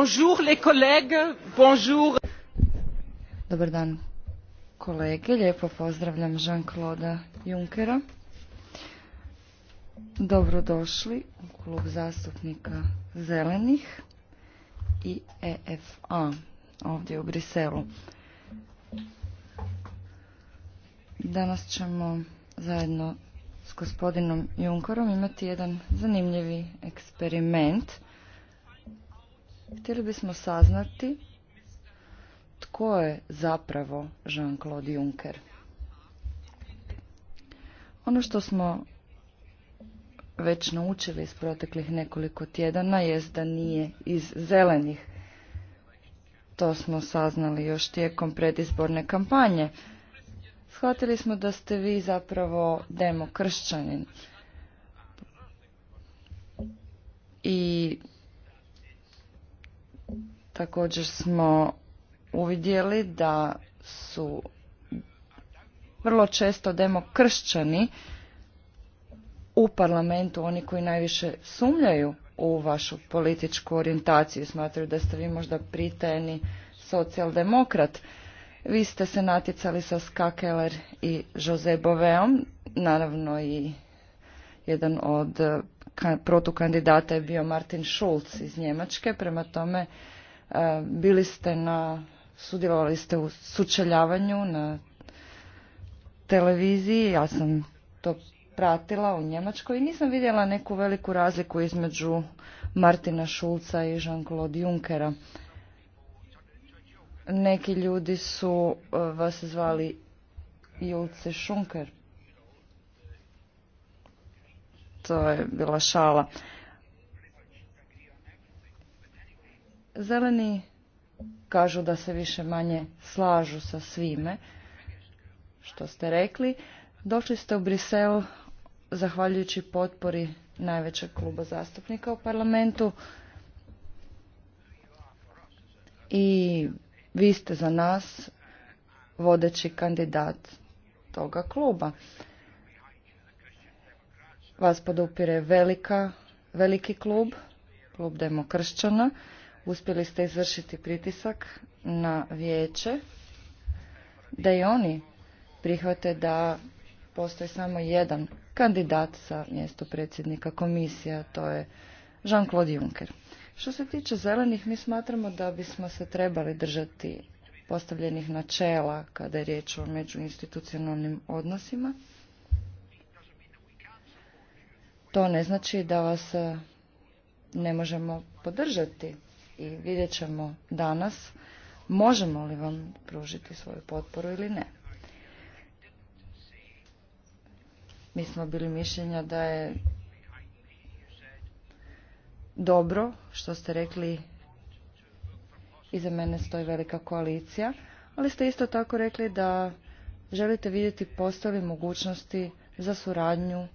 Bonjour les Dobar dan kolege, lijepo pozdravljam Jean-Claude Junckera. Dobrodošli u klub zastupnika Zelenih i EFA ovdje u Briselu. Danas ćemo zajedno s gospodinom Junckerom imati jedan zanimljivi eksperiment – Htjeli bismo saznati tko je zapravo Jean-Claude Juncker. Ono što smo već naučili iz proteklih nekoliko tjedana je da nije iz zelenih. To smo saznali još tijekom predizborne kampanje. Shvatili smo da ste vi zapravo demokršćanin. I Također smo uvidjeli da su vrlo često demokršćani u parlamentu oni koji najviše sumljaju u vašu političku orijentaciju. Smatraju da ste vi možda pritajeni socijaldemokrat. Vi ste se natjecali sa Skakeler i Jose Boveom. Naravno i jedan od protukandidata je bio Martin Schulz iz Njemačke. Prema tome E, bili ste na, sudjelovali ste u sučeljavanju na televiziji, ja sam to pratila u Njemačkoj i nisam vidjela neku veliku razliku između Martina Šulca i Jean-Claude Junckera. Neki ljudi su e, vas zvali Julce Šunker. To je bila šala. Zeleni kažu da se više manje slažu sa svime što ste rekli. Došli ste u Brisel zahvaljujući potpori najvećeg kluba zastupnika u parlamentu i vi ste za nas vodeći kandidat toga kluba. Vas podupire velika, veliki klub, klub demokršćana uspjeli ste izvršiti pritisak na vijeće da i oni prihvate da postoji samo jedan kandidat sa mjesto predsjednika komisije, to je Jean-Claude Juncker. Što se tiče zelenih, mi smatramo da bismo se trebali držati postavljenih načela kada je riječ o međuinstitucionalnim odnosima. To ne znači da vas ne možemo podržati i vidjet ćemo danas možemo li vam pružiti svoju potporu ili ne. Mi smo bili mišljenja da je dobro što ste rekli iza mene stoji velika koalicija, ali ste isto tako rekli da želite vidjeti postoje mogućnosti za suradnju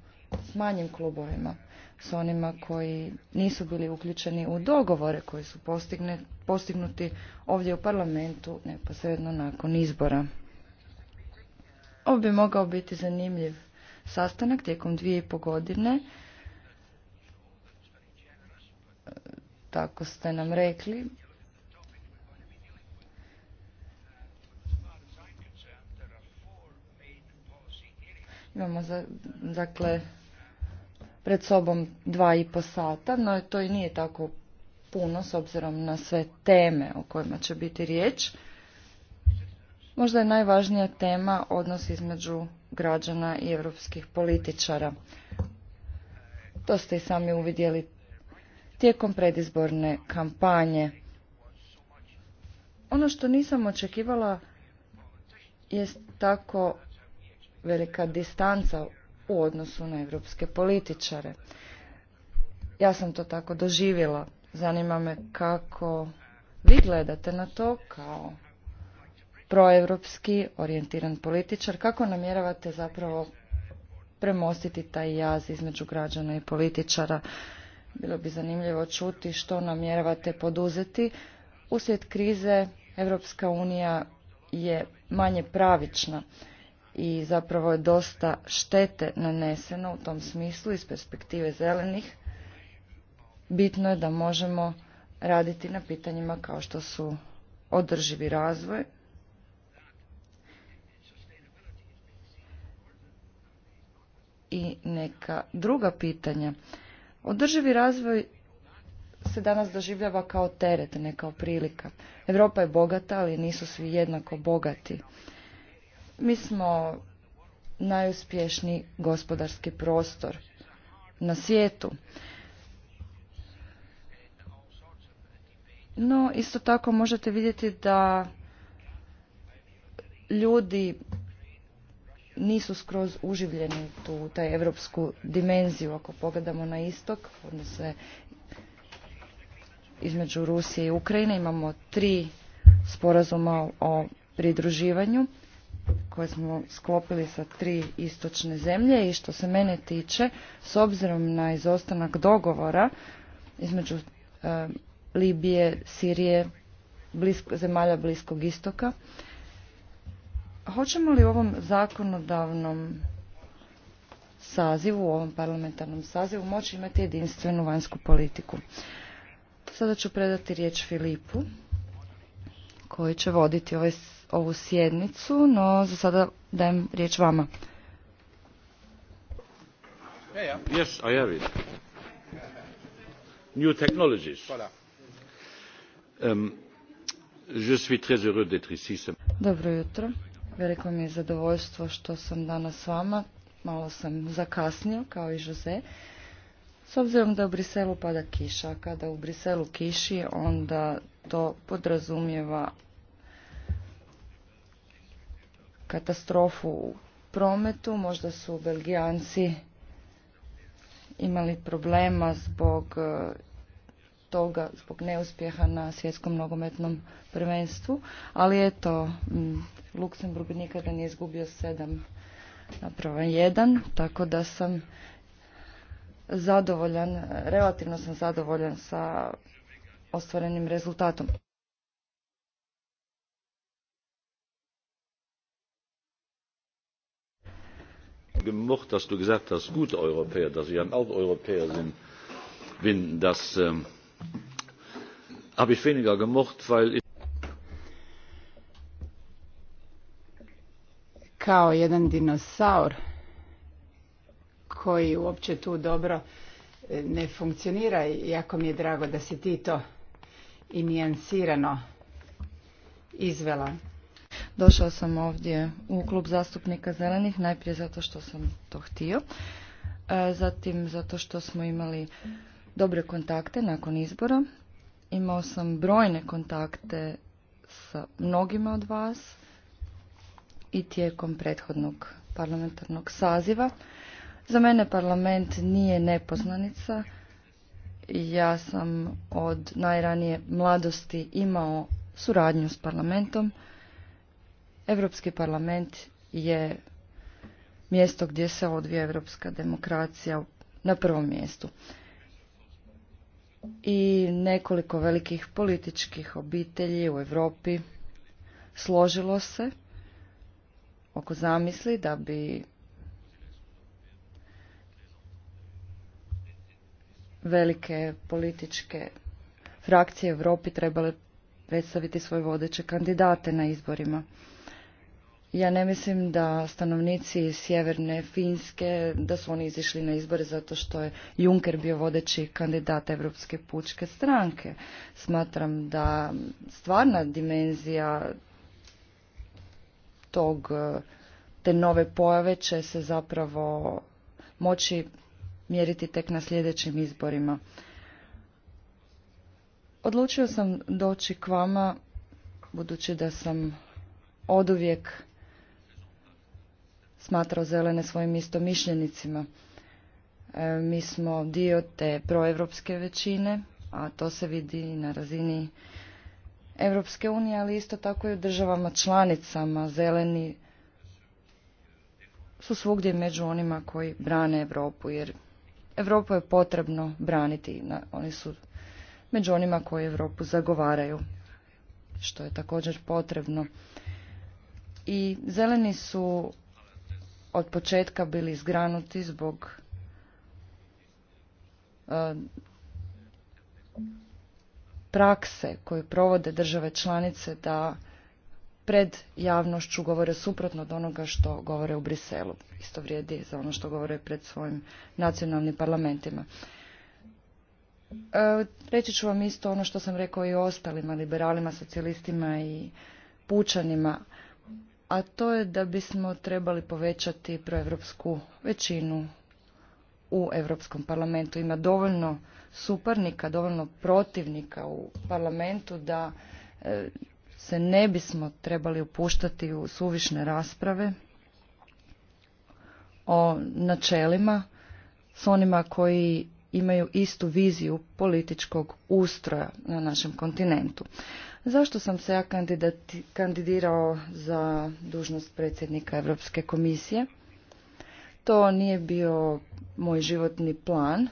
s manjim klubovima s onima koji nisu bili uključeni u dogovore koji su postigne, postignuti ovdje u parlamentu neposredno nakon izbora. Ovo bi mogao biti zanimljiv sastanak tijekom dvije i po godine. Tako ste nam rekli. Imamo, za, dakle, pred sobom dva i po sata, no to i nije tako puno s obzirom na sve teme o kojima će biti riječ. Možda je najvažnija tema odnos između građana i europskih političara. To ste i sami uvidjeli tijekom predizborne kampanje. Ono što nisam očekivala jest tako velika distanca u odnosu na europske političare. Ja sam to tako doživjela. Zanima me kako vi gledate na to kao proevropski orijentiran političar. Kako namjeravate zapravo premostiti taj jaz između građana i političara? Bilo bi zanimljivo čuti što namjeravate poduzeti. Uslijed krize Evropska unija je manje pravična i zapravo je dosta štete naneseno u tom smislu iz perspektive zelenih. Bitno je da možemo raditi na pitanjima kao što su održivi razvoj, i neka druga pitanja. Održivi razvoj se danas doživljava kao teret, ne kao prilika. Europa je bogata, ali nisu svi jednako bogati. Mi smo najuspješniji gospodarski prostor na svijetu. No, isto tako možete vidjeti da ljudi nisu skroz uživljeni tu taj evropsku dimenziju ako pogledamo na istok se između Rusije i Ukrajine imamo tri sporazuma o pridruživanju koje smo sklopili sa tri istočne zemlje i što se mene tiče, s obzirom na izostanak dogovora između e, Libije, Sirije, blisko, zemalja Bliskog istoka, hoćemo li u ovom zakonodavnom sazivu, u ovom parlamentarnom sazivu moći imati jedinstvenu vanjsku politiku? Sada ću predati riječ Filipu koji će voditi ovaj ovu sjednicu, no za sada dajem riječ vama. Dobro jutro. Veliko mi je zadovoljstvo što sam danas s vama. Malo sam zakasnio, kao i Jose. S obzirom da u Briselu pada kiša, kada u Briselu kiši, onda to podrazumijeva katastrofu u prometu. Možda su Belgijanci imali problema zbog e, toga, zbog neuspjeha na svjetskom nogometnom prvenstvu. Ali eto, Luksemburg nikada nije izgubio sedam napravo jedan, tako da sam zadovoljan, relativno sam zadovoljan sa ostvarenim rezultatom. gemocht dass du gesagt hast gute europäer dass wir ein auch europäer sind bin das ähm, habe ich weniger gemocht weil ich kao jedan dinosaur koji uopće tu dobro e, ne funkcionira jako mi je drago da si ti to i nijansirano izvela Došao sam ovdje u klub zastupnika zelenih, najprije zato što sam to htio, e, zatim zato što smo imali dobre kontakte nakon izbora. Imao sam brojne kontakte sa mnogima od vas i tijekom prethodnog parlamentarnog saziva. Za mene parlament nije nepoznanica. Ja sam od najranije mladosti imao suradnju s parlamentom. Europski parlament je mjesto gdje se odvija europska demokracija na prvom mjestu. I nekoliko velikih političkih obitelji u Europi složilo se oko zamisli da bi velike političke frakcije Europi trebale predstaviti svoje vodeće kandidate na izborima. Ja ne mislim da stanovnici sjeverne Finske, da su oni izišli na izbore zato što je Juncker bio vodeći kandidat Europske pučke stranke. Smatram da stvarna dimenzija tog, te nove pojave će se zapravo moći mjeriti tek na sljedećim izborima. Odlučio sam doći k vama, budući da sam oduvijek smatrao zelene svojim istomišljenicima. mišljenicima. mi smo dio te proevropske većine, a to se vidi i na razini Europske unije, ali isto tako i u državama članicama. Zeleni su svugdje među onima koji brane Europu, jer Europu je potrebno braniti. Oni su među onima koji Europu zagovaraju, što je također potrebno. I zeleni su od početka bili izgranuti zbog e, prakse koju provode države članice da pred javnošću govore suprotno od onoga što govore u Briselu. Isto vrijedi za ono što govore pred svojim nacionalnim parlamentima. E, reći ću vam isto ono što sam rekao i ostalima liberalima, socijalistima i pučanima a to je da bismo trebali povećati proevropsku većinu u Europskom parlamentu. Ima dovoljno suparnika, dovoljno protivnika u parlamentu da e, se ne bismo trebali upuštati u suvišne rasprave o načelima s onima koji imaju istu viziju političkog ustroja na našem kontinentu. Zašto sam se ja kandidirao za dužnost predsjednika Europske komisije? To nije bio moj životni plan.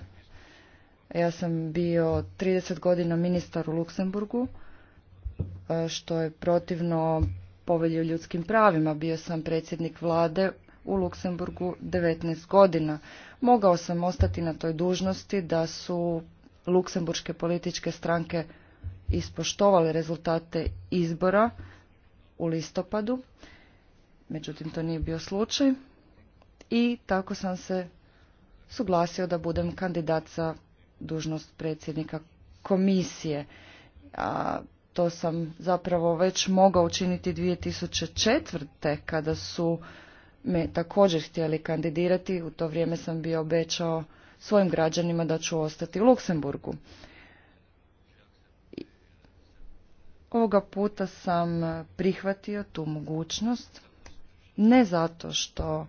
Ja sam bio 30 godina ministar u Luksemburgu, e, što je protivno povelji o ljudskim pravima. Bio sam predsjednik vlade u Luksemburgu 19 godina. Mogao sam ostati na toj dužnosti da su luksemburške političke stranke ispoštovali rezultate izbora u listopadu, međutim to nije bio slučaj i tako sam se suglasio da budem kandidat za dužnost predsjednika komisije. A to sam zapravo već mogao učiniti 2004. kada su me također htjeli kandidirati. U to vrijeme sam bio obećao svojim građanima da ću ostati u Luksemburgu. Ovoga puta sam prihvatio tu mogućnost, ne zato što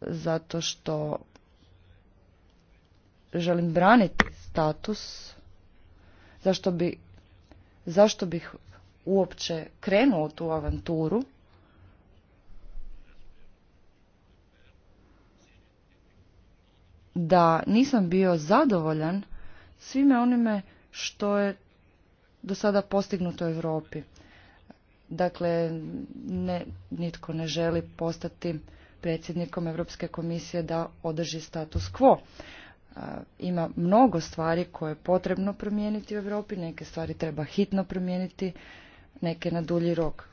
zato što želim braniti status, zašto, bi, zašto bih uopće krenuo tu avanturu, da nisam bio zadovoljan svime onime što je do sada postignuto u Europi. Dakle, ne, nitko ne želi postati predsjednikom Europske komisije da održi status quo. Ima mnogo stvari koje je potrebno promijeniti u Europi, neke stvari treba hitno promijeniti, neke na dulji rok.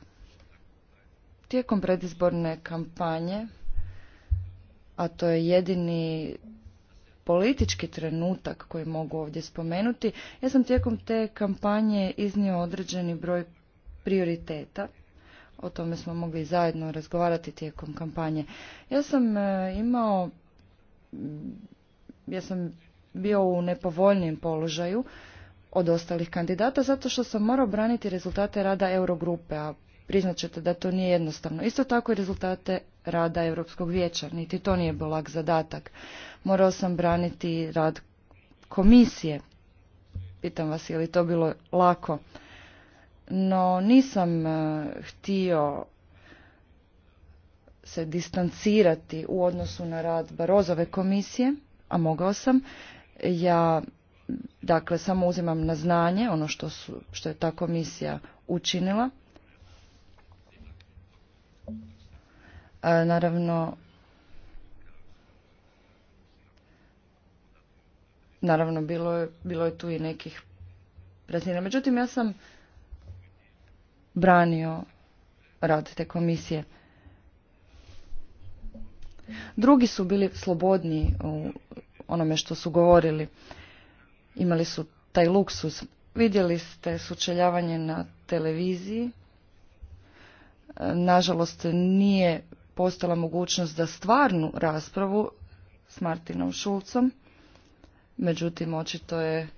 Tijekom predizborne kampanje, a to je jedini politički trenutak koji mogu ovdje spomenuti. Ja sam tijekom te kampanje iznio određeni broj prioriteta. O tome smo mogli zajedno razgovarati tijekom kampanje. Ja sam e, imao, mm, ja sam bio u nepovoljnijem položaju od ostalih kandidata zato što sam morao braniti rezultate rada Eurogrupe, a priznat ćete da to nije jednostavno. Isto tako i rezultate rada Europskog vijeća, niti to nije bio lak zadatak. Morao sam braniti rad komisije. Pitam vas je li to bilo lako. No nisam e, htio se distancirati u odnosu na rad Barozove komisije, a mogao sam. Ja dakle samo uzimam na znanje ono što, su, što je ta komisija učinila E, naravno, naravno bilo je, bilo je tu i nekih razina. Međutim, ja sam branio rad te komisije. Drugi su bili slobodni u onome što su govorili. Imali su taj luksus. Vidjeli ste sučeljavanje na televiziji. E, nažalost, nije postala mogućnost za stvarnu raspravu s Martinom Šulcom. Međutim, očito je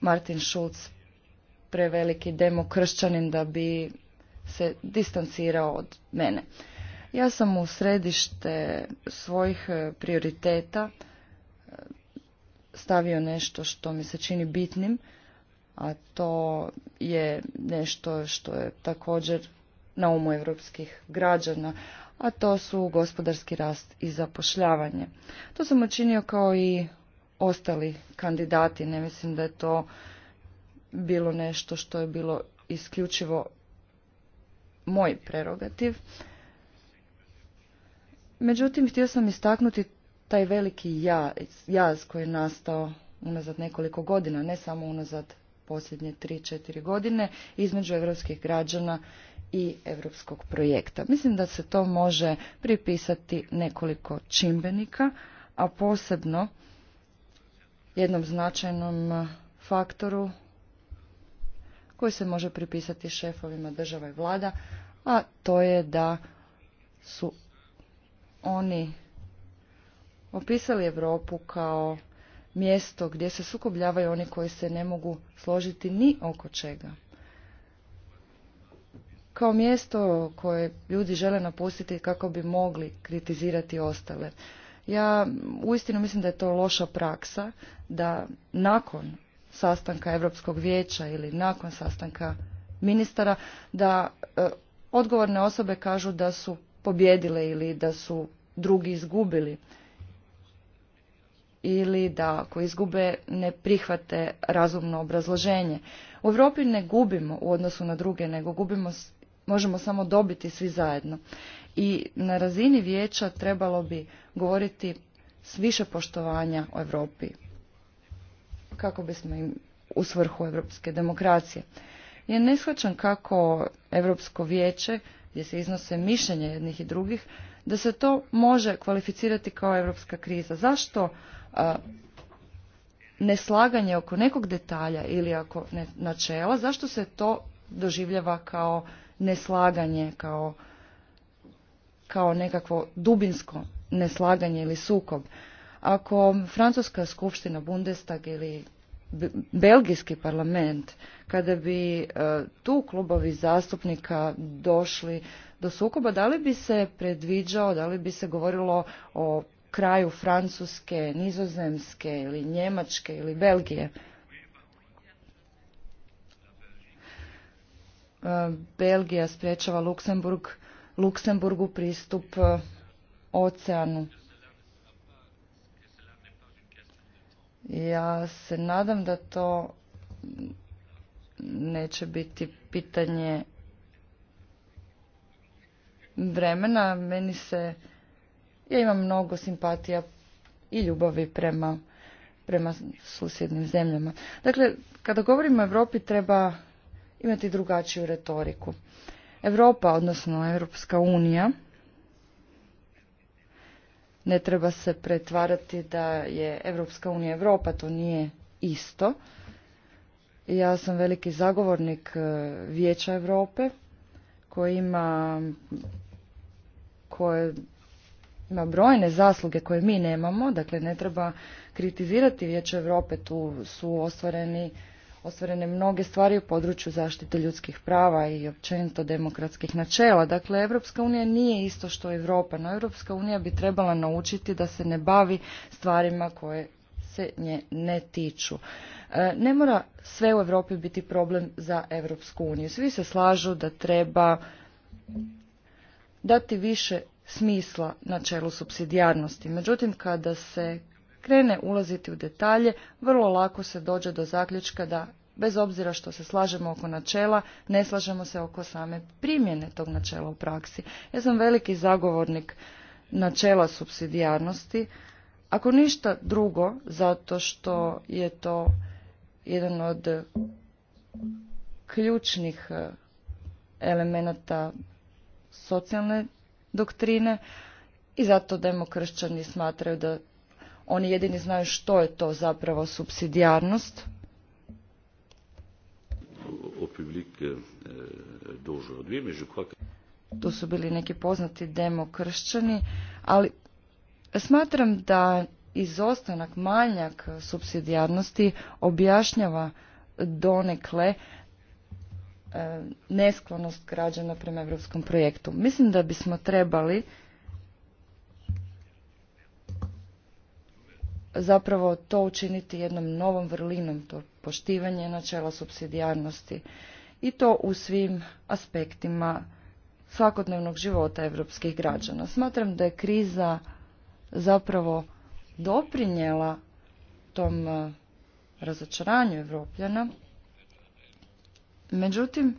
Martin Šulc preveliki demokršćanin da bi se distancirao od mene. Ja sam u središte svojih e, prioriteta e, stavio nešto što mi se čini bitnim, a to je nešto što je također na umu evropskih građana, a to su gospodarski rast i zapošljavanje. To sam učinio kao i ostali kandidati, ne mislim da je to bilo nešto što je bilo isključivo moj prerogativ. Međutim, htio sam istaknuti taj veliki jaz koji je nastao unazad nekoliko godina, ne samo unazad posljednje 3-4 godine, između evropskih građana i europskog projekta. Mislim da se to može pripisati nekoliko čimbenika, a posebno jednom značajnom faktoru koji se može pripisati šefovima država i vlada, a to je da su oni opisali Europu kao mjesto gdje se sukobljavaju oni koji se ne mogu složiti ni oko čega kao mjesto koje ljudi žele napustiti kako bi mogli kritizirati ostale. Ja uistinu mislim da je to loša praksa da nakon sastanka Europskog vijeća ili nakon sastanka ministara da e, odgovorne osobe kažu da su pobjedile ili da su drugi izgubili ili da ako izgube ne prihvate razumno obrazloženje. U Europi ne gubimo u odnosu na druge, nego gubimo možemo samo dobiti svi zajedno. I na razini vijeća trebalo bi govoriti s više poštovanja o Europi kako bismo im u svrhu europske demokracije. Ja ne shvaćam kako Europsko vijeće, gdje se iznose mišljenja jednih i drugih, da se to može kvalificirati kao europska kriza. Zašto neslaganje oko nekog detalja ili ako ne, načela, zašto se to doživljava kao neslaganje kao, kao nekakvo dubinsko neslaganje ili sukob. Ako Francuska skupština Bundestag ili Belgijski parlament, kada bi e, tu klubovi zastupnika došli do sukoba, da li bi se predviđao, da li bi se govorilo o kraju Francuske, Nizozemske ili Njemačke ili Belgije? E, Belgija sprječava Luksemburg, Luksemburgu pristup e, oceanu. Ja se nadam da to neće biti pitanje vremena. Meni se, ja imam mnogo simpatija i ljubavi prema, prema susjednim zemljama. Dakle, kada govorimo o Europi treba imati drugačiju retoriku. Europa, odnosno Europska unija, ne treba se pretvarati da je Europska unija Europa, to nije isto. Ja sam veliki zagovornik e, Vijeća Europe koji ima koje ima brojne zasluge koje mi nemamo, dakle ne treba kritizirati Vijeće Europe, tu su ostvareni ostvarene mnoge stvari u području zaštite ljudskih prava i općenito demokratskih načela. Dakle, Europska unija nije isto što Europa, no Europska unija bi trebala naučiti da se ne bavi stvarima koje se nje ne tiču. E, ne mora sve u Europi biti problem za Europsku uniju. Svi se slažu da treba dati više smisla načelu supsidijarnosti. Međutim, kada se krene ulaziti u detalje, vrlo lako se dođe do zaključka da bez obzira što se slažemo oko načela, ne slažemo se oko same primjene tog načela u praksi. Ja sam veliki zagovornik načela subsidijarnosti, ako ništa drugo, zato što je to jedan od ključnih e, elemenata socijalne doktrine i zato demokršćani smatraju da oni jedini znaju što je to zapravo subsidijarnost. Euh, tu su bili neki poznati demokršćani, ali smatram da izostanak manjak subsidijarnosti objašnjava donekle e, nesklonost građana prema europskom projektu. Mislim da bismo trebali zapravo to učiniti jednom novom vrlinom, to poštivanje načela subsidijarnosti i to u svim aspektima svakodnevnog života europskih građana. Smatram da je kriza zapravo doprinjela tom e, razočaranju Evropljana. Međutim,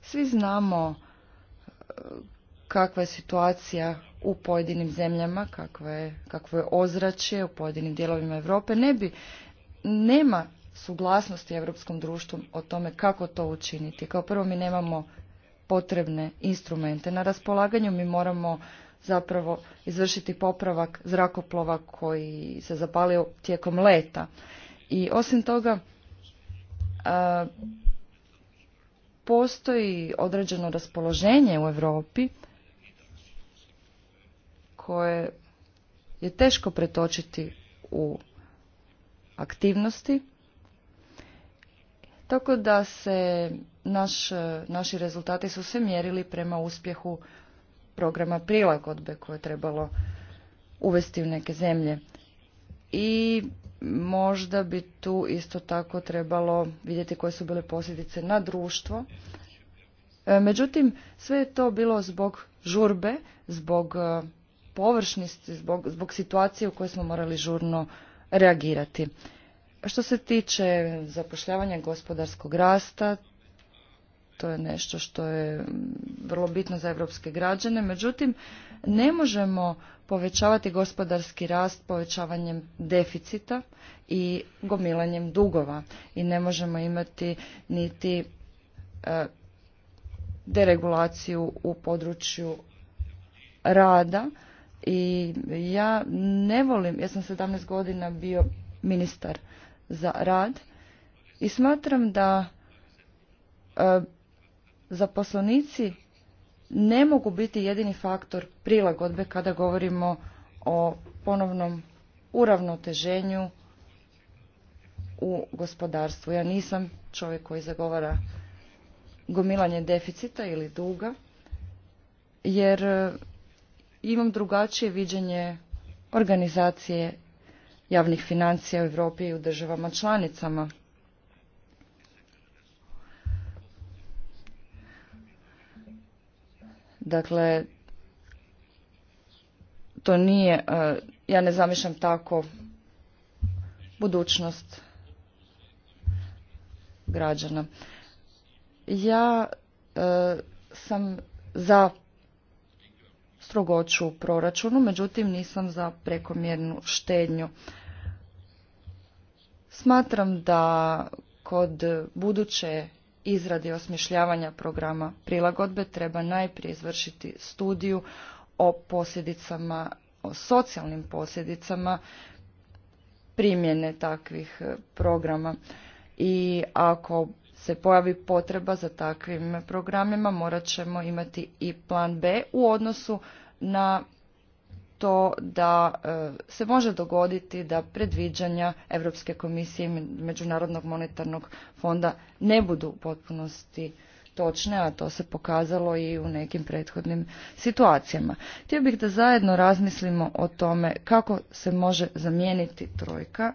svi znamo e, kakva je situacija u pojedinim zemljama, kakvo je, kakvo je ozračje u pojedinim dijelovima Europe, ne bi, nema suglasnosti europskom društvu o tome kako to učiniti. Kao prvo mi nemamo potrebne instrumente na raspolaganju, mi moramo zapravo izvršiti popravak zrakoplova koji se zapalio tijekom leta. I osim toga, postoji određeno raspoloženje u Europi koje je teško pretočiti u aktivnosti, tako da se naš, naši rezultati su se mjerili prema uspjehu programa prilagodbe koje je trebalo uvesti u neke zemlje. I možda bi tu isto tako trebalo vidjeti koje su bile posljedice na društvo. E, međutim, sve je to bilo zbog žurbe, zbog površnosti zbog, situacije u kojoj smo morali žurno reagirati. Što se tiče zapošljavanja gospodarskog rasta, to je nešto što je vrlo bitno za europske građane, međutim ne možemo povećavati gospodarski rast povećavanjem deficita i gomilanjem dugova i ne možemo imati niti e, deregulaciju u području rada i ja ne volim, ja sam 17 godina bio ministar za rad i smatram da e, zaposlenici ne mogu biti jedini faktor prilagodbe kada govorimo o ponovnom uravnoteženju u gospodarstvu. Ja nisam čovjek koji zagovara gomilanje deficita ili duga, jer imam drugačije viđenje organizacije javnih financija u Europi i u državama članicama. Dakle, to nije, e, ja ne zamišljam tako budućnost građana. Ja e, sam za strogoću u proračunu, međutim nisam za prekomjernu štednju. Smatram da kod buduće izradi osmišljavanja programa prilagodbe treba najprije izvršiti studiju o posljedicama, o socijalnim posljedicama primjene takvih programa. I ako se pojavi potreba za takvim programima, morat ćemo imati i plan B u odnosu na to da e, se može dogoditi da predviđanja Europske komisije i Međunarodnog monetarnog fonda ne budu u potpunosti točne, a to se pokazalo i u nekim prethodnim situacijama. Htio bih da zajedno razmislimo o tome kako se može zamijeniti trojka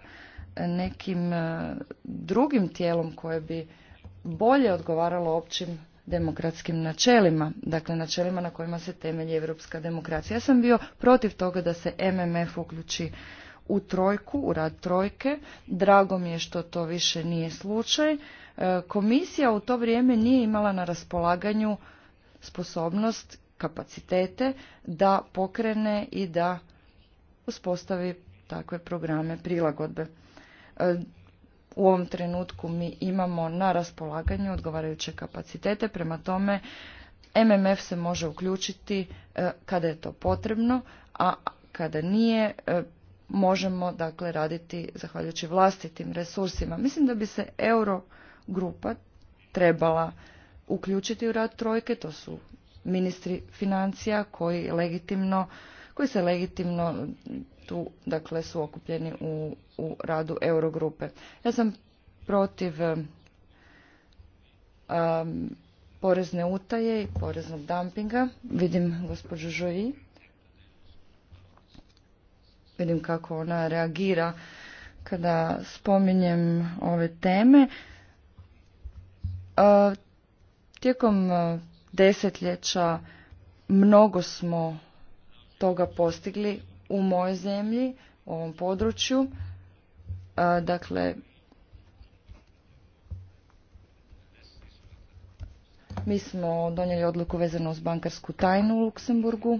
nekim e, drugim tijelom koje bi bolje odgovaralo općim demokratskim načelima, dakle načelima na kojima se temelji Europska demokracija. Ja sam bio protiv toga da se MMF uključi u trojku, u rad trojke. Drago mi je što to više nije slučaj. E, komisija u to vrijeme nije imala na raspolaganju sposobnost, kapacitete da pokrene i da uspostavi takve programe prilagodbe. E, u ovom trenutku mi imamo na raspolaganju odgovarajuće kapacitete, prema tome MMF se može uključiti e, kada je to potrebno, a kada nije e, možemo dakle raditi zahvaljujući vlastitim resursima. Mislim da bi se euro grupa trebala uključiti u rad trojke, to su ministri financija koji legitimno koji se legitimno tu dakle su okupljeni u, u radu Eurogrupe. Ja sam protiv um, porezne utaje i poreznog dumpinga. Vidim gospođu Žoji. Vidim kako ona reagira kada spominjem ove teme. Uh, tijekom uh, desetljeća mnogo smo toga postigli u mojoj zemlji, u ovom području. E, dakle, mi smo donijeli odluku vezanu uz bankarsku tajnu u Luksemburgu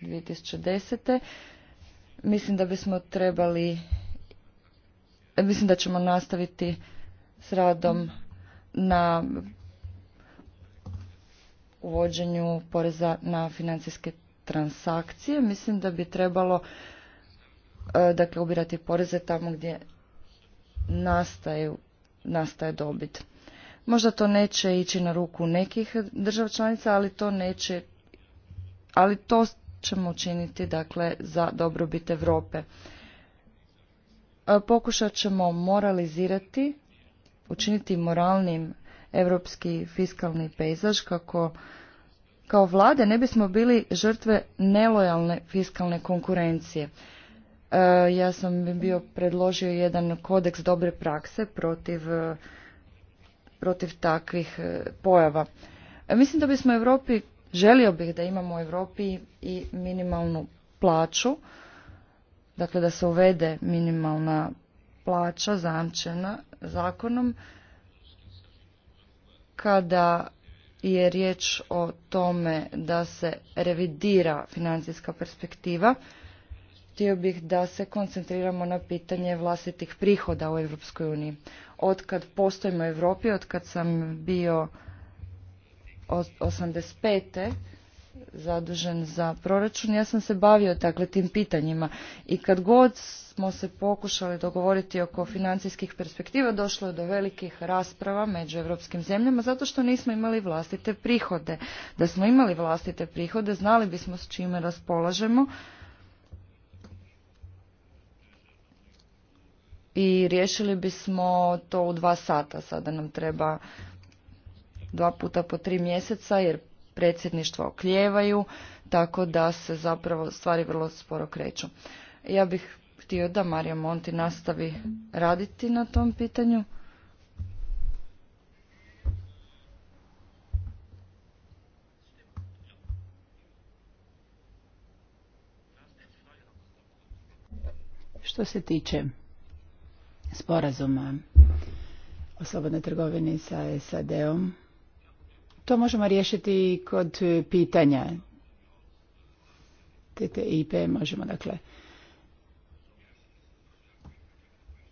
2010. Mislim da bismo trebali, mislim da ćemo nastaviti s radom na uvođenju poreza na financijske transakcije, mislim da bi trebalo e, dakle ubirati poreze tamo gdje nastaje, nastaje dobit. Možda to neće ići na ruku nekih država članica, ali to neće ali to ćemo učiniti dakle za dobrobit Europe. E, pokušat ćemo moralizirati, učiniti moralnim europski fiskalni pejzaž kako kao vlade ne bismo bili žrtve nelojalne fiskalne konkurencije. E, ja sam bio predložio jedan kodeks dobre prakse protiv, e, protiv takvih e, pojava. mislim da bismo Europi, želio bih da imamo u Europi i minimalnu plaću, dakle da se uvede minimalna plaća zamčena zakonom kada je riječ o tome da se revidira financijska perspektiva, htio bih da se koncentriramo na pitanje vlastitih prihoda u Europskoj uniji. kad postojimo u Europi, kad sam bio 85 zadužen za proračun. Ja sam se bavio dakle tim pitanjima i kad god smo se pokušali dogovoriti oko financijskih perspektiva došlo je do velikih rasprava među europskim zemljama zato što nismo imali vlastite prihode. Da smo imali vlastite prihode znali bismo s čime raspolažemo i riješili bismo to u dva sata. Sada nam treba dva puta po tri mjeseca jer predsjedništva okljevaju, tako da se zapravo stvari vrlo sporo kreću. Ja bih htio da Marija Monti nastavi raditi na tom pitanju. Što se tiče sporazuma o slobodnoj trgovini sa SAD-om, to možemo riješiti kod pitanja. TTIP možemo, dakle,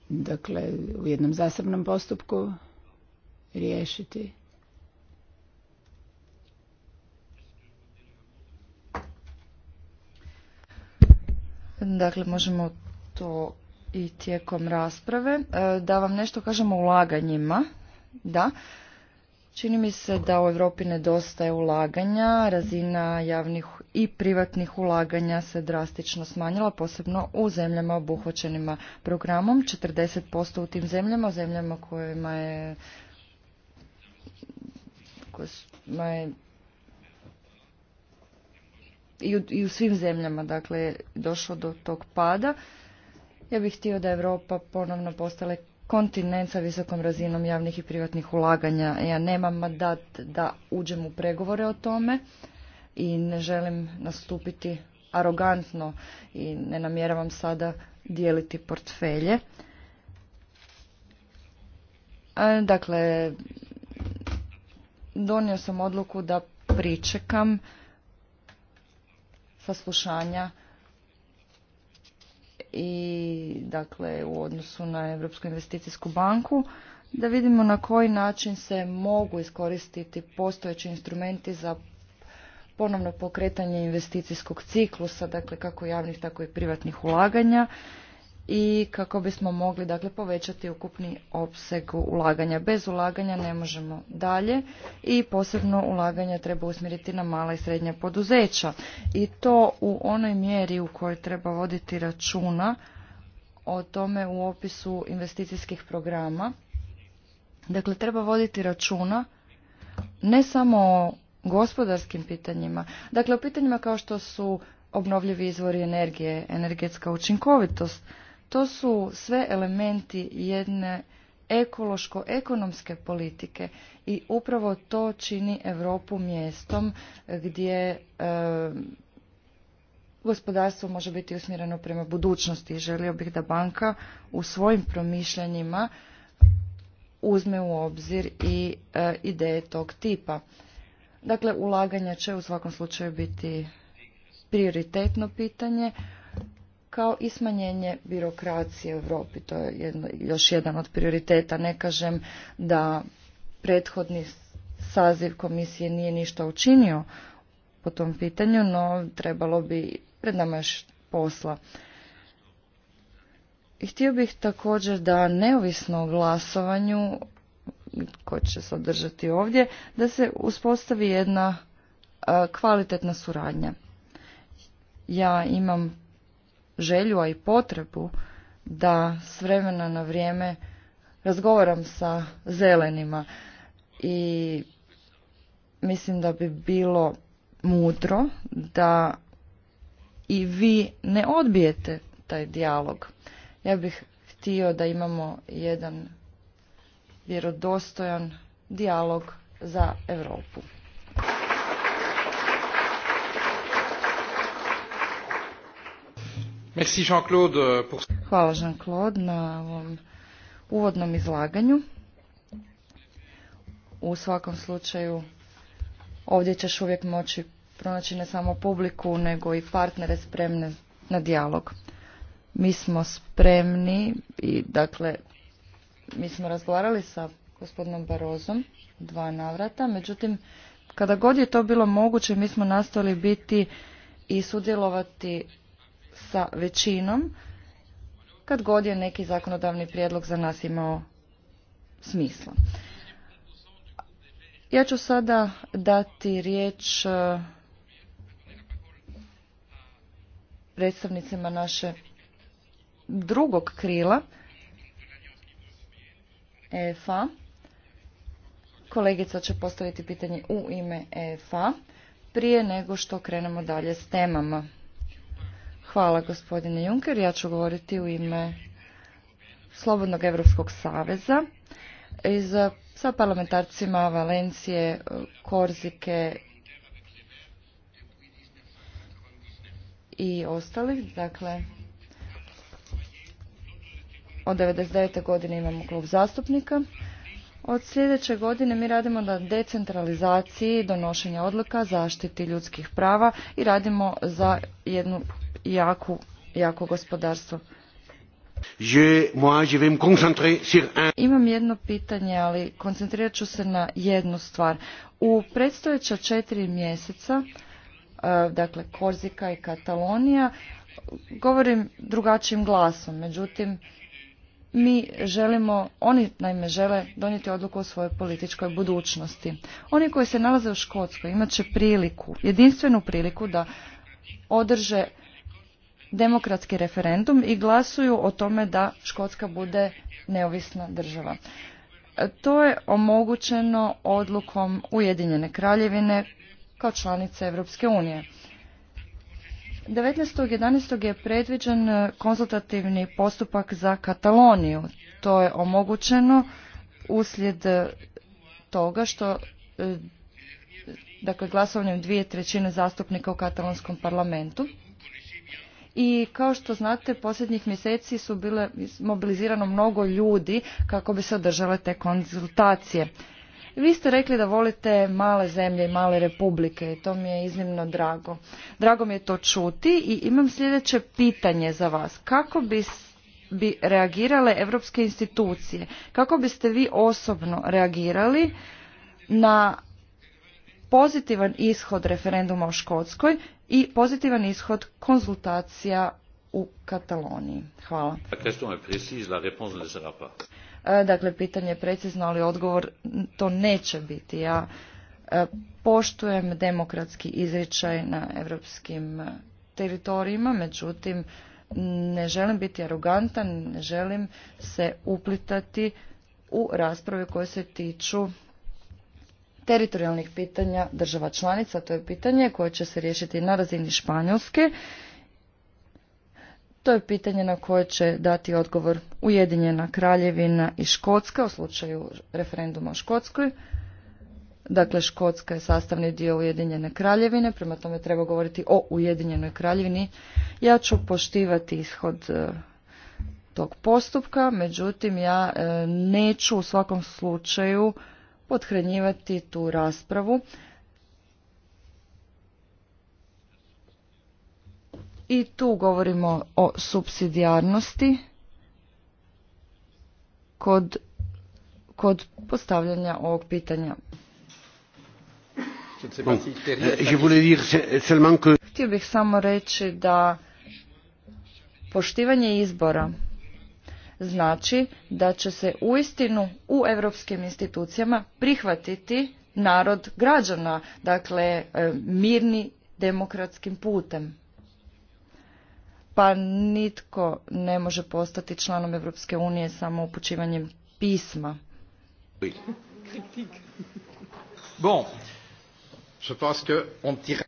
dakle, u jednom zasebnom postupku riješiti. Dakle, možemo to i tijekom rasprave. E, da vam nešto kažemo o ulaganjima. Da. Čini mi se da u Europi nedostaje ulaganja, razina javnih i privatnih ulaganja se drastično smanjila, posebno u zemljama obuhvaćenima programom, 40% u tim zemljama, zemljama kojima je, je i u, svim zemljama dakle došlo do tog pada. Ja bih htio da Europa ponovno postale kontinent sa visokom razinom javnih i privatnih ulaganja. Ja nemam mandat da uđem u pregovore o tome i ne želim nastupiti arogantno i ne namjeravam sada dijeliti portfelje. E, dakle, donio sam odluku da pričekam saslušanja i dakle u odnosu na Europsku investicijsku banku da vidimo na koji način se mogu iskoristiti postojeći instrumenti za ponovno pokretanje investicijskog ciklusa, dakle kako javnih tako i privatnih ulaganja i kako bismo mogli dakle povećati ukupni opseg ulaganja. Bez ulaganja ne možemo dalje i posebno ulaganja treba usmjeriti na mala i srednja poduzeća i to u onoj mjeri u kojoj treba voditi računa o tome u opisu investicijskih programa. Dakle, treba voditi računa ne samo o gospodarskim pitanjima, dakle o pitanjima kao što su obnovljivi izvori energije, energetska učinkovitost, to su sve elementi jedne ekološko-ekonomske politike i upravo to čini Europu mjestom gdje gospodarstvo može biti usmjereno prema budućnosti i želio bih da banka u svojim promišljanjima uzme u obzir i e, ideje tog tipa. Dakle, ulaganja će u svakom slučaju biti prioritetno pitanje, kao i smanjenje birokracije u Europi. To je jedno, još jedan od prioriteta. Ne kažem da prethodni saziv komisije nije ništa učinio po tom pitanju, no trebalo bi pred nama još posla. I htio bih također da neovisno o glasovanju koje će se održati ovdje, da se uspostavi jedna kvalitetna suradnja. Ja imam želju, a i potrebu da s vremena na vrijeme razgovaram sa zelenima i mislim da bi bilo mudro da i vi ne odbijete taj dijalog. Ja bih htio da imamo jedan vjerodostojan dijalog za Europu. Hvala Jean-Claude na ovom uvodnom izlaganju. U svakom slučaju ovdje ćeš uvijek moći pronaći ne samo publiku nego i partnere spremne na dijalog. Mi smo spremni i dakle mi smo razgovarali sa gospodinom Barozom dva navrata, međutim kada god je to bilo moguće mi smo nastojali biti i sudjelovati sa većinom kad god je neki zakonodavni prijedlog za nas imao smisla. Ja ću sada dati riječ e, predstavnicima naše drugog krila EFA. Kolegica će postaviti pitanje u ime EFA prije nego što krenemo dalje s temama. Hvala gospodine Juncker. Ja ću govoriti u ime Slobodnog Evropskog saveza eh, sa parlamentarcima Valencije, eh, Korzike i ostalih. Dakle, od 99. godine imamo klub zastupnika. Od sljedeće godine mi radimo na decentralizaciji donošenja odluka, zaštiti ljudskih prava i radimo za jednu jaku, jako gospodarstvo. Imam jedno pitanje, ali koncentrirat ću se na jednu stvar. U predstojeća četiri mjeseca, e, dakle Korzika i Katalonija, govorim drugačijim glasom, međutim mi želimo, oni naime žele donijeti odluku o svojoj političkoj budućnosti. Oni koji se nalaze u Škotskoj imat će priliku, jedinstvenu priliku da održe demokratski referendum i glasuju o tome da Škotska bude neovisna država. E, to je omogućeno odlukom Ujedinjene kraljevine kao članice Europske unije. 19.11. je predviđen e, konzultativni postupak za Kataloniju. To je omogućeno uslijed e, toga što dakle, glasovanjem dvije trećine zastupnika u katalonskom parlamentu i kao što znate posljednjih mjeseci su bile mobilizirano mnogo ljudi kako bi se održale te konzultacije. Vi ste rekli da volite male zemlje i male republike i to mi je iznimno drago. Drago mi je to čuti i imam sljedeće pitanje za vas. Kako bi bi reagirale europske institucije? Kako biste vi osobno reagirali na pozitivan ishod referenduma u Škotskoj i pozitivan ishod konzultacija u Kataloniji. Hvala. E, dakle, pitanje je precizno, ali odgovor to neće biti. Ja e, poštujem demokratski izričaj na evropskim teritorijima, međutim, ne želim biti arogantan, ne želim se uplitati u rasprave koje se tiču teritorijalnih pitanja država članica. To je pitanje koje će se riješiti na razini Španjolske. To je pitanje na koje će dati odgovor Ujedinjena kraljevina i Škotska u slučaju referenduma o Škotskoj. Dakle, Škotska je sastavni dio Ujedinjene kraljevine, prema tome treba govoriti o Ujedinjenoj kraljevini. Ja ću poštivati ishod e, tog postupka, međutim ja e, neću u svakom slučaju pothranjivati tu raspravu i tu govorimo o subsidijarnosti kod, kod postavljanja ovog pitanja. Euh, Htio bih samo reći da poštivanje izbora znači da će se uistinu u europskim institucijama prihvatiti narod građana, dakle e, mirni demokratskim putem. Pa nitko ne može postati članom Europske unije samo upućivanjem pisma.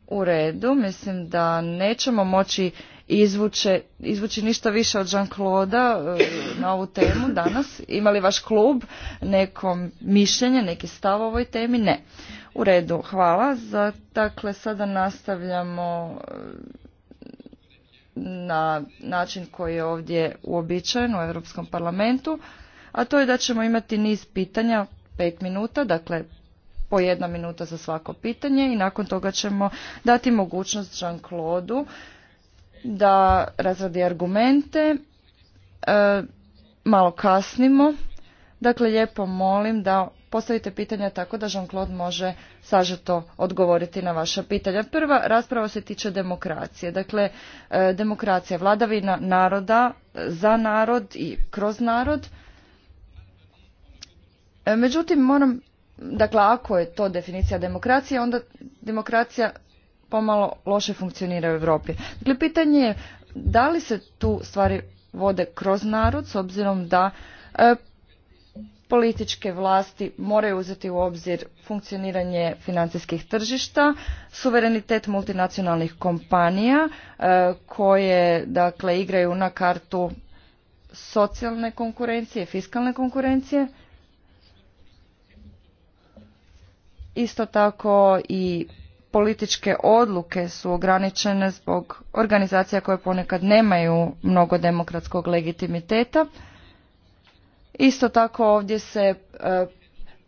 U redu, mislim da nećemo moći izvuče, izvući ništa više od Jean-Claude e, na ovu temu danas? Ima li vaš klub neko mišljenje, neki stav o ovoj temi? Ne. U redu, hvala. Za, dakle, sada nastavljamo e, na način koji je ovdje uobičajen u Europskom parlamentu, a to je da ćemo imati niz pitanja, pet minuta, dakle po jedna minuta za svako pitanje i nakon toga ćemo dati mogućnost Jean-Claude da razradi argumente. E, malo kasnimo. Dakle, lijepo molim da postavite pitanja tako da Jean-Claude može sažeto odgovoriti na vaša pitanja. Prva rasprava se tiče demokracije. Dakle, e, demokracija, vladavina naroda za narod i kroz narod. E, međutim, moram, dakle, ako je to definicija demokracije, onda demokracija pomalo loše funkcionira u Europi. Dakle, pitanje je da li se tu stvari vode kroz narod s obzirom da e, političke vlasti moraju uzeti u obzir funkcioniranje financijskih tržišta, suverenitet multinacionalnih kompanija e, koje dakle igraju na kartu socijalne konkurencije, fiskalne konkurencije. Isto tako i političke odluke su ograničene zbog organizacija koje ponekad nemaju mnogo demokratskog legitimiteta. Isto tako ovdje se e,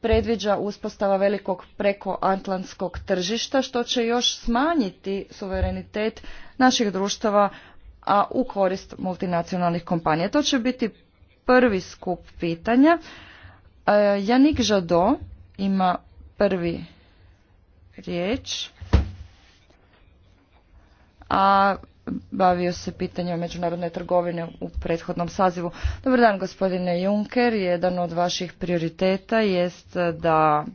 predviđa uspostava velikog prekoatlantskog tržišta što će još smanjiti suverenitet naših društava a u korist multinacionalnih kompanija. To će biti prvi skup pitanja. E, Janik Žado ima prvi riječ, a bavio se pitanjem međunarodne trgovine u prethodnom sazivu. Dobar dan gospodine Juncker, jedan od vaših prioriteta jest da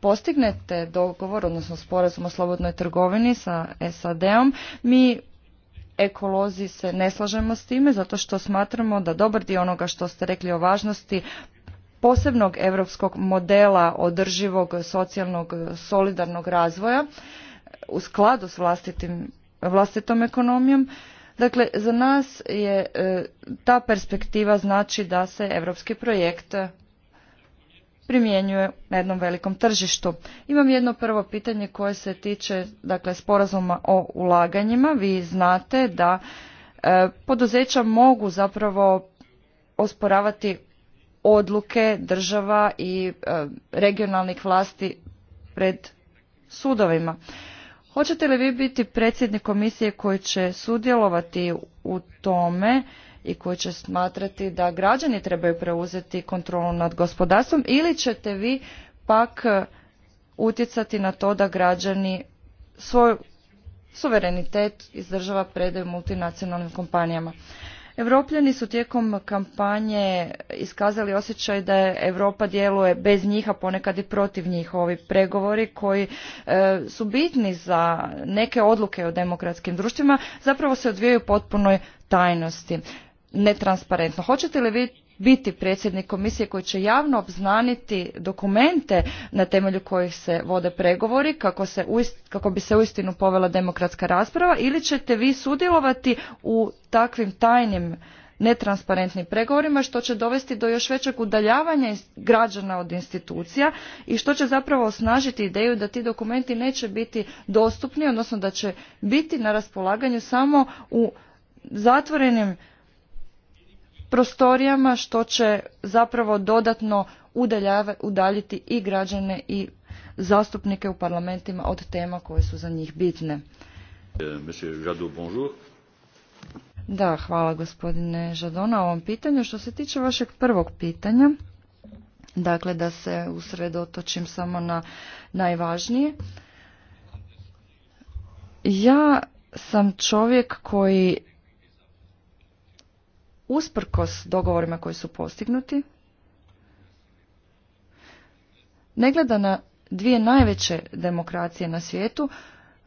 postignete dogovor, odnosno sporazum o slobodnoj trgovini sa SAD-om. Mi ekolozi se ne slažemo s time zato što smatramo da dobar dio onoga što ste rekli o važnosti posebnog europskog modela održivog socijalnog solidarnog razvoja u skladu s vlastitim, vlastitom ekonomijom. Dakle, za nas je e, ta perspektiva znači da se europski projekt primjenjuje na jednom velikom tržištu. Imam jedno prvo pitanje koje se tiče dakle, sporazuma o ulaganjima. Vi znate da e, poduzeća mogu zapravo osporavati odluke država i e, regionalnih vlasti pred sudovima. Hoćete li vi biti predsjednik komisije koji će sudjelovati u tome i koji će smatrati da građani trebaju preuzeti kontrolu nad gospodarstvom ili ćete vi pak e, utjecati na to da građani svoj suverenitet iz država predaju multinacionalnim kompanijama? Evropljani su tijekom kampanje iskazali osjećaj da je Europa djeluje bez njih, a ponekad i protiv njih. Ovi pregovori koji e, su bitni za neke odluke o demokratskim društvima zapravo se odvijaju potpunoj tajnosti netransparentno. Hoćete li vi biti predsjednik komisije koji će javno obznaniti dokumente na temelju kojih se vode pregovori kako, se kako bi se uistinu povela demokratska rasprava ili ćete vi sudjelovati u takvim tajnim netransparentnim pregovorima što će dovesti do još većeg udaljavanja građana od institucija i što će zapravo osnažiti ideju da ti dokumenti neće biti dostupni odnosno da će biti na raspolaganju samo u zatvorenim prostorijama što će zapravo dodatno udaljiti i građane i zastupnike u parlamentima od tema koje su za njih bitne. Da, hvala gospodine Žadon na ovom pitanju. Što se tiče vašeg prvog pitanja, dakle da se usredotočim samo na najvažnije. Ja sam čovjek koji usprkos dogovorima koji su postignuti, ne gleda na dvije najveće demokracije na svijetu,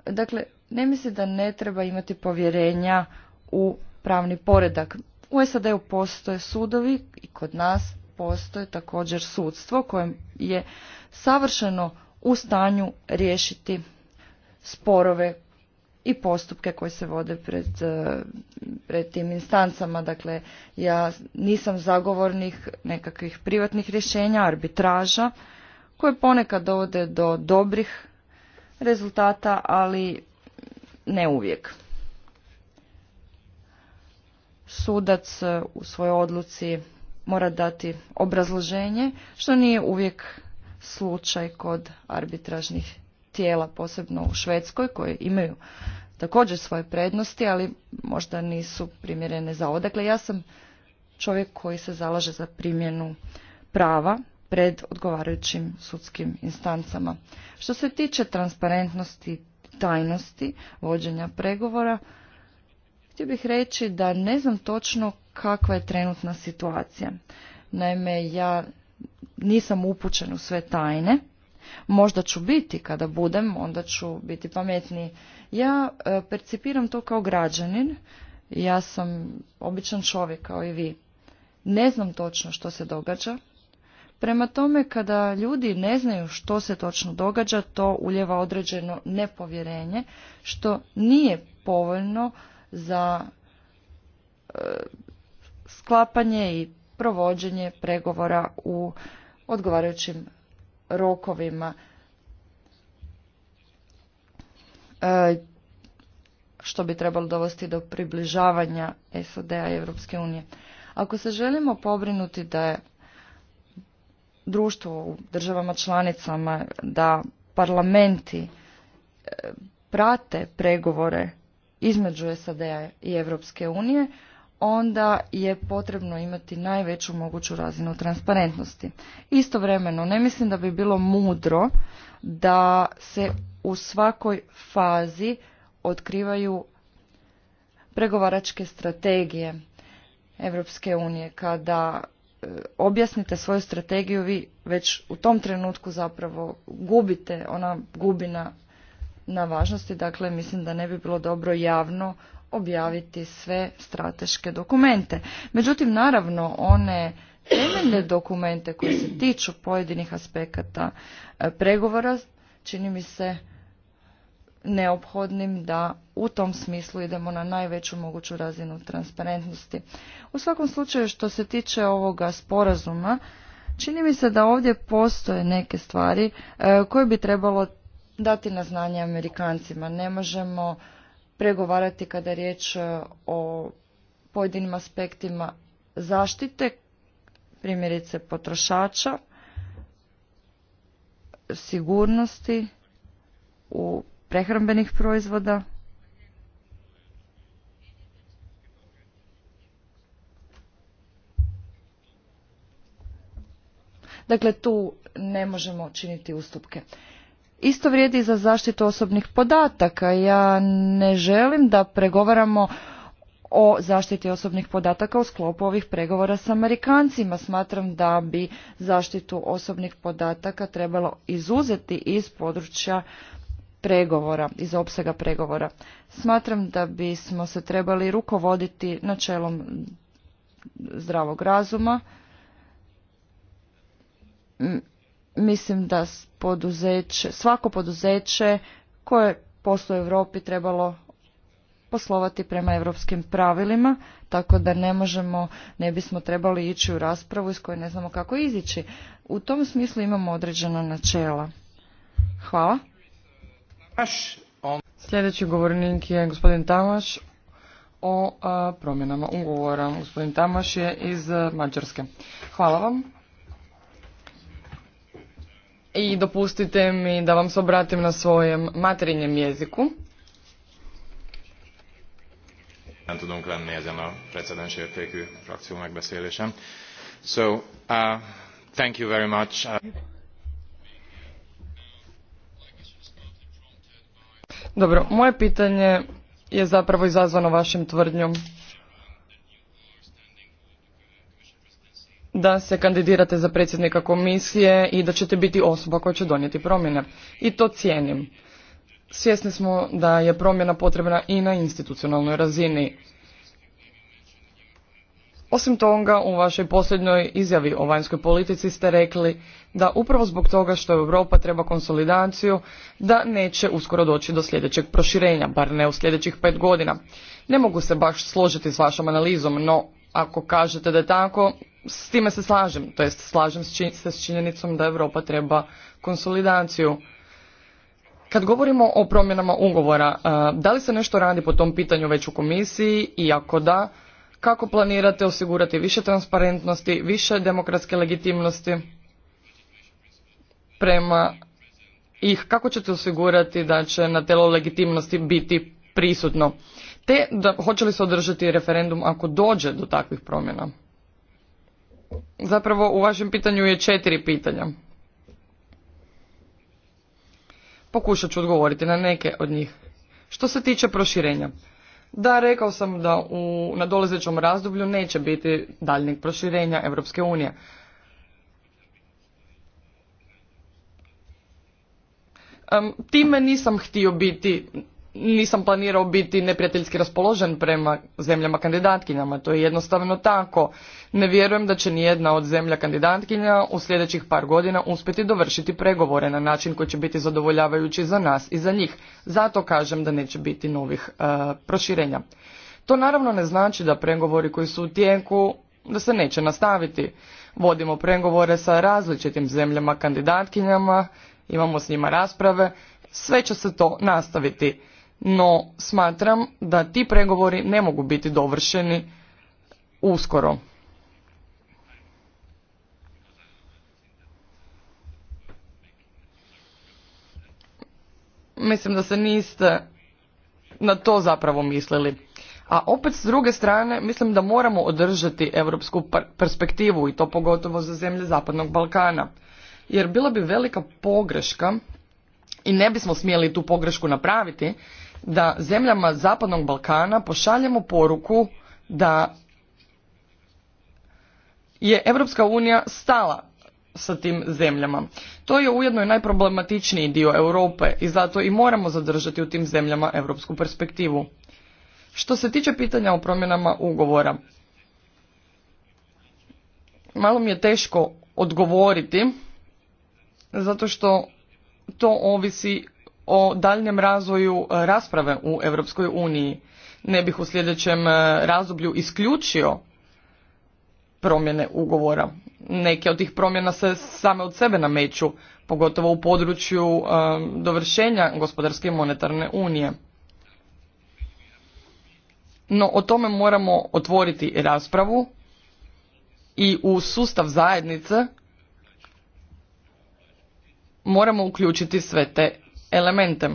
dakle, ne misli da ne treba imati povjerenja u pravni poredak. U SAD-u postoje sudovi i kod nas postoje također sudstvo koje je savršeno u stanju riješiti sporove i postupke koji se vode pred, e, pred tim instancama. Dakle, ja nisam zagovornik nekakvih privatnih rješenja, arbitraža, koje ponekad dovode do dobrih rezultata, ali ne uvijek. Sudac e, u svojoj odluci mora dati obrazloženje, što nije uvijek slučaj kod arbitražnih tijela, posebno u Švedskoj, koje imaju također svoje prednosti, ali možda nisu primjerene za odakle. ja sam čovjek koji se zalaže za primjenu prava pred odgovarajućim sudskim instancama. Što se tiče transparentnosti tajnosti vođenja pregovora, htio bih reći da ne znam točno kakva je trenutna situacija. Naime, ja nisam upućen u sve tajne, Možda ću biti kada budem, onda ću biti pametniji. Ja e, percipiram to kao građanin, ja sam običan čovjek kao i vi. Ne znam točno što se događa. Prema tome, kada ljudi ne znaju što se točno događa, to uljeva određeno nepovjerenje, što nije povoljno za e, sklapanje i provođenje pregovora u odgovarajućim rokovima. E, što bi trebalo dovesti do približavanja SAD-a i Europske unije. Ako se želimo pobrinuti da je društvo u državama članicama, da parlamenti e, prate pregovore između SAD-a i Europske unije, onda je potrebno imati najveću moguću razinu transparentnosti. Istovremeno, ne mislim da bi bilo mudro da se u svakoj fazi otkrivaju pregovaračke strategije Europske unije. Kada e, objasnite svoju strategiju, vi već u tom trenutku zapravo gubite, ona gubina na važnosti, dakle mislim da ne bi bilo dobro javno objaviti sve strateške dokumente. Međutim, naravno, one temeljne dokumente koji se tiču pojedinih aspekata e, pregovora, čini mi se neophodnim da u tom smislu idemo na najveću moguću razinu transparentnosti. U svakom slučaju što se tiče ovoga sporazuma, čini mi se da ovdje postoje neke stvari e, koje bi trebalo dati na znanje Amerikancima. Ne možemo pregovarati kada je riječ e, o pojedinim aspektima zaštite, primjerice potrošača, sigurnosti u prehrambenih proizvoda. Dakle, tu ne možemo činiti ustupke. Isto vrijedi i za zaštitu osobnih podataka. Ja ne želim da pregovaramo o zaštiti osobnih podataka u sklopu ovih pregovora s Amerikancima. Smatram da bi zaštitu osobnih podataka trebalo izuzeti iz područja pregovora, iz opsega pregovora. Smatram da bismo se trebali rukovoditi načelom zdravog razuma Mislim da poduzeće, svako poduzeće koje posluje u Europi trebalo poslovati prema europskim pravilima, tako da ne možemo, ne bismo trebali ići u raspravu iz koje ne znamo kako izići. U tom smislu imamo određena načela. Hvala. Sljedeći govornik je gospodin Tamaš o promjenama ugovora. Gospodin Tamaš je iz Mađarske. Hvala vam i dopustite mi da vam se obratim na svojem materinjem jeziku. Nem tudunk lenni ezen a precedens frakció megbeszélésen. So, uh, thank you very much. Uh, Dobro, moje pitanje je zapravo izazvano vašim tvrdnjom da se kandidirate za predsjednika komisije i da ćete biti osoba koja će donijeti promjene. I to cijenim. Svjesni smo da je promjena potrebna i na institucionalnoj razini. Osim toga, u vašoj posljednjoj izjavi o vanjskoj politici ste rekli da upravo zbog toga što Europa treba konsolidaciju, da neće uskoro doći do sljedećeg proširenja, bar ne u sljedećih pet godina. Ne mogu se baš složiti s vašom analizom, no ako kažete da je tako, s time se slažem, to jest slažem se s činjenicom da Europa treba konsolidaciju. Kad govorimo o promjenama ugovora, eh, da li se nešto radi po tom pitanju već u komisiji i ako da, kako planirate osigurati više transparentnosti, više demokratske legitimnosti prema ih, kako ćete osigurati da će na telo legitimnosti biti prisutno, te da hoće li se održati referendum ako dođe do takvih promjena? Zapravo u vašem pitanju je četiri pitanja. Pokušat ću odgovoriti na neke od njih. Što se tiče proširenja. Da, rekao sam da u nadolazećem razdoblju neće biti daljnjeg proširenja Europske unije. Time nisam htio biti nisam planirao biti neprijateljski raspoložen prema zemljama kandidatkinjama, to je jednostavno tako. Ne vjerujem da će nijedna od zemlja kandidatkinja u sljedećih par godina uspjeti dovršiti pregovore na način koji će biti zadovoljavajući za nas i za njih. Zato kažem da neće biti novih e, proširenja. To naravno ne znači da pregovori koji su u tijeku da se neće nastaviti. Vodimo pregovore sa različitim zemljama kandidatkinjama, imamo s njima rasprave, sve će se to nastaviti no smatram da ti pregovori ne mogu biti dovršeni uskoro. Mislim da se niste na to zapravo mislili. A opet s druge strane mislim da moramo održati europsku perspektivu i to pogotovo za zemlje Zapadnog Balkana. Jer bila bi velika pogreška i ne bismo smjeli tu pogrešku napraviti da zemljama Zapadnog Balkana pošaljemo poruku da je Europska unija stala sa tim zemljama. To je ujedno i najproblematičniji dio Europe i zato i moramo zadržati u tim zemljama europsku perspektivu. Što se tiče pitanja o promjenama ugovora, malo mi je teško odgovoriti zato što to ovisi o daljnjem razvoju e, rasprave u Europskoj uniji. Ne bih u sljedećem e, razdoblju isključio promjene ugovora. Neke od tih promjena se same od sebe nameću, pogotovo u području e, dovršenja gospodarske i monetarne unije. No o tome moramo otvoriti raspravu i u sustav zajednice moramo uključiti sve te elemente.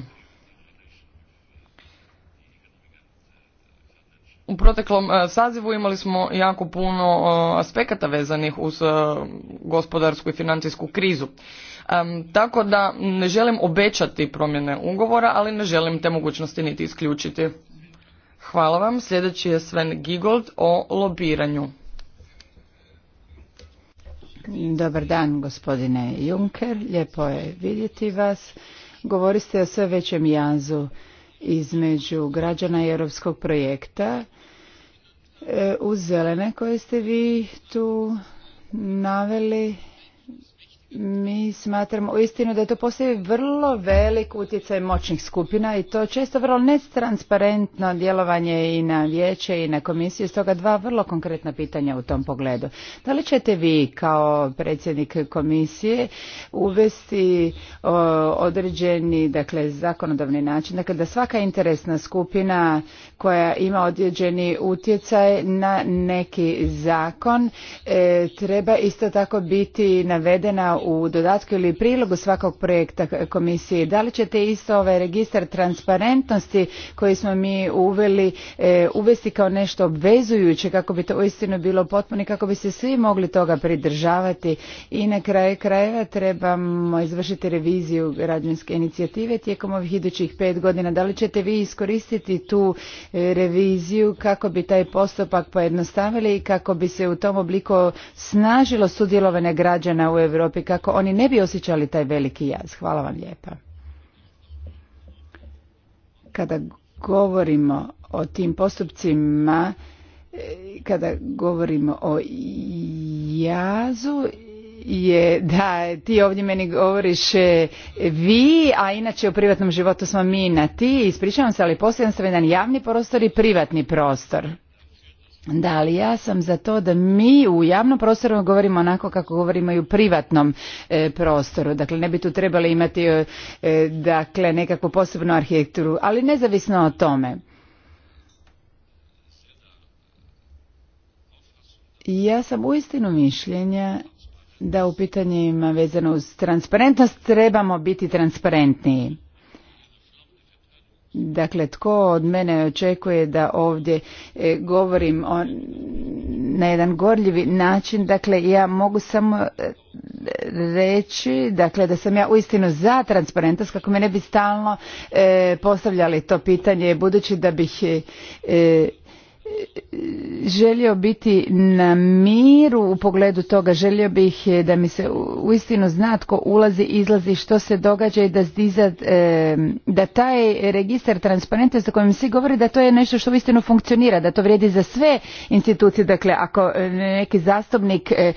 U proteklom e, sazivu imali smo jako puno e, aspekata vezanih uz e, gospodarsku i financijsku krizu. Tako da ne želim obećati promjene ugovora, ali ne želim te mogućnosti niti isključiti. Hvala vam. Sljedeći je Sven Gigold o lobiranju. Dobar dan gospodine Juncker, lijepo je vidjeti vas govori se o sve većem jazu između građana i europskog projekta e, uz zelene koje ste vi tu naveli mi smatramo uistinu da to postoji vrlo velik utjecaj moćnih skupina i to često vrlo netransparentno djelovanje i na vijeće i na komisiju, stoga dva vrlo konkretna pitanja u tom pogledu. Da li ćete vi kao predsjednik komisije uvesti o, određeni dakle, zakonodavni način, dakle da svaka interesna skupina koja ima određeni utjecaj na neki zakon e, treba isto tako biti navedena u dodatku ili prilogu svakog projekta komisije. Da li ćete isto ovaj registar transparentnosti koji smo mi uveli e, uvesti kao nešto obvezujuće kako bi to uistinu bilo potpuno i kako bi se svi mogli toga pridržavati i na kraju krajeva trebamo izvršiti reviziju građanske inicijative tijekom ovih idućih pet godina. Da li ćete vi iskoristiti tu reviziju kako bi taj postupak pojednostavili i kako bi se u tom obliku snažilo sudjelovanje građana u Europi kako oni ne bi osjećali taj veliki jaz. Hvala vam lijepa. Kada govorimo o tim postupcima, e, kada govorimo o jazu je da ti ovdje meni govoriš e, vi, a inače u privatnom životu smo mi na ti, ispričavam se, ali postavljam sam jedan javni prostor i privatni prostor. Da, ali ja sam za to da mi u javnom prostoru govorimo onako kako govorimo i u privatnom e, prostoru. Dakle, ne bi tu trebali imati e, dakle, nekakvu posebnu arhitekturu, ali nezavisno o tome. Ja sam uistinu mišljenja da u pitanjima vezano uz transparentnost trebamo biti transparentniji. Dakle, tko od mene očekuje da ovdje e, govorim o, na jedan gorljivi način, dakle, ja mogu samo e, reći, dakle, da sam ja uistinu za transparentnost, kako me ne bi stalno e, postavljali to pitanje, budući da bih želio biti na miru u pogledu toga, želio bih e, da mi se uistinu zna tko ulazi, izlazi, što se događa i da, zdiza, e, da taj registar transparentnosti za kojim svi govori da to je nešto što uistinu funkcionira, da to vrijedi za sve institucije. Dakle, ako neki zastupnik e,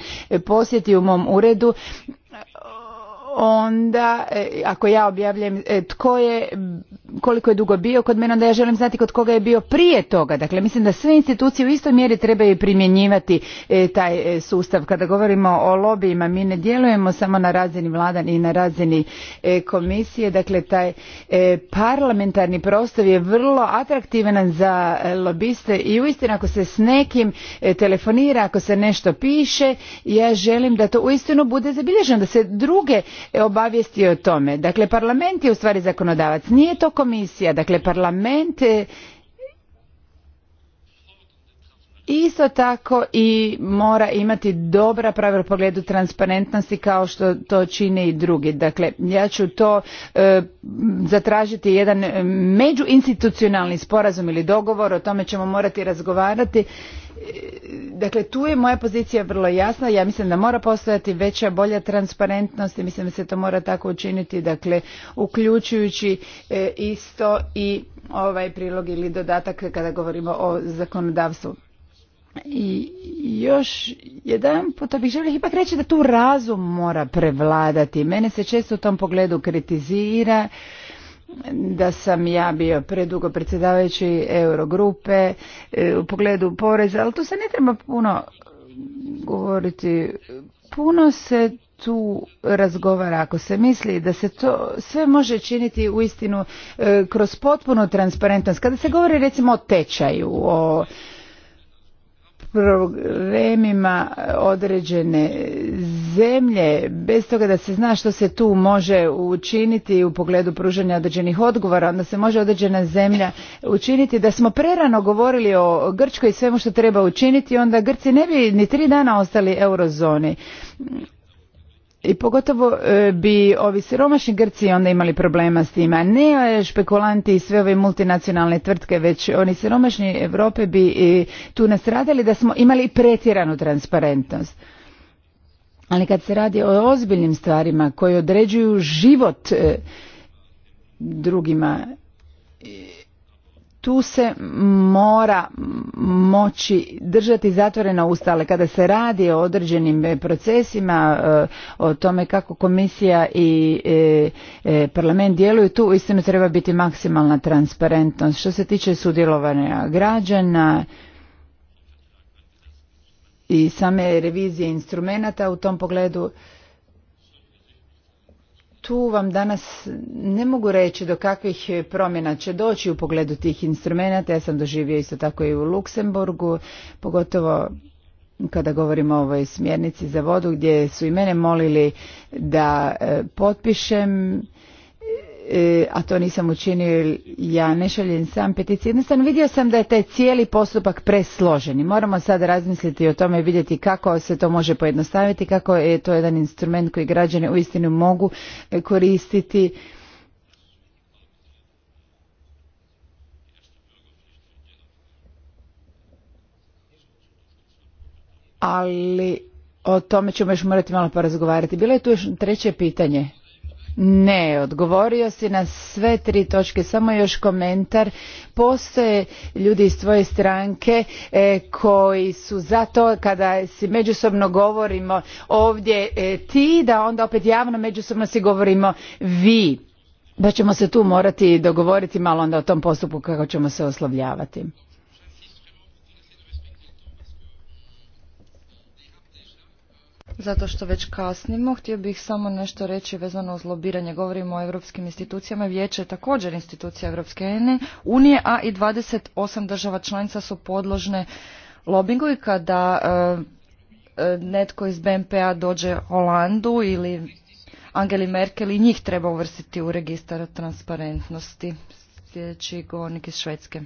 posjeti u mom uredu, onda e, ako ja objavljujem e, tko je koliko je dugo bio kod mene onda ja želim znati kod koga je bio prije toga dakle mislim da sve institucije u istoj mjeri trebaju primjenjivati e, taj sustav kada govorimo o lobijima mi ne djelujemo samo na razini vlada ni na razini komisije dakle taj parlamentarni prostor je vrlo atraktivan za lobiste i uistinu ako se s nekim telefonira ako se nešto piše ja želim da to uistinu bude zabilježeno da se druge obavijesti o tome. Dakle, parlament je u zakonodavac, nije to komisija. Dakle, parlament isto tako i mora imati dobra pravila u pogledu transparentnosti kao što to čine i drugi. Dakle, ja ću to e, zatražiti jedan međuinstitucionalni sporazum ili dogovor, o tome ćemo morati razgovarati. E, dakle, tu je moja pozicija vrlo jasna, ja mislim da mora postojati veća, bolja transparentnost i mislim da se to mora tako učiniti, dakle, uključujući e, isto i ovaj prilog ili dodatak kada govorimo o zakonodavstvu. I još jedan puta bih želio ipak reći da tu razum mora prevladati. Mene se često u tom pogledu kritizira da sam ja bio predugo predsjedavajući Eurogrupe e, u pogledu poreza, ali tu se ne treba puno govoriti. Puno se tu razgovara ako se misli da se to sve može činiti u istinu e, kroz potpunu transparentnost. Kada se govori recimo o tečaju, o problemima određene zemlje, bez toga da se zna što se tu može učiniti u pogledu pružanja određenih odgovora, onda se može određena zemlja učiniti. Da smo prerano govorili o Grčkoj i svemu što treba učiniti, onda Grci ne bi ni tri dana ostali eurozoni i pogotovo e, bi ovi siromašni Grci onda imali problema s tima. Ne e, špekulanti i sve ove multinacionalne tvrtke, već oni siromašni Europe bi e, tu nastradali da smo imali pretjeranu transparentnost. Ali kad se radi o ozbiljnim stvarima koje određuju život drugima tu se mora moći držati zatvorena usta, kada se radi o određenim e, procesima, e, o tome kako komisija i e, parlament djeluju, tu uistinu treba biti maksimalna transparentnost. Što se tiče sudjelovanja građana i same revizije instrumenata u tom pogledu, tu vam danas ne mogu reći do kakvih promjena će doći u pogledu tih instrumenata. Ja sam doživio isto tako i u Luksemburgu, pogotovo kada govorimo o ovoj smjernici za vodu gdje su i mene molili da e, potpišem E, a to nisam učinio ja ne šaljem sam peticiju. Jednostavno vidio sam da je taj cijeli postupak presložen i moramo sad razmisliti o tome i vidjeti kako se to može pojednostaviti, kako je to jedan instrument koji građani uistinu mogu e, koristiti. Ali o tome ćemo još morati malo porazgovarati. Bilo je tu još treće pitanje. Ne, odgovorio si na sve tri točke, samo još komentar. Postoje ljudi iz tvoje stranke e, koji su za to kada si međusobno govorimo ovdje e, ti, da onda opet javno međusobno si govorimo vi. Da ćemo se tu morati dogovoriti malo onda o tom postupku kako ćemo se oslovljavati. zato što već kasnimo. Htio bih samo nešto reći vezano uz lobiranje. Govorimo o europskim institucijama. Vijeće je također institucija Europske unije, a i 28 država članica su podložne lobingu i kada e, e, netko iz BMPA dođe Holandu ili Angeli Merkel i njih treba uvrstiti u registar transparentnosti. Sljedeći govornik iz Švedske.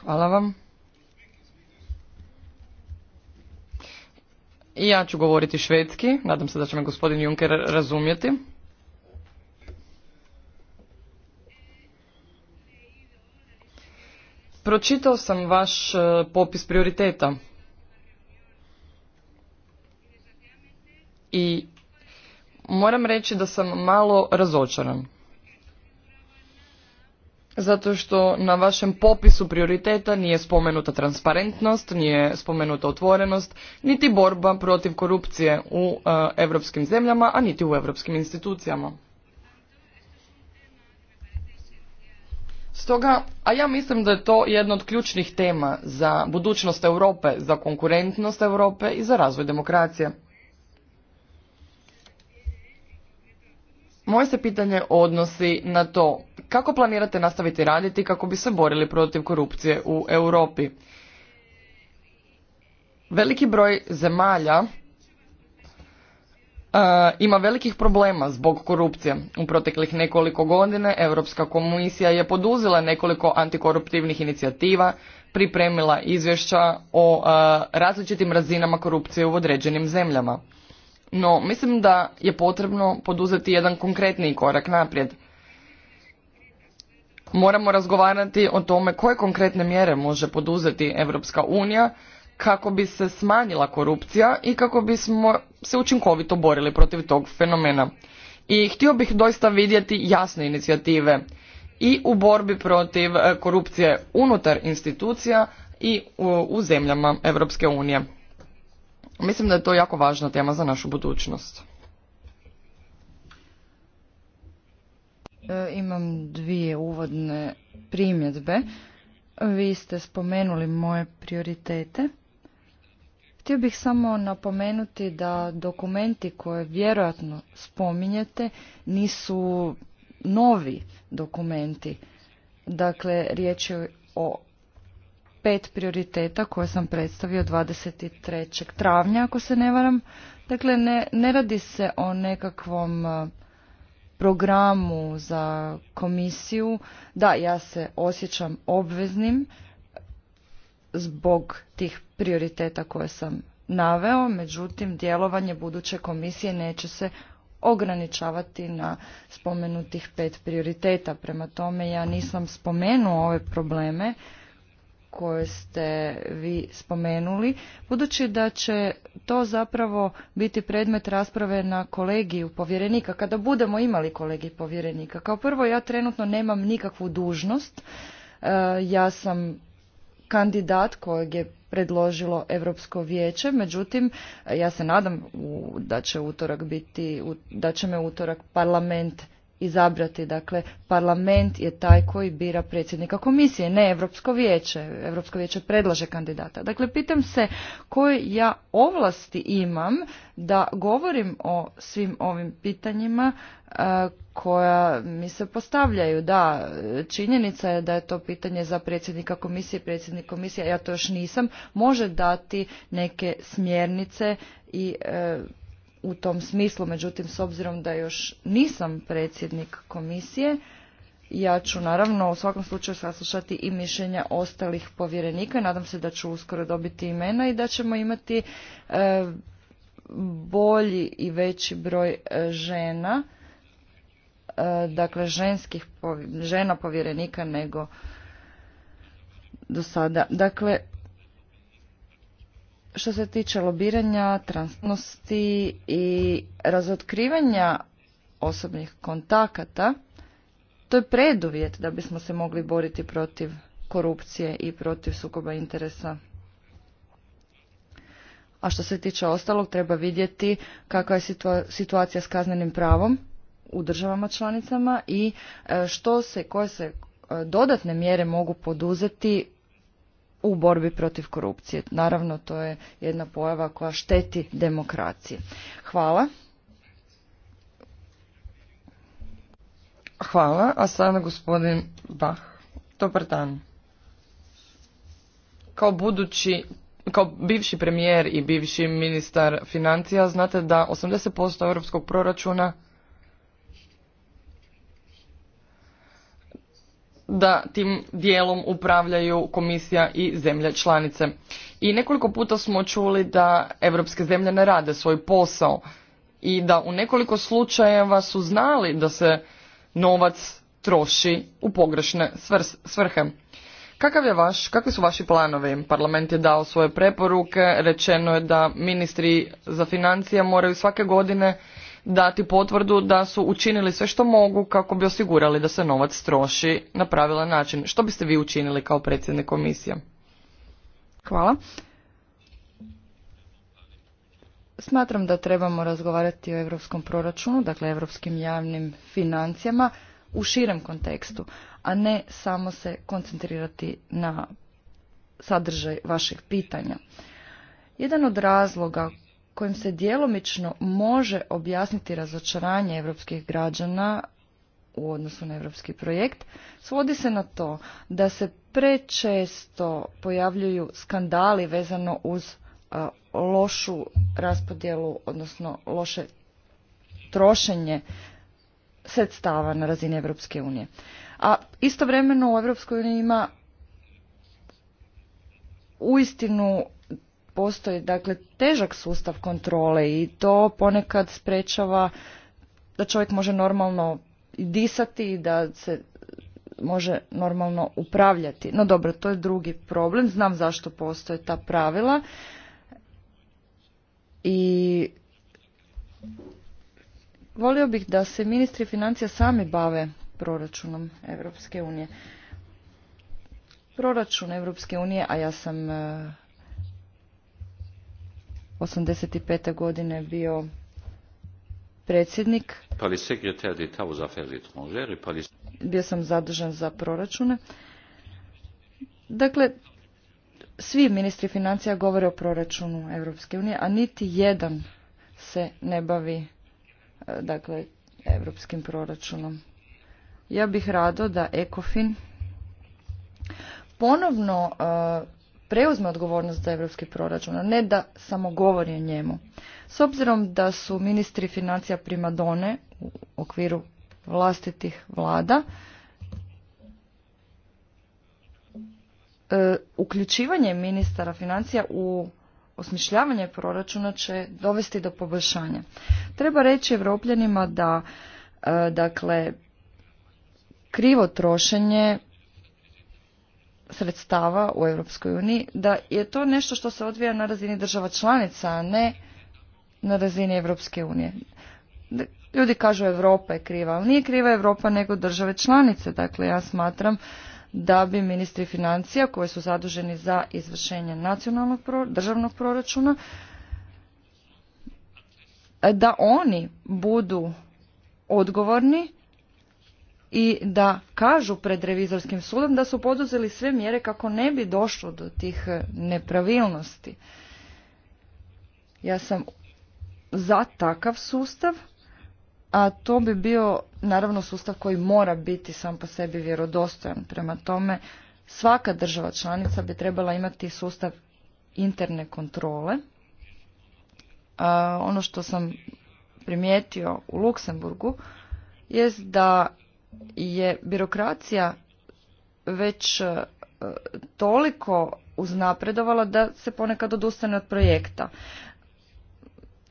Hvala vam. Ja ću govoriti švedski, nadam se da će me gospodin Juncker razumjeti. Pročitao sam vaš e, popis prioriteta. I moram reći da sam malo razočaran zato što na vašem popisu prioriteta nije spomenuta transparentnost, nije spomenuta otvorenost, niti borba protiv korupcije u europskim zemljama, a niti u europskim institucijama. Stoga, a ja mislim da je to jedna od ključnih tema za budućnost Europe, za konkurentnost Europe i za razvoj demokracije. Moje se pitanje odnosi na to kako planirate nastaviti raditi kako bi se borili protiv korupcije u Europi. Veliki broj zemalja e, ima velikih problema zbog korupcije. U proteklih nekoliko godine Europska komisija je poduzela nekoliko antikoruptivnih inicijativa, pripremila izvješća o e, različitim razinama korupcije u određenim zemljama no mislim da je potrebno poduzeti jedan konkretniji korak naprijed. Moramo razgovarati o tome koje konkretne mjere može poduzeti Europska unija kako bi se smanjila korupcija i kako bismo se učinkovito borili protiv tog fenomena. I htio bih doista vidjeti jasne inicijative i u borbi protiv eh, korupcije unutar institucija i u zemljama Europske unije. Mislim da je to jako važna tema za našu budućnost. E, imam dvije uvodne primjedbe. Vi ste spomenuli moje prioritete. Htio bih samo napomenuti da dokumenti koje vjerojatno spominjete nisu novi dokumenti. Dakle, riječ je o pet prioriteta koje sam predstavio 23. travnja, ako se ne varam. Dakle, ne, ne radi se o nekakvom e, programu za komisiju. Da, ja se osjećam obveznim zbog tih prioriteta koje sam naveo, međutim djelovanje buduće komisije neće se ograničavati na spomenutih pet prioriteta. Prema tome ja nisam spomenuo ove probleme koje ste vi spomenuli, budući da će to zapravo biti predmet rasprave na kolegiju povjerenika, kada budemo imali kolegi povjerenika. Kao prvo, ja trenutno nemam nikakvu dužnost, e, ja sam kandidat kojeg je predložilo Europsko vijeće, međutim, ja se nadam da će utorak biti, da će me utorak parlament izabrati. Dakle, parlament je taj koji bira predsjednika komisije, ne Europsko vijeće. Europsko vijeće predlaže kandidata. Dakle, pitam se koje ja ovlasti imam da govorim o svim ovim pitanjima e, koja mi se postavljaju. Da, činjenica je da je to pitanje za predsjednika komisije, predsjednik komisije, ja to još nisam, može dati neke smjernice i e, u tom smislu, međutim s obzirom da još nisam predsjednik komisije, ja ću naravno u svakom slučaju saslušati i mišljenja ostalih povjerenika. Nadam se da ću uskoro dobiti imena i da ćemo imati e, bolji i veći broj e, žena, e, dakle ženskih žena povjerenika nego do sada. Dakle, što se tiče lobiranja, transnosti i razotkrivanja osobnih kontakata, to je preduvjet da bismo se mogli boriti protiv korupcije i protiv sukoba interesa. A što se tiče ostalog, treba vidjeti kakva je situacija s kaznenim pravom u državama članicama i e, što se, koje se e, dodatne mjere mogu poduzeti u borbi protiv korupcije. Naravno, to je jedna pojava koja šteti demokraciji. Hvala. Hvala, a sada gospodin Bach. Dobar dan. Kao budući, kao bivši premijer i bivši ministar financija znate da 80% europskog proračuna da tim dijelom upravljaju komisija i zemlje članice. I nekoliko puta smo čuli da europske zemlje ne rade svoj posao i da u nekoliko slučajeva su znali da se novac troši u pogrešne svrhe. Kakav je vaš, kakvi su vaši planovi? Parlament je dao svoje preporuke, rečeno je da ministri za financije moraju svake godine dati potvrdu da su učinili sve što mogu kako bi osigurali da se novac stroši na pravilan način. Što biste vi učinili kao predsjednik komisije? Hvala. Smatram da trebamo razgovarati o europskom proračunu, dakle europskim javnim financijama u širem kontekstu, a ne samo se koncentrirati na sadržaj vašeg pitanja. Jedan od razloga kojim se djelomično može objasniti razočaranje europskih građana u odnosu na europski projekt, svodi se na to da se prečesto pojavljuju skandali vezano uz lošu raspodjelu, odnosno loše trošenje sredstava na razini Europske unije. A istovremeno u Evropskoj uniji ima uistinu postoji dakle težak sustav kontrole i to ponekad sprečava da čovjek može normalno disati i da se može normalno upravljati. No dobro, to je drugi problem. Znam zašto postoje ta pravila. I volio bih da se ministri financija sami bave proračunom Europske unije. Proračun Europske unije, a ja sam eh, 85. godine bio predsjednik. Bio sam zadužen za proračune. Dakle, svi ministri financija govore o proračunu Europske unije, a niti jedan se ne bavi e, dakle, europskim proračunom. Ja bih rado da ECOFIN ponovno e, preuzme odgovornost za europski proračun, a ne da samo govori o njemu. S obzirom da su ministri financija primadone u okviru vlastitih vlada, e, uključivanje ministara financija u osmišljavanje proračuna će dovesti do poboljšanja. Treba reći evropljanima da e, dakle krivo trošenje sredstava u Europskoj uniji, da je to nešto što se odvija na razini država članica, a ne na razini Europske unije. Ljudi kažu Europa je kriva, ali nije kriva Europa nego države članice. Dakle, ja smatram da bi ministri financija koji su zaduženi za izvršenje nacionalnog državnog proračuna da oni budu odgovorni i da kažu pred revizorskim sudom da su poduzeli sve mjere kako ne bi došlo do tih e, nepravilnosti. Ja sam za takav sustav, a to bi bio naravno sustav koji mora biti sam po sebi vjerodostojan. Prema tome, svaka država članica bi trebala imati sustav interne kontrole. A ono što sam primijetio u Luksemburgu jest da je birokracija već e, toliko uznapredovala da se ponekad odustane od projekta.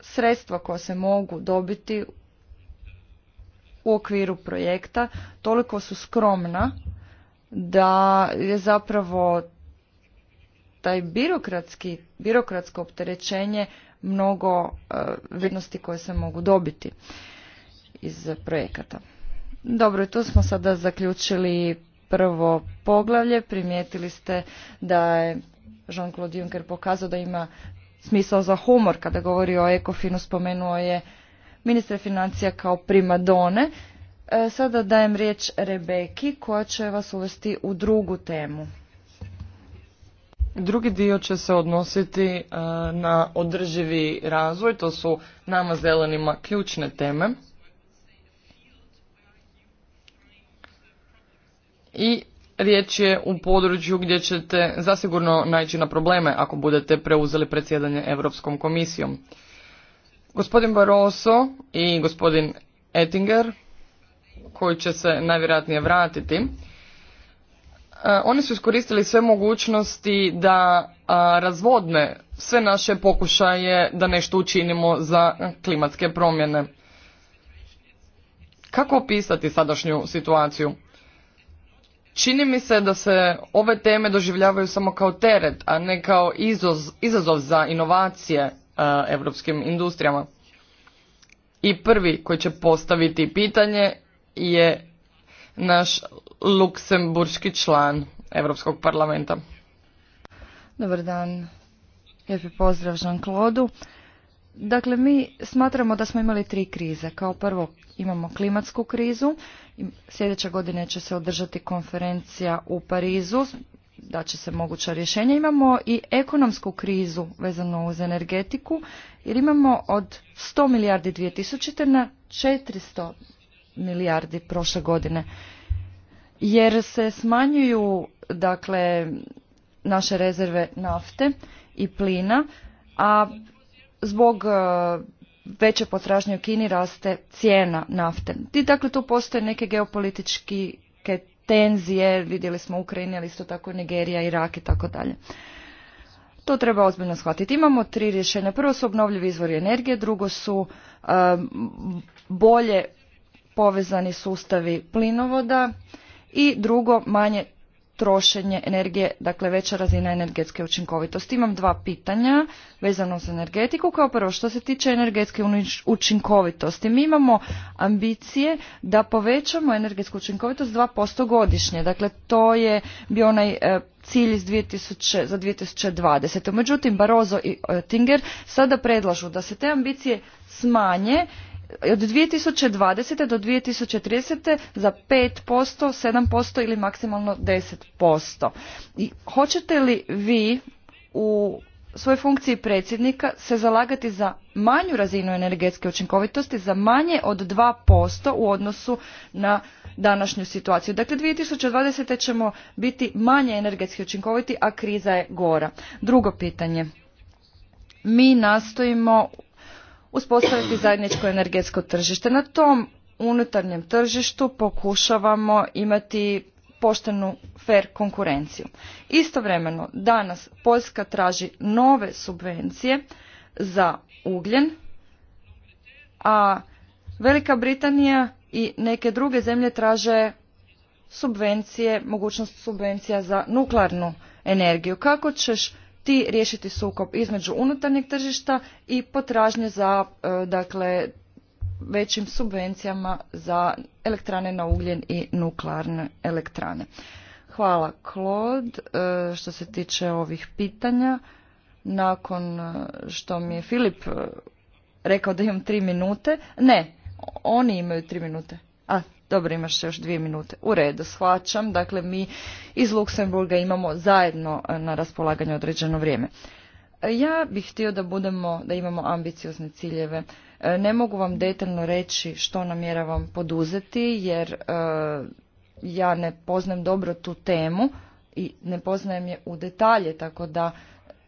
Sredstva koja se mogu dobiti u okviru projekta toliko su skromna da je zapravo taj birokratski, birokratsko opterećenje mnogo e, vrijednosti koje se mogu dobiti iz projekata. Dobro, tu smo sada zaključili prvo poglavlje. Primijetili ste da je Jean-Claude Juncker pokazao da ima smisao za humor kada govori o Ekofinu. Spomenuo je ministra financija kao primadone. E, sada dajem riječ Rebeki koja će vas uvesti u drugu temu. Drugi dio će se odnositi e, na održivi razvoj, to su nama zelenima ključne teme. i riječ je u području gdje ćete zasigurno naći na probleme ako budete preuzeli predsjedanje Europskom komisijom. Gospodin Barroso i gospodin Ettinger, koji će se najvjerojatnije vratiti, e, oni su iskoristili sve mogućnosti da razvodne sve naše pokušaje da nešto učinimo za klimatske promjene. Kako opisati sadašnju situaciju? Čini mi se da se ove teme doživljavaju samo kao teret, a ne kao izazov za inovacije europskim industrijama. I prvi koji će postaviti pitanje je naš luksemburški član Europskog parlamenta. Dobar dan, lijepi pozdrav Jean-Claude. Dakle, mi smatramo da smo imali tri krize. Kao prvo imamo klimatsku krizu. Sljedeće godine će se održati konferencija u Parizu da će se moguća rješenja. Imamo i ekonomsku krizu vezano uz energetiku, jer imamo od 100 milijardi 2000. na 400 milijardi prošle godine. Jer se smanjuju dakle, naše rezerve nafte i plina, a zbog e, veće potražnje u Kini raste cijena nafte. I dakle tu postoje neke geopolitičke tenzije, vidjeli smo u Ukrajini, ali isto tako Nigerija, Irak i tako dalje. To treba ozbiljno shvatiti. Imamo tri rješenja. Prvo su obnovljivi izvori energije, drugo su e, bolje povezani sustavi plinovoda i drugo manje trošenje energije, dakle veća razina energetske učinkovitosti. Imam dva pitanja vezano za energetiku. Kao prvo, što se tiče energetske učinkovitosti, mi imamo ambicije da povećamo energetsku učinkovitost 2% godišnje. Dakle, to je bio onaj e, cilj iz 2000, za 2020. Međutim, Barozo i Oettinger sada predlažu da se te ambicije smanje od 2020. do 2030. za 5%, 7% ili maksimalno 10%. I hoćete li vi u svojoj funkciji predsjednika se zalagati za manju razinu energetske učinkovitosti za manje od 2% u odnosu na današnju situaciju. Dakle, 2020. ćemo biti manje energetski učinkoviti, a kriza je gora. Drugo pitanje. Mi nastojimo uspostaviti zajedničko energetsko tržište. Na tom unutarnjem tržištu pokušavamo imati poštenu fer konkurenciju. Istovremeno danas Poljska traži nove subvencije za ugljen, a Velika Britanija i neke druge zemlje traže subvencije, mogućnost subvencija za nuklearnu energiju. Kako ćeš ti riješiti sukob između unutarnjeg tržišta i potražnje za e, dakle većim subvencijama za elektrane na ugljen i nuklearne elektrane. Hvala Claude e, što se tiče ovih pitanja. Nakon e, što mi je Filip rekao da imam tri minute, ne, oni imaju tri minute. A, dobro, imaš još dvije minute. U redu, shvaćam. Dakle, mi iz Luksemburga imamo zajedno e, na raspolaganju određeno vrijeme. E, ja bih htio da budemo, da imamo ambiciozne ciljeve. E, ne mogu vam detaljno reći što namjeravam poduzeti, jer ja ne poznajem dobro tu temu i ne poznajem je u detalje, tako da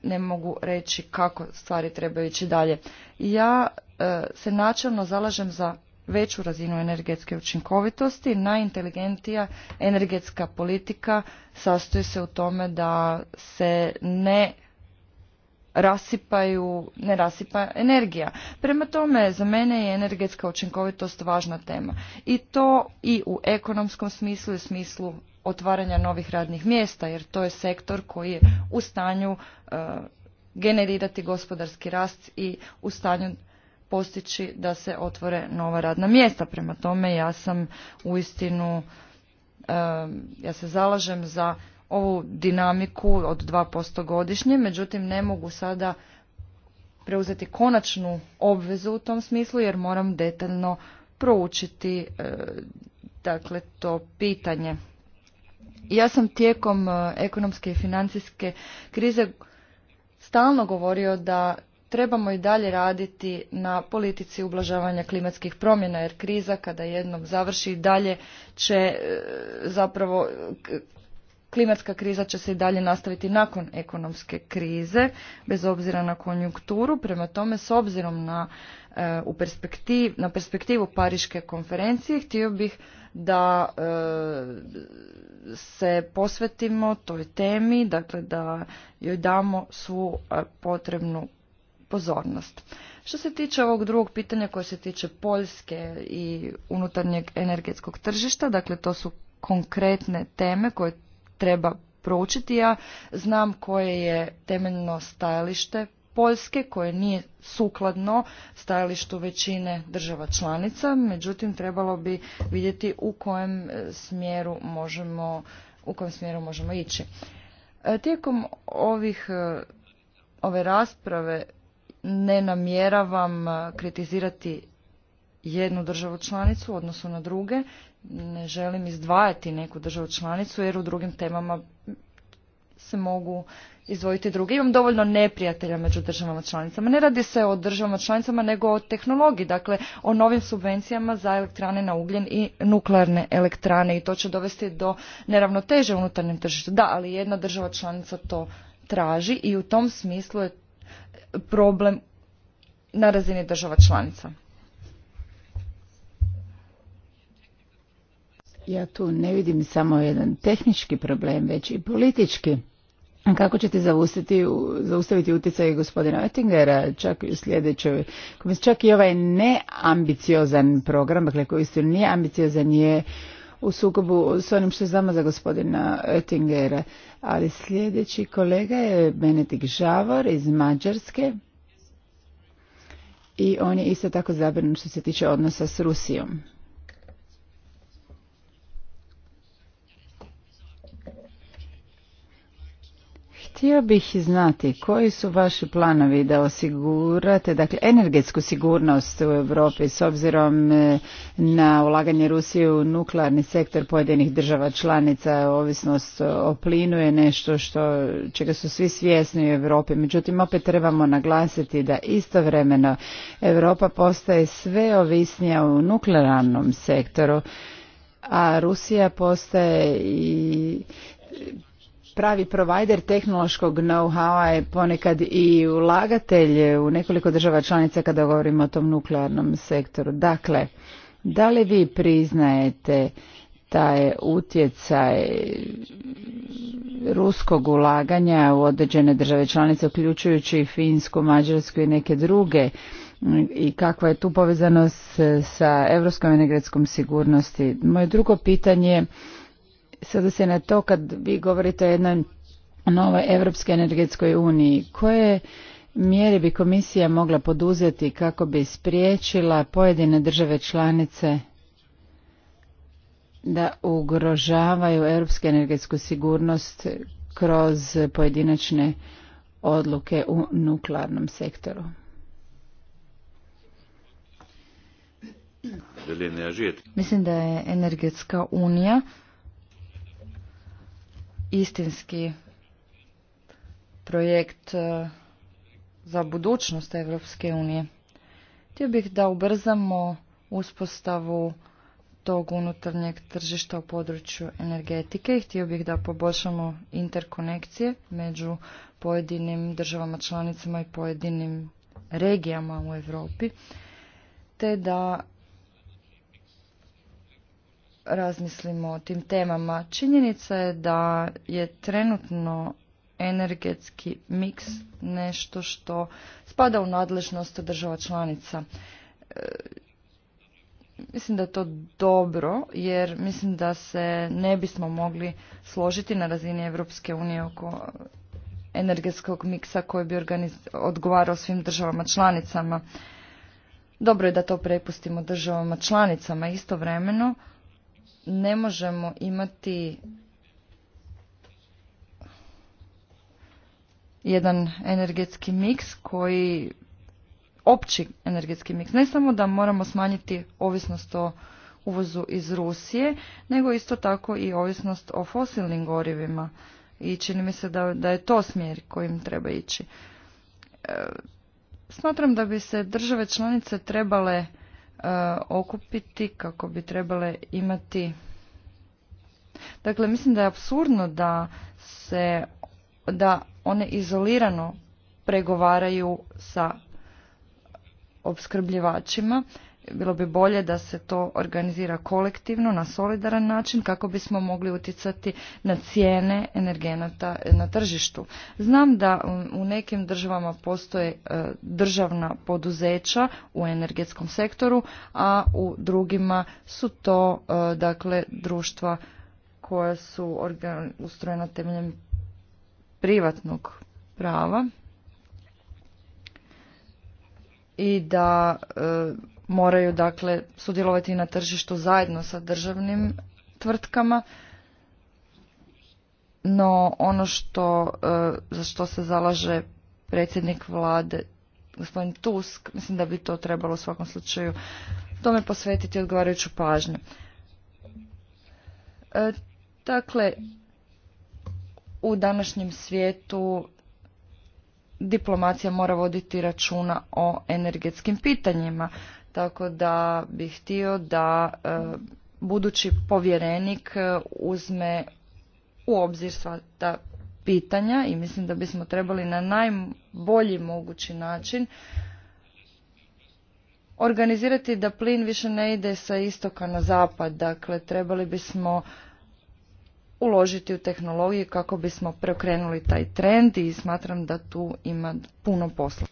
ne mogu reći kako stvari trebaju ići dalje. Ja se načelno zalažem za veću razinu energetske učinkovitosti. Najinteligentnija energetska politika sastoji se u tome da se ne rasipaju, ne rasipa energija. Prema tome, za mene je energetska učinkovitost važna tema. I to i u ekonomskom smislu i u smislu otvaranja novih radnih mjesta, jer to je sektor koji je u stanju eh, generirati gospodarski rast i u stanju postići da se otvore nova radna mjesta. Prema tome ja sam uistinu, ja se zalažem za ovu dinamiku od 2% godišnje, međutim ne mogu sada preuzeti konačnu obvezu u tom smislu jer moram detaljno proučiti e, dakle to pitanje. Ja sam tijekom e, ekonomske i financijske krize stalno govorio da trebamo i dalje raditi na politici ublažavanja klimatskih promjena jer kriza kada jednom završi i dalje će e, zapravo klimatska kriza će se i dalje nastaviti nakon ekonomske krize bez obzira na konjunkturu prema tome s obzirom na e, u na perspektivu pariške konferencije htio bih da e, se posvetimo toj temi dakle da joj damo svu potrebnu pozornost. Što se tiče ovog drugog pitanja koje se tiče Poljske i unutarnjeg energetskog tržišta, dakle to su konkretne teme koje treba proučiti. Ja znam koje je temeljno stajalište Poljske koje nije sukladno stajalištu većine država članica, međutim trebalo bi vidjeti u kojem smjeru možemo, u kojem smjeru možemo ići. E, tijekom ovih ove rasprave ne namjeravam e, kritizirati jednu državu članicu u odnosu na druge, ne želim izdvajati neku državu članicu jer u drugim temama se mogu izdvojiti drugi. Imam dovoljno neprijatelja među državama članicama. Ne radi se o državama članicama nego o tehnologiji, dakle o novim subvencijama za elektrane na ugljen i nuklearne elektrane i to će dovesti do neravnoteže unutarnjem tržištu. Da, ali jedna država članica to traži i u tom smislu je problem na razini država članica. Ja tu ne vidim samo jedan tehnički problem, već i politički. Kako ćete zaustaviti, zaustaviti utjecaj gospodina Oettingera, čak i u sljedećoj čak i ovaj neambiciozan program, dakle koji su nije ambiciozan je u sukobu s onim što znamo za gospodina Oettingera. Ali sljedeći kolega je Benedik Žavor iz Mađarske i on je isto tako zabrinut što se tiče odnosa s Rusijom. Htio bih znati koji su vaši planovi da osigurate dakle, energetsku sigurnost u Europi s obzirom e, na ulaganje Rusije u nuklearni sektor pojedinih država članica, ovisnost o plinu je nešto što, čega su svi svjesni u Europi. Međutim, opet trebamo naglasiti da istovremeno Europa postaje sve ovisnija u nuklearnom sektoru, a Rusija postaje i pravi provider tehnološkog know a je ponekad i ulagatelj u nekoliko država članica kada govorimo o tom nuklearnom sektoru. Dakle, da li vi priznajete taj utjecaj ruskog ulaganja u određene države članice, uključujući i Finsku, Mađarsku i neke druge, i kakva je tu povezanost sa Europskom energetskom sigurnosti. Moje drugo pitanje je sada se na to kad vi govorite o jednoj novoj Europskoj energetskoj uniji, koje mjere bi komisija mogla poduzeti kako bi spriječila pojedine države članice da ugrožavaju europsku energetsku sigurnost kroz pojedinačne odluke u nuklearnom sektoru. Mislim da je energetska unija istinski projekt e, za budućnost Evropske unije. Htio bih da ubrzamo uspostavu tog unutarnjeg tržišta u području energetike i htio bih da poboljšamo interkonekcije među pojedinim državama članicama i pojedinim regijama u Europi te da razmislimo o tim temama. Činjenica je da je trenutno energetski miks nešto što spada u nadležnost država članica. E, mislim da je to dobro jer mislim da se ne bismo mogli složiti na razini Europske unije oko energetskog miksa koji bi odgovarao svim državama članicama. Dobro je da to prepustimo državama članicama istovremeno ne možemo imati jedan energetski miks koji opći energetski miks ne samo da moramo smanjiti ovisnost o uvozu iz Rusije nego isto tako i ovisnost o fosilnim gorivima i čini mi se da, da je to smjer kojim treba ići. E, smatram da bi se države članice trebale E, okupiti kako bi trebale imati dakle mislim da je apsurdno da se da one izolirano pregovaraju sa opskrbljivačima bilo bi bolje da se to organizira kolektivno na solidaran način kako bismo mogli utjecati na cijene energenata na tržištu. Znam da u nekim državama postoje e, državna poduzeća u energetskom sektoru, a u drugima su to e, dakle društva koja su ustrojena temeljem privatnog prava i da e, moraju dakle sudjelovati na tržištu zajedno sa državnim tvrtkama. No ono što, e, za što se zalaže predsjednik vlade gospodin Tusk, mislim da bi to trebalo u svakom slučaju tome posvetiti odgovarajuću pažnju. E, dakle, u današnjem svijetu diplomacija mora voditi računa o energetskim pitanjima tako da bih htio da e, budući povjerenik e, uzme u obzir sva ta pitanja i mislim da bismo trebali na najbolji mogući način organizirati da plin više ne ide sa istoka na zapad. Dakle, trebali bismo uložiti u tehnologiju kako bismo preokrenuli taj trend i smatram da tu ima puno posla.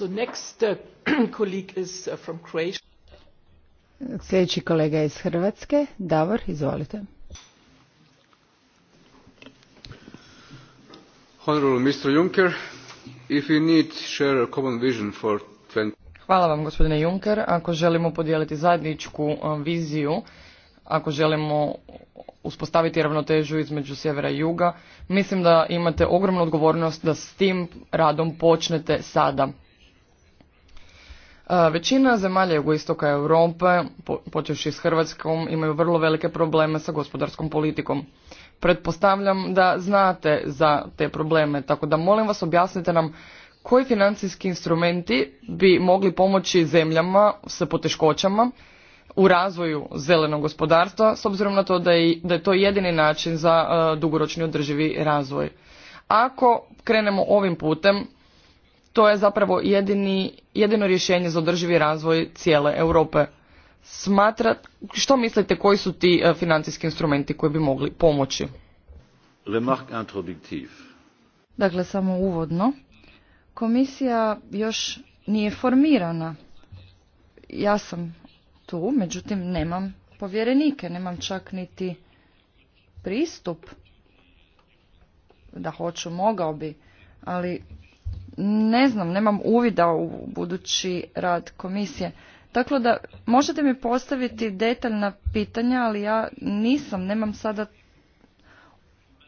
Uh, uh, Sljedeći kolega iz Hrvatske, Davor, izvolite. Hvala vam gospodine Juncker. Ako želimo podijeliti zajedničku um, viziju, ako želimo uspostaviti ravnotežu između sjevera i juga, mislim da imate ogromnu odgovornost da s tim radom počnete sada. Većina zemalja jugoistoka Europe, počevši s Hrvatskom, imaju vrlo velike probleme sa gospodarskom politikom. Pretpostavljam da znate za te probleme, tako da molim vas objasnite nam koji financijski instrumenti bi mogli pomoći zemljama sa poteškoćama u razvoju zelenog gospodarstva, s obzirom na to da da je to jedini način za e, dugoročni održivi razvoj. Ako krenemo ovim putem, to je zapravo jedini, jedino rješenje za održivi razvoj cijele Europe. Smatra, što mislite koji su ti e, financijski instrumenti koji bi mogli pomoći? Dakle, samo uvodno. Komisija još nije formirana. Ja sam tu, međutim nemam povjerenike, nemam čak niti pristup da hoću, mogao bi, ali ne znam, nemam uvida u budući rad komisije. Dakle, da možete mi postaviti detaljna pitanja, ali ja nisam, nemam sada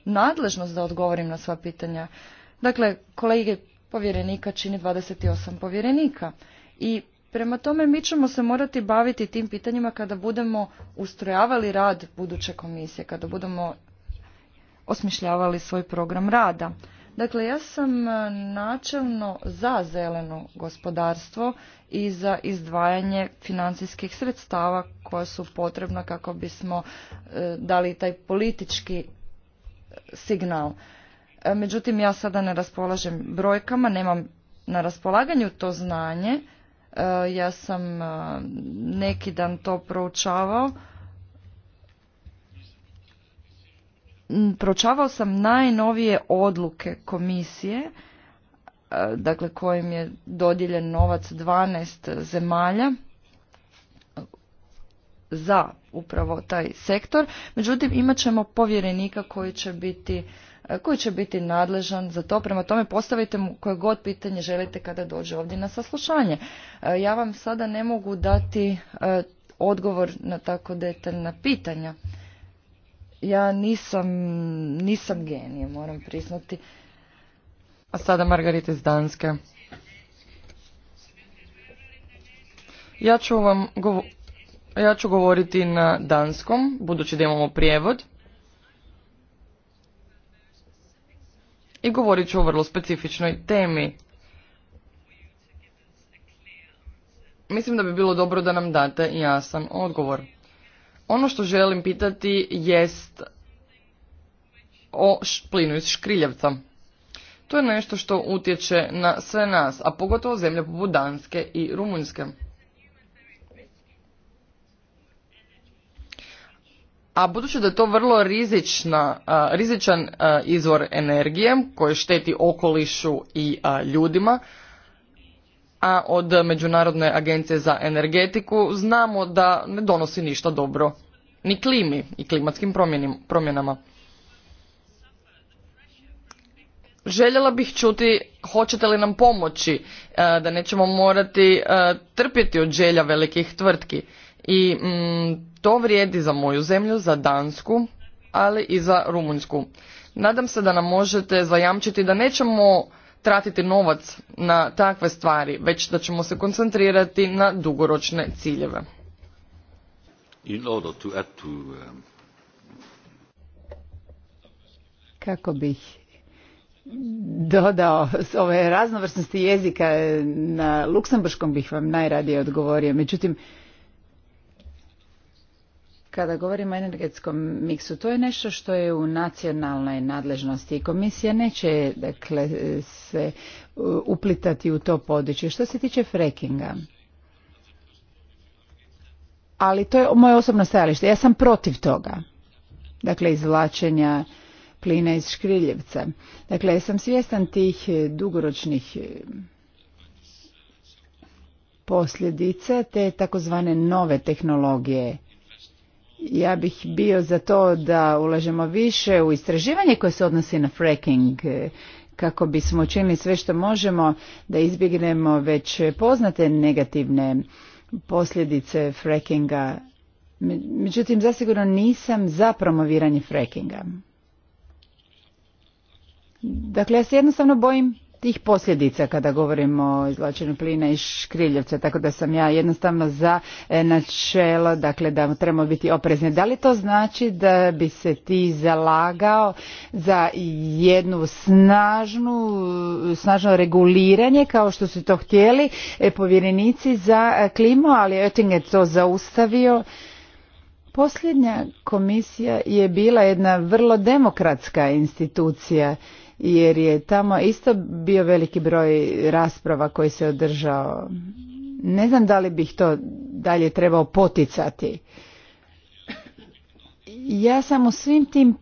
nadležnost da odgovorim na sva pitanja. Dakle, kolege povjerenika čini 28 povjerenika i prema tome mi ćemo se morati baviti tim pitanjima kada budemo ustrojavali rad buduće komisije, kada budemo osmišljavali svoj program rada. Dakle, ja sam e, načelno za zeleno gospodarstvo i za izdvajanje financijskih sredstava koja su potrebna kako bismo e, dali taj politički signal. E, međutim, ja sada ne raspolažem brojkama, nemam na raspolaganju to znanje. Ja sam neki dan to proučavao pročavao sam najnovije odluke komisije, e, dakle kojim je dodijeljen novac 12 zemalja za upravo taj sektor. Međutim, imat ćemo povjerenika koji će biti e, koji će biti nadležan za to. Prema tome postavite mu koje god pitanje želite kada dođe ovdje na saslušanje. E, ja vam sada ne mogu dati odgovor na tako detaljna pitanja ja nisam, nisam genije, moram priznati. A sada Margarita iz Danske. Ja ću vam ja ću govoriti na danskom, budući da imamo prijevod. I govorit ću o vrlo specifičnoj temi. Mislim da bi bilo dobro da nam date jasan odgovor. Ono što želim pitati jest o plinu iz škriljevca. To je nešto što utječe na sve nas, a pogotovo zemlje poput Danske i Rumunjske. A budući da je to vrlo rizičan izvor energije koji šteti okolišu i ljudima, a od Međunarodne agencije za energetiku znamo da ne donosi ništa dobro ni klimi i klimatskim promjenama. Željela bih čuti hoćete li nam pomoći e, da nećemo morati e, trpjeti od želja velikih tvrtki. I mm, to vrijedi za moju zemlju, za Dansku, ali i za Rumunjsku. Nadam se da nam možete zajamčiti da nećemo tratiti novac na takve stvari, već da ćemo se koncentrirati na dugoročne ciljeve. Um, Kako bih dodao ove raznovrsnosti jezika na luksemburškom bih vam najradije odgovorio. Međutim, kada govorimo o energetskom miksu, to je nešto što je u nacionalnoj nadležnosti i komisija neće dakle, se uplitati u to područje. Što se tiče frekinga, ali to je moje osobno stajalište, ja sam protiv toga, dakle izvlačenja plina iz škriljevca. Dakle, ja sam svjestan tih dugoročnih posljedica te takozvane nove tehnologije ja bih bio za to da ulažemo više u istraživanje koje se odnosi na fracking e, kako bismo učinili sve što možemo da izbjegnemo već poznate negativne posljedice frackinga. Međutim, zasigurno nisam za promoviranje frackinga. Dakle, ja se jednostavno bojim tih posljedica kada govorimo o izvlačenju plina iz škriljevca, tako da sam ja jednostavno za e, načelo, dakle da trebamo biti oprezni. Da li to znači da bi se ti zalagao za jednu snažnu, snažno reguliranje kao što su to htjeli e, povjerenici za e, klimu, ali Oettinger to zaustavio. Posljednja komisija je bila jedna vrlo demokratska institucija jer je tamo isto bio veliki broj rasprava koji se održao. Ne znam da li bih to dalje trebao poticati. Ja sam u svim tim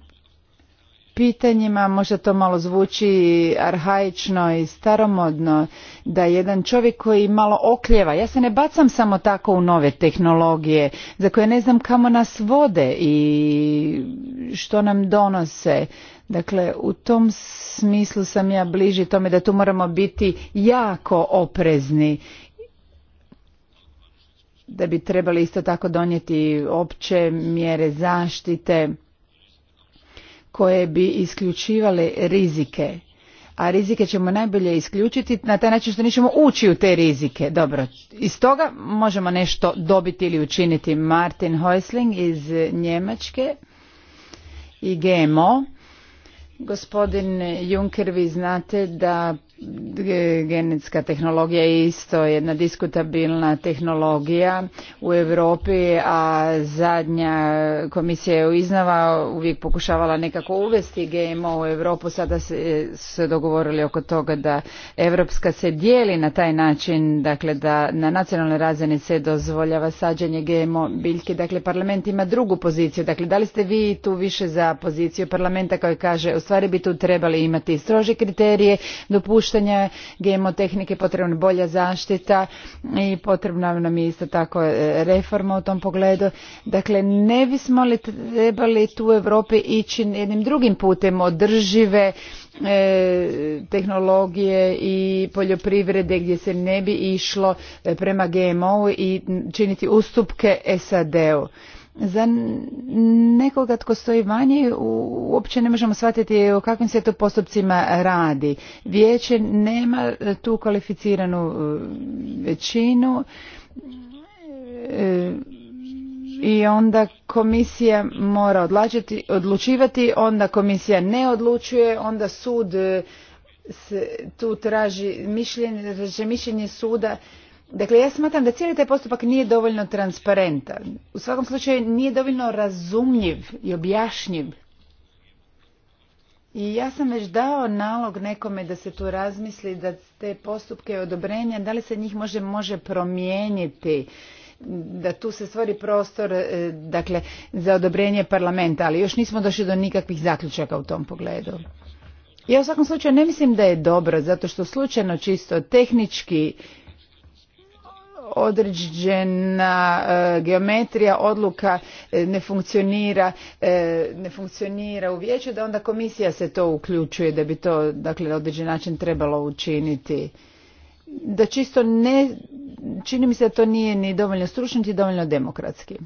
pitanjima, možda to malo zvuči arhaično i staromodno, da jedan čovjek koji malo okljeva, ja se ne bacam samo tako u nove tehnologije, za koje ne znam kamo nas vode i što nam donose. Dakle, u tom smislu sam ja bliži tome da tu moramo biti jako oprezni da bi trebali isto tako donijeti opće mjere zaštite koje bi isključivale rizike. A rizike ćemo najbolje isključiti na taj način što nećemo ući u te rizike. Dobro, iz toga možemo nešto dobiti ili učiniti. Martin Heusling iz Njemačke i GMO. Gospodine Juncker, vi znate da genetska tehnologija je isto jedna diskutabilna tehnologija u Europi, a zadnja komisija je iznava uvijek pokušavala nekako uvesti GMO u Europu, sada se, se dogovorili oko toga da Europska se dijeli na taj način, dakle da na nacionalnoj razini se dozvoljava sađanje GMO biljke, dakle parlament ima drugu poziciju, dakle da li ste vi tu više za poziciju parlamenta koji kaže u stvari bi tu trebali imati strože kriterije, dopuštanje GMO tehnike, potrebna bolja zaštita i potrebna nam je isto tako e, reforma u tom pogledu. Dakle, ne bismo li trebali tu u Europi ići jednim drugim putem održive e, tehnologije i poljoprivrede gdje se ne bi išlo e, prema GMO i činiti ustupke SAD-u za nekoga tko stoji vanje uopće ne možemo shvatiti o kakvim se to postupcima radi. Vijeće nema tu kvalificiranu e, većinu e, i onda komisija mora odlučivati, onda komisija ne odlučuje, onda sud e, se tu traži mišljenje, traži mišljenje suda Dakle, ja smatram da cijeli taj postupak nije dovoljno transparentan. U svakom slučaju nije dovoljno razumljiv i objašnjiv. I ja sam već dao nalog nekome da se tu razmisli da te postupke odobrenja, da li se njih može, može promijeniti da tu se stvori prostor e, dakle, za odobrenje parlamenta, ali još nismo došli do nikakvih zaključaka u tom pogledu. Ja u svakom slučaju ne mislim da je dobro, zato što slučajno čisto tehnički određena e, geometrija odluka e, ne funkcionira e, ne funkcionira u vijeću da onda komisija se to uključuje da bi to dakle na određen način trebalo učiniti da čisto ne čini mi se da to nije ni dovoljno stručno niti dovoljno demokratski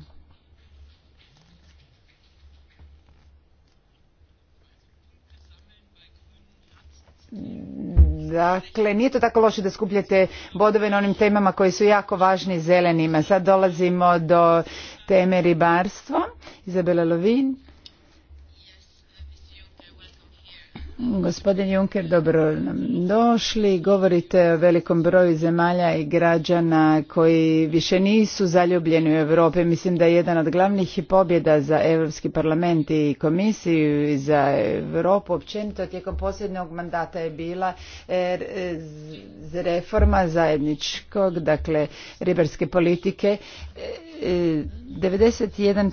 Dakle, nije to tako loše da skupljate bodove na onim temama koji su jako važni zelenima. Sad dolazimo do teme ribarstva. Izabela Lovin. Gospodin Juncker, dobro došli. Govorite o velikom broju zemalja i građana koji više nisu zaljubljeni u Europi. Mislim da je jedan od glavnih pobjeda za Europski parlament i komisiju i za Europu općenito tijekom posljednjeg mandata je bila e, reforma zajedničkog, dakle ribarske politike. 91 e,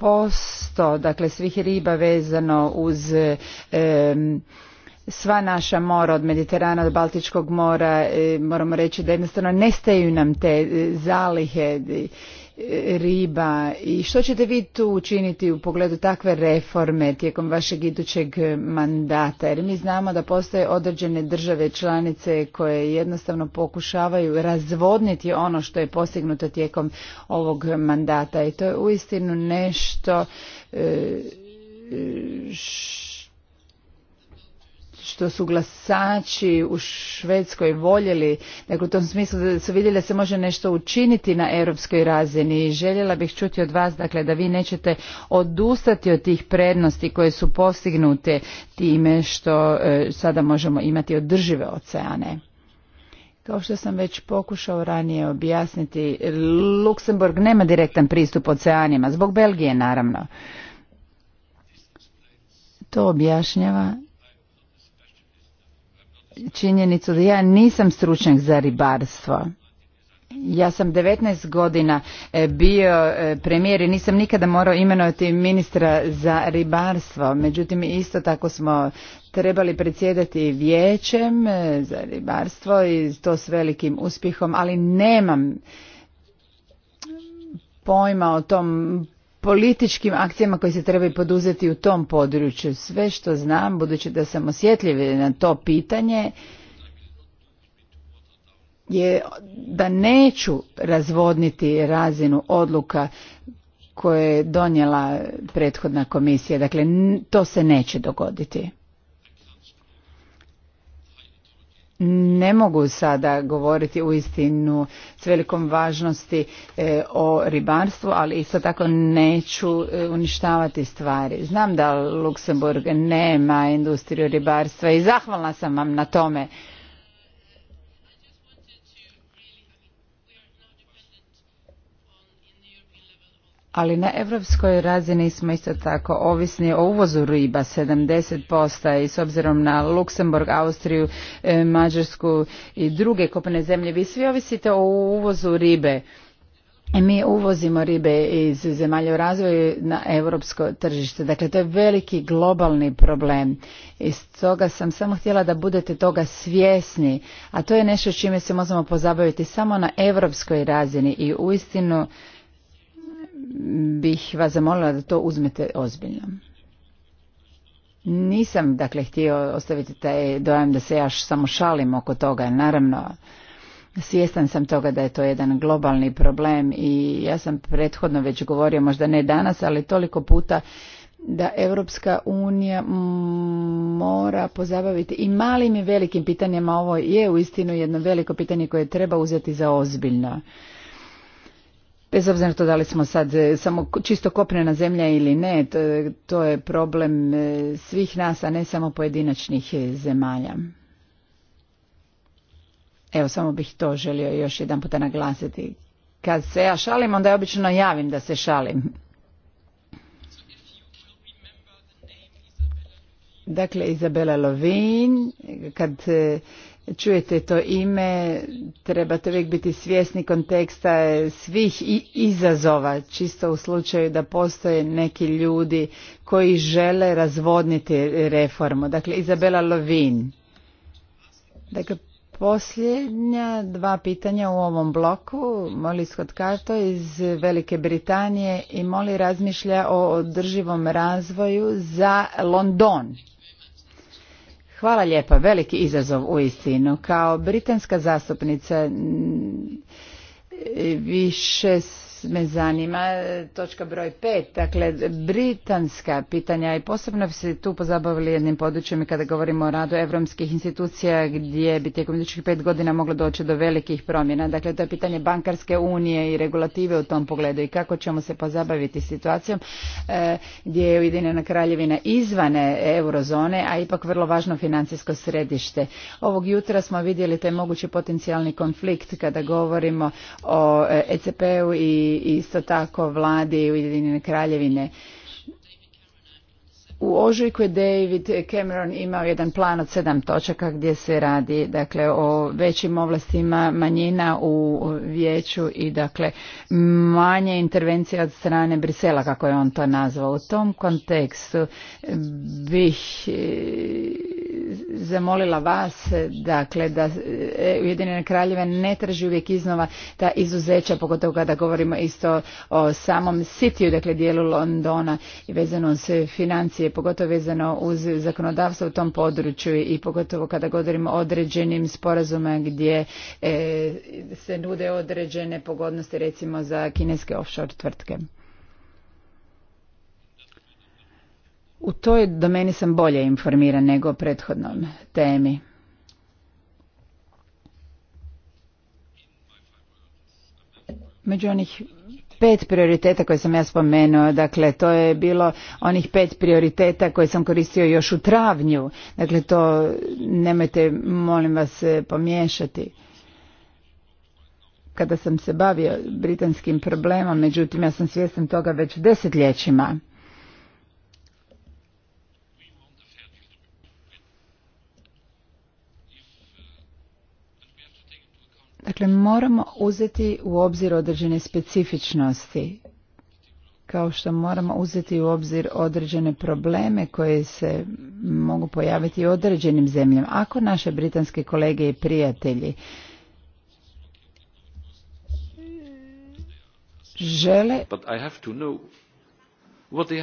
posto dakle svih riba vezano uz sva naša mora od Mediterana do Baltičkog mora e, moramo reći da jednostavno nestaju nam te e, zalihe riba i što ćete vi tu učiniti u pogledu takve reforme tijekom vašeg idućeg mandata jer mi znamo da postoje određene države članice koje jednostavno pokušavaju razvodniti ono što je postignuto tijekom ovog mandata i to je uistinu nešto e, što što su glasači u Švedskoj voljeli, dakle u tom smislu da su vidjeli da se može nešto učiniti na europskoj razini i željela bih čuti od vas dakle da vi nećete odustati od tih prednosti koje su postignute time što e, sada možemo imati održive oceane. Kao što sam već pokušao ranije objasniti, Luksemburg nema direktan pristup oceanima, zbog Belgije naravno. To objašnjava činjenicu da ja nisam stručnjak za ribarstvo. Ja sam 19 godina e, bio e, premijer i nisam nikada morao imenovati ministra za ribarstvo. Međutim, isto tako smo trebali predsjedati vijećem e, za ribarstvo i to s velikim uspjehom, ali nemam pojma o tom političkim akcijama koje se trebaju poduzeti u tom području. Sve što znam, budući da sam osjetljiv na to pitanje, je da neću razvodniti razinu odluka koje je donijela prethodna komisija. Dakle, to se neće dogoditi. ne mogu sada govoriti u istinu s velikom važnosti e, o ribarstvu, ali isto tako neću e, uništavati stvari. Znam da Luksemburg nema industriju ribarstva i zahvalna sam vam na tome. ali na europskoj razini smo isto tako ovisni o uvozu riba 70% i s obzirom na Luksemburg, Austriju, e, Mađarsku i druge kopne zemlje vi svi ovisite o uvozu ribe. E, mi uvozimo ribe iz zemalja u razvoju na europsko tržište. Dakle, to je veliki globalni problem. Iz toga sam samo htjela da budete toga svjesni. A to je nešto čime se možemo pozabaviti samo na europskoj razini. I uistinu bih vas zamolila da to uzmete ozbiljno. Nisam, dakle, htio ostaviti taj dojam da se ja samo šalim oko toga. Naravno, svjestan sam toga da je to jedan globalni problem i ja sam prethodno već govorio, možda ne danas, ali toliko puta da Europska unija mora pozabaviti i malim i velikim pitanjima. Ovo je u istinu jedno veliko pitanje koje treba uzeti za ozbiljno bez obzira na to da li smo sad e, samo čisto kopnena zemlja ili ne, to, e, to je problem e, svih nas, a ne samo pojedinačnih zemalja. Evo, samo bih to želio još jedan puta naglasiti. Kad se ja šalim, onda je obično javim da se šalim. Dakle, Izabela Lovin, kad čujete to ime, trebate uvijek biti svjesni konteksta svih izazova, čisto u slučaju da postoje neki ljudi koji žele razvodniti reformu. Dakle, Izabela Lovin. Dakle, posljednja dva pitanja u ovom bloku. Moli Scott Carto iz Velike Britanije i Moli razmišlja o održivom razvoju za London. Hvala lijepa, veliki izazov u istinu. Kao britanska zastupnica više me zanima e, točka broj pet, dakle britanska pitanja i posebno bi se tu pozabavili jednim područjem kada govorimo o radu evropskih institucija gdje bi tijekom idućih pet godina moglo doći do velikih promjena. Dakle, to je pitanje bankarske unije i regulative u tom pogledu i kako ćemo se pozabaviti situacijom e, gdje je Ujedinjena kraljevina izvane eurozone, a ipak vrlo važno financijsko središte. Ovog jutra smo vidjeli taj mogući potencijalni konflikt kada govorimo o e, ECP-u i isto tako vladi Ujedinjene kraljevine. U ožujku je David Cameron imao jedan plan od sedam točaka gdje se radi dakle o većim ovlastima manjina u vijeću i dakle manje intervencije od strane Brisela kako je on to nazvao. U tom kontekstu bih zamolila vas dakle da e, ujedinjene kraljeve ne traži uvijek iznova ta izuzeća pogotovo kada govorimo isto o samom sitiju dakle dijelu Londona i vezano se financije pogotovo vezano uz zakonodavstvo u tom području i pogotovo kada govorimo o određenim sporazuma gdje e, se nude određene pogodnosti recimo za kineske offshore tvrtke. U toj domeni sam bolje informiran nego o prethodnom temi. Među onih pet prioriteta koje sam ja spomenuo, dakle to je bilo onih pet prioriteta koje sam koristio još u travnju, dakle to nemojte molim vas e, pomiješati kada sam se bavio britanskim problemom, međutim ja sam svjestan toga već desetljećima. Dakle, moramo uzeti u obzir određene specifičnosti, kao što moramo uzeti u obzir određene probleme koje se mogu pojaviti u određenim zemljama. Ako naše britanske kolege i prijatelji žele What they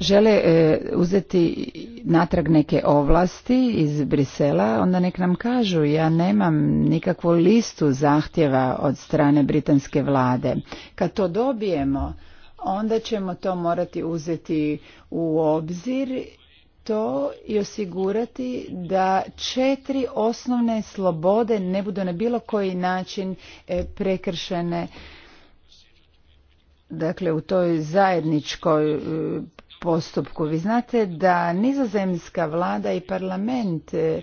Žele e, uzeti natrag neke ovlasti iz Brisela, onda nek nam kažu ja nemam nikakvu listu zahtjeva od strane britanske vlade. Kad to dobijemo, onda ćemo to morati uzeti u obzir to i osigurati da četiri osnovne slobode ne budu na bilo koji način e, prekršene dakle u toj zajedničkoj e, postupku. Vi znate da nizozemska vlada i parlament e,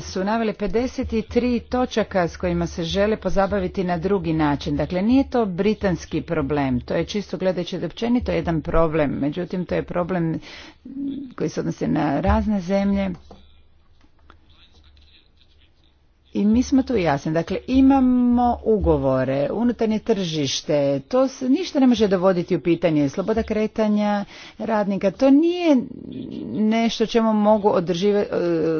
su naveli 53 točaka s kojima se žele pozabaviti na drugi način. Dakle, nije to britanski problem, to je čisto gledajući da općenito jedan problem, međutim to je problem koji se odnosi na razne zemlje i mi smo tu jasni. Dakle, imamo ugovore, unutarnje tržište, to se ništa ne može dovoditi u pitanje. Sloboda kretanja radnika, to nije nešto čemu mogu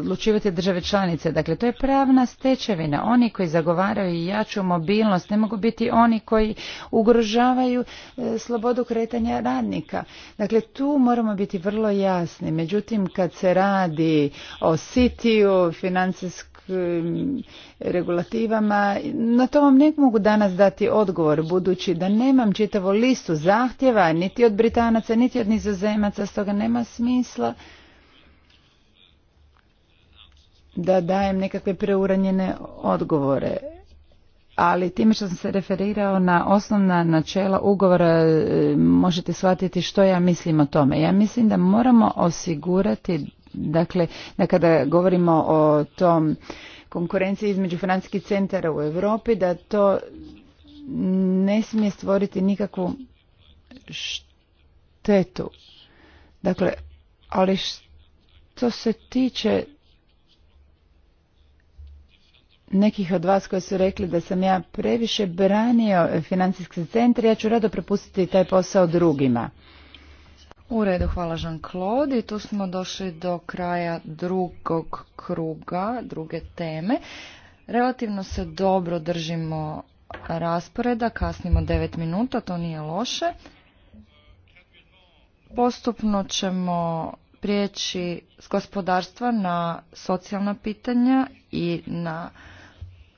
odlučivati države članice. Dakle, to je pravna stečevina. Oni koji zagovaraju jaču mobilnost ne mogu biti oni koji ugrožavaju e, slobodu kretanja radnika. Dakle, tu moramo biti vrlo jasni. Međutim, kad se radi o sitiju, financijskom Um, regulativama. Na to vam ne mogu danas dati odgovor, budući da nemam čitavu listu zahtjeva niti od Britanaca, niti od nizozemaca, stoga nema smisla da dajem nekakve preuranjene odgovore. Ali time što sam se referirao na osnovna načela ugovora e, možete shvatiti što ja mislim o tome. Ja mislim da moramo osigurati Dakle, da kada govorimo o tom konkurenciji između financijskih centara u Europi, da to ne smije stvoriti nikakvu štetu. Dakle, ali što se tiče nekih od vas koji su rekli da sam ja previše branio financijski centar, ja ću rado prepustiti taj posao drugima. U redu, hvala Jean-Claude. I tu smo došli do kraja drugog kruga, druge teme. Relativno se dobro držimo rasporeda, kasnimo 9 minuta, to nije loše. Postupno ćemo prijeći s gospodarstva na socijalna pitanja i na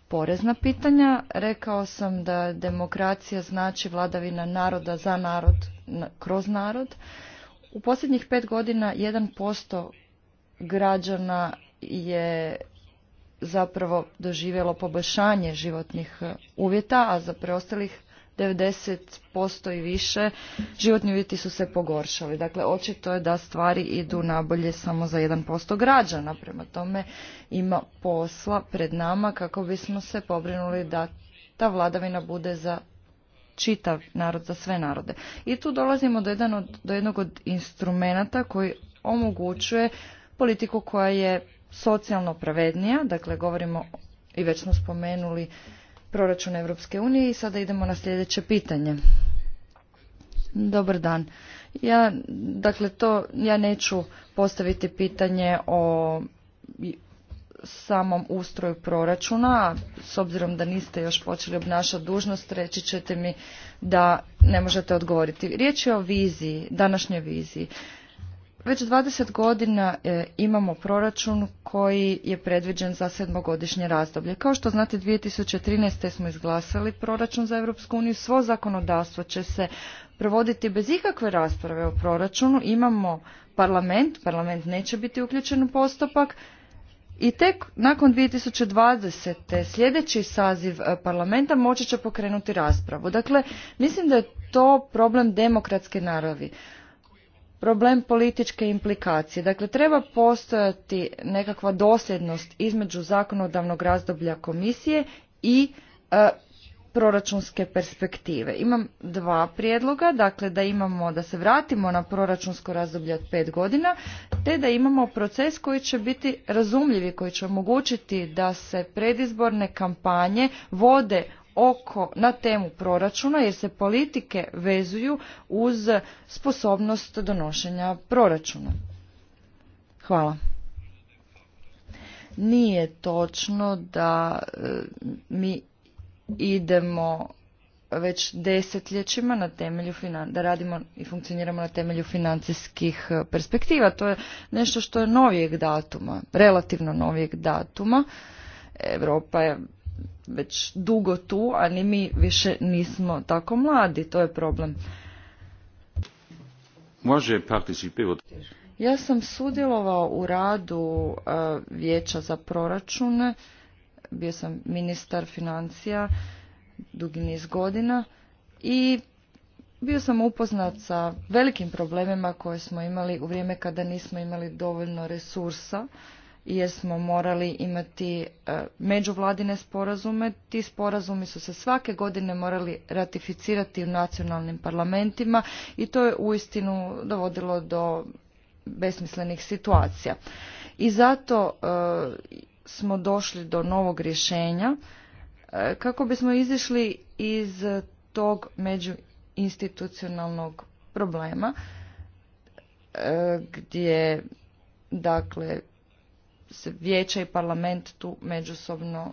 porezna pitanja. Rekao sam da demokracija znači vladavina naroda za narod, kroz narod. U posljednjih pet godina 1% građana je zapravo doživjelo poboljšanje životnih uvjeta, a za preostalih 90% i više životni uvjeti su se pogoršali. Dakle, očito je da stvari idu nabolje samo za 1% građana. Prema tome ima posla pred nama kako bismo se pobrinuli da ta vladavina bude za čitav narod, za sve narode. I tu dolazimo do, jedan od, do jednog od instrumenata koji omogućuje politiku koja je socijalno pravednija, dakle govorimo i već smo spomenuli proračun Europske unije i sada idemo na sljedeće pitanje. Dobar dan. Ja, dakle, to, ja neću postaviti pitanje o samom ustroju proračuna, s obzirom da niste još počeli obnašati dužnost, reći ćete mi da ne možete odgovoriti. Riječ je o viziji, današnjoj viziji. Već 20 godina e, imamo proračun koji je predviđen za sedmogodišnje razdoblje. Kao što znate, 2013. smo izglasali proračun za Europsku uniju. Svo zakonodavstvo će se provoditi bez ikakve rasprave o proračunu. Imamo parlament, parlament neće biti uključen u postupak i tek nakon 2020. sljedeći saziv e, parlamenta moći će pokrenuti raspravu. Dakle, mislim da je to problem demokratske naravi, problem političke implikacije. Dakle, treba postojati nekakva dosljednost između zakonodavnog razdoblja komisije i e, proračunske perspektive. Imam dva prijedloga, dakle da imamo da se vratimo na proračunsko razdoblje od pet godina, te da imamo proces koji će biti razumljivi, koji će omogućiti da se predizborne kampanje vode oko na temu proračuna jer se politike vezuju uz sposobnost donošenja proračuna. Hvala. Nije točno da e, mi idemo već desetljećima na temelju da radimo i funkcioniramo na temelju financijskih e, perspektiva. To je nešto što je novijeg datuma, relativno novijeg datuma. Europa je već dugo tu, a ni mi više nismo tako mladi, to je problem. Može ja sam sudjelovao u radu e, vijeća za proračune bio sam ministar financija dugi niz godina i bio sam upoznat sa velikim problemima koje smo imali u vrijeme kada nismo imali dovoljno resursa jer smo morali imati e, međuvladine sporazume. Ti sporazumi su se svake godine morali ratificirati u nacionalnim parlamentima i to je uistinu dovodilo do besmislenih situacija. I zato e, smo došli do novog rješenja e, kako bismo izišli iz tog međuinstitucionalnog problema e, gdje dakle se vijeća i parlament tu međusobno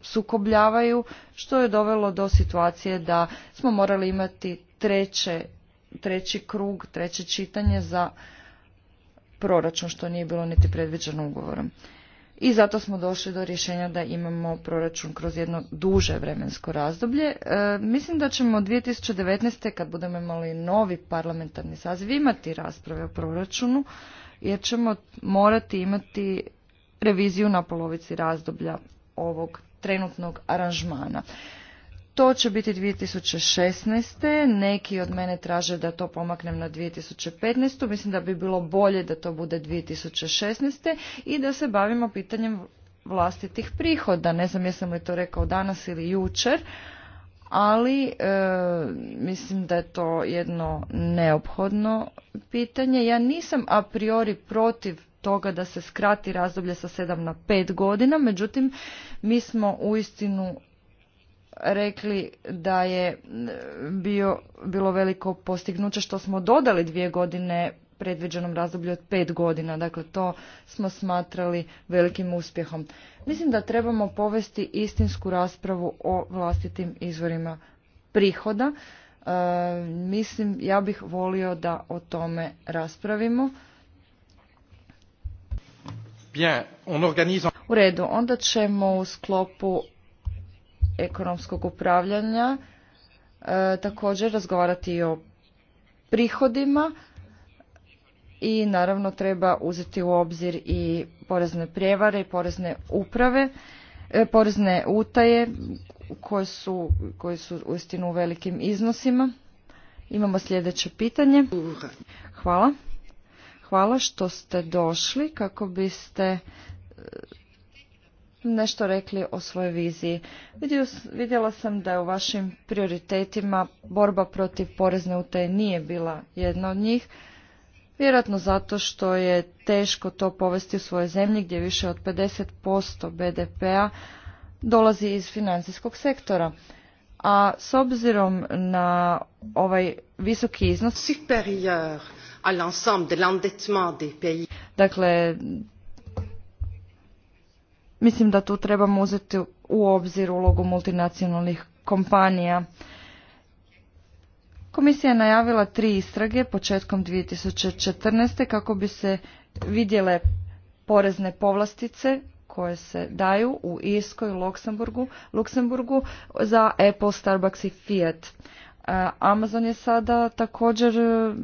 sukobljavaju što je dovelo do situacije da smo morali imati treće, treći krug, treće čitanje za proračun što nije bilo niti predviđeno ugovorom. I zato smo došli do rješenja da imamo proračun kroz jedno duže vremensko razdoblje. E, mislim da ćemo 2019. kad budemo imali novi parlamentarni saziv imati rasprave o proračunu jer ćemo morati imati reviziju na polovici razdoblja ovog trenutnog aranžmana. To će biti 2016. Neki od mene traže da to pomaknem na 2015. Mislim da bi bilo bolje da to bude 2016. i da se bavimo pitanjem vlastitih prihoda. Ne znam jesam li to rekao danas ili jučer, ali e, mislim da je to jedno neophodno pitanje. Ja nisam a priori protiv toga da se skrati razdoblje sa 7 na 5 godina, međutim mi smo istinu rekli da je bio, bilo veliko postignuće što smo dodali dvije godine predviđenom razdoblju od pet godina. Dakle, to smo smatrali velikim uspjehom. Mislim da trebamo povesti istinsku raspravu o vlastitim izvorima prihoda. E, mislim, ja bih volio da o tome raspravimo. U redu, onda ćemo u sklopu ekonomskog upravljanja, e, također razgovarati i o prihodima i naravno treba uzeti u obzir i porezne prijevare i porezne uprave, e, porezne utaje koje su, koje su uistinu u velikim iznosima. Imamo sljedeće pitanje. Hvala. Hvala što ste došli kako biste nešto rekli o svojoj viziji. Vidjela sam da je u vašim prioritetima borba protiv porezne utaje nije bila jedna od njih. Vjerojatno zato što je teško to povesti u svojoj zemlji gdje više od 50% BDP-a dolazi iz financijskog sektora. A s obzirom na ovaj visoki iznos l'ensemble de Dakle, Mislim da tu trebamo uzeti u obzir ulogu multinacionalnih kompanija. Komisija je najavila tri istrage početkom 2014. kako bi se vidjele porezne povlastice koje se daju u Irskoj, Luksemburgu, Luksemburgu za Apple, Starbucks i Fiat. E, Amazon je sada također e,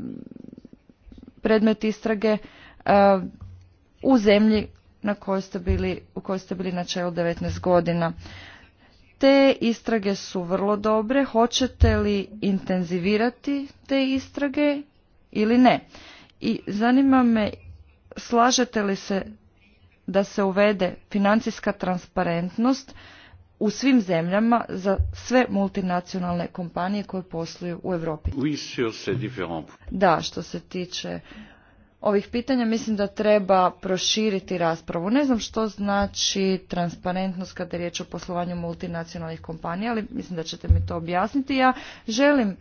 predmet istrage e, u zemlji na kojoj ste bili, u kojoj ste bili na čelu 19 godina. Te istrage su vrlo dobre. Hoćete li intenzivirati te istrage ili ne? I zanima me, slažete li se da se uvede financijska transparentnost u svim zemljama za sve multinacionalne kompanije koje posluju u Europi. Da, što se tiče ovih pitanja mislim da treba proširiti raspravu. Ne znam što znači transparentnost kada je riječ o poslovanju multinacionalnih kompanija, ali mislim da ćete mi to objasniti. Ja želim e,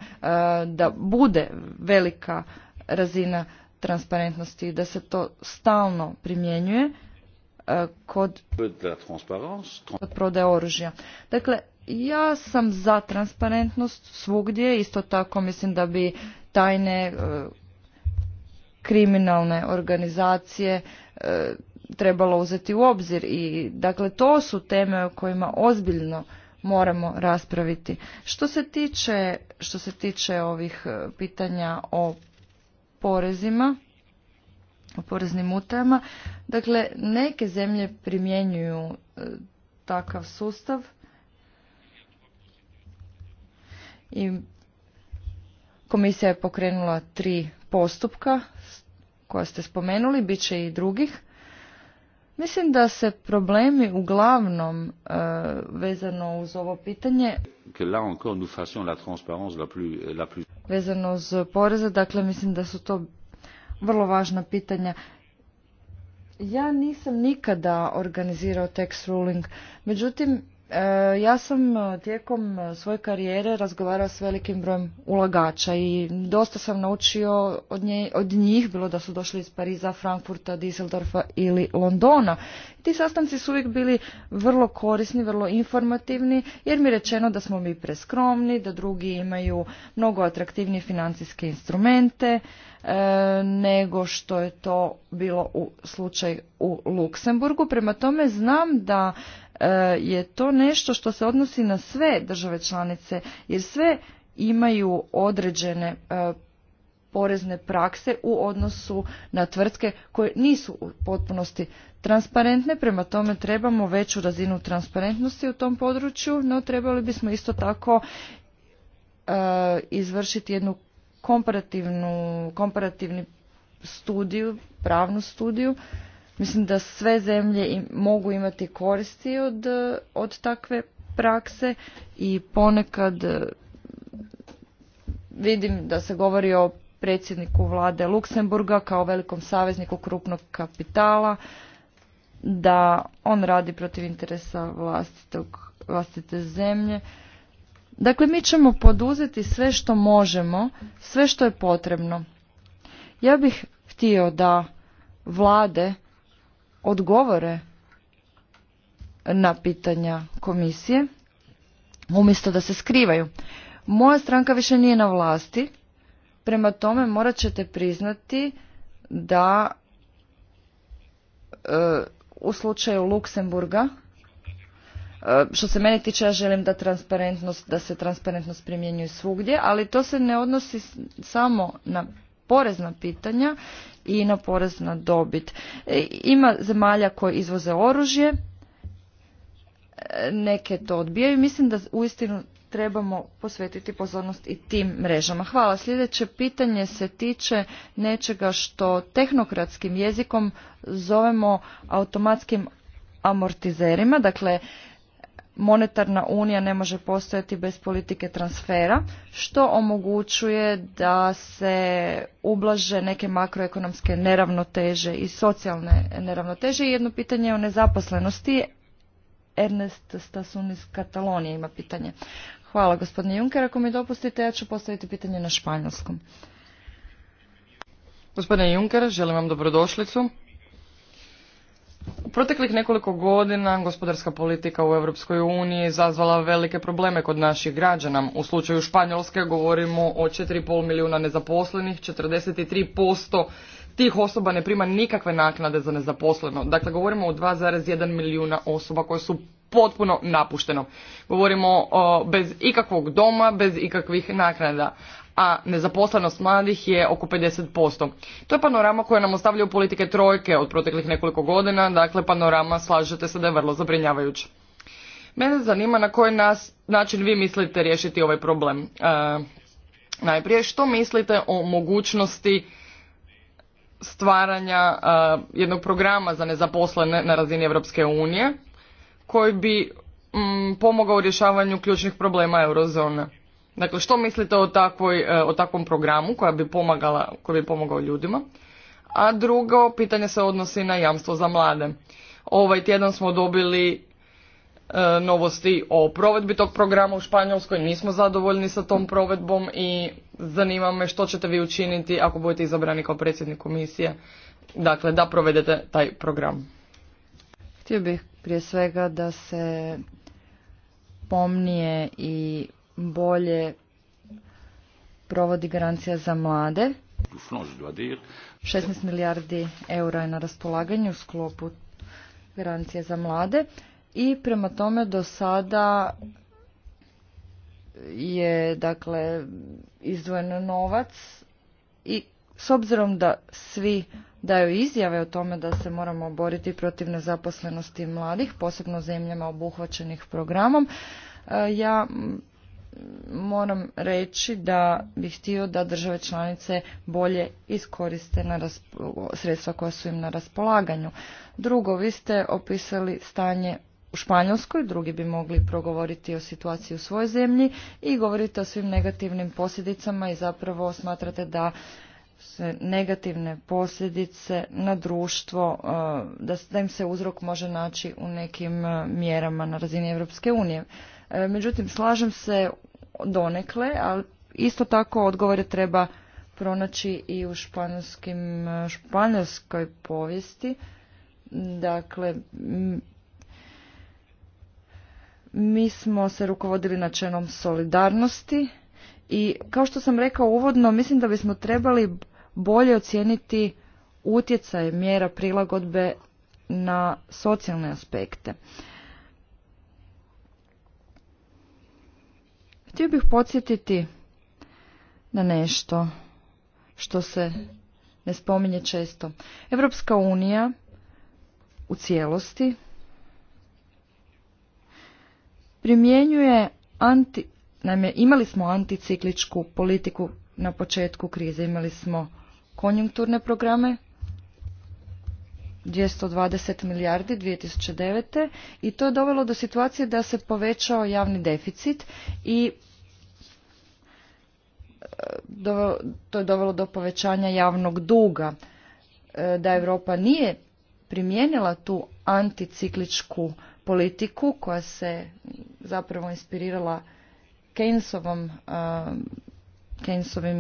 da bude velika razina transparentnosti i da se to stalno primjenjuje e, kod, kod prodaje oružja. Dakle, ja sam za transparentnost svugdje, isto tako mislim da bi tajne e, kriminalne organizacije e, trebalo uzeti u obzir i dakle to su teme o kojima ozbiljno moramo raspraviti. Što se tiče, što se tiče ovih e, pitanja o porezima, o poreznim utajama, dakle neke zemlje primjenjuju e, takav sustav i Komisija je pokrenula tri postupka koja ste spomenuli, bit će i drugih. Mislim da se problemi uglavnom e, vezano uz ovo pitanje vezano uz poreze, dakle mislim da su to vrlo važna pitanja. Ja nisam nikada organizirao tax ruling, međutim E, ja sam e, tijekom e, svoje karijere razgovarao s velikim brojem ulagača i dosta sam naučio od, nje, od njih, bilo da su došli iz Pariza, Frankfurta, Düsseldorfa ili Londona. Ti sastanci su uvijek bili vrlo korisni, vrlo informativni, jer mi je rečeno da smo mi preskromni, da drugi imaju mnogo atraktivnije financijske instrumente nego što je to bilo u slučaju u Luksemburgu. Prema tome znam da E, je to nešto što se odnosi na sve države članice jer sve imaju određene e, porezne prakse u odnosu na tvrtke koje nisu u potpunosti transparentne, prema tome trebamo veću razinu transparentnosti u tom području, no trebali bismo isto tako e, izvršiti jednu komparativnu, komparativni studiju, pravnu studiju Mislim da sve zemlje mogu imati koristi od, od takve prakse i ponekad e, vidim da se govori o predsjedniku vlade Luksemburga kao velikom savezniku krupnog kapitala, da on radi protiv interesa vlastitog, vlastite zemlje. Dakle, mi ćemo poduzeti sve što možemo, sve što je potrebno. Ja bih htio da vlade odgovore na pitanja komisije umjesto da se skrivaju. Moja stranka više nije na vlasti, prema tome morat ćete priznati da e, u slučaju Luksemburga e, što se mene tiče, ja želim da transparentnost, da se transparentnost primjenjuje svugdje, ali to se ne odnosi samo na porezna pitanja i na porez na dobit. E, ima zemalja koje izvoze oružje, e, neke to odbijaju. Mislim da uistinu trebamo posvetiti pozornost i tim mrežama. Hvala. Sljedeće pitanje se tiče nečega što tehnokratskim jezikom zovemo automatskim amortizerima. Dakle, monetarna unija ne može postojati bez politike transfera, što omogućuje da se ublaže neke makroekonomske neravnoteže i socijalne neravnoteže. I jedno pitanje o nezaposlenosti. Ernest Stasun iz Katalonije ima pitanje. Hvala gospodine Juncker. Ako mi dopustite, ja ću postaviti pitanje na španjolskom. Gospodine Juncker, želim vam dobrodošlicu. U proteklih nekoliko godina gospodarska politika u Europskoj uniji zazvala velike probleme kod naših građana. U slučaju Španjolske govorimo o 4,5 milijuna nezaposlenih, 43% tih osoba ne prima nikakve naknade za nezaposleno. Dakle, govorimo o 2,1 milijuna osoba koje su potpuno napušteno. Govorimo bez ikakvog doma, bez ikakvih naknada a nezaposlenost mladih je oko 50%. To je panorama koja nam ostavljaju politike trojke od proteklih nekoliko godina, dakle panorama slažete se da je vrlo zabrinjavajuća. Mene zanima na koji nas, način vi mislite riješiti ovaj problem. E, najprije, što mislite o mogućnosti stvaranja jednog programa za nezaposlene na razini Europske unije koji bi mm, pomogao u rješavanju ključnih problema eurozone. Dakle, što mislite o, takvoj, e, o takvom programu koja bi pomagala, koji bi pomogao ljudima? A drugo pitanje se odnosi na jamstvo za mlade. Ovaj tjedan smo dobili E, novosti o provedbi tog programa u Španjolskoj, nismo zadovoljni sa tom provedbom i zanima me što ćete vi učiniti ako budete izabrani kao predsjednik komisije, dakle da provedete taj program. Htio bih prije svega da se pomnije i bolje provodi garancija za mlade. 16 milijardi eura je na raspolaganju u sklopu garancije za mlade i prema tome do sada je dakle izdvojen novac i s obzirom da svi daju izjave o tome da se moramo boriti protiv nezaposlenosti mladih, posebno zemljama obuhvaćenih programom, e, ja moram reći da bih htio da države članice bolje iskoriste na sredstva koja su im na raspolaganju. Drugo, vi ste opisali stanje u Španjolskoj, drugi bi mogli progovoriti o situaciji u svojoj zemlji i govorite o svim negativnim posljedicama i zapravo smatrate da se negativne posljedice na društvo, e, da im se uzrok može naći u nekim e, mjerama na razini Europske unije. E, međutim, slažem se donekle, ali isto tako odgovore treba pronaći i u španjolskoj povijesti. Dakle, mi smo se rukovodili načelom solidarnosti i kao što sam rekao uvodno, mislim da bismo trebali bolje ocijeniti utjecaj mjera prilagodbe na socijalne aspekte. Htio bih podsjetiti na nešto što se ne spominje često. Evropska unija u cijelosti primjenjuje anti, naime, imali smo anticikličku politiku na početku krize, imali smo konjunkturne programe, 220 milijardi 2009. i to je dovelo do situacije da se povećao javni deficit i e, to je dovelo do povećanja javnog duga. E, da Europa nije primijenila tu anticikličku politiku koja se zapravo inspirirala Keynesovom, um, Keynesovim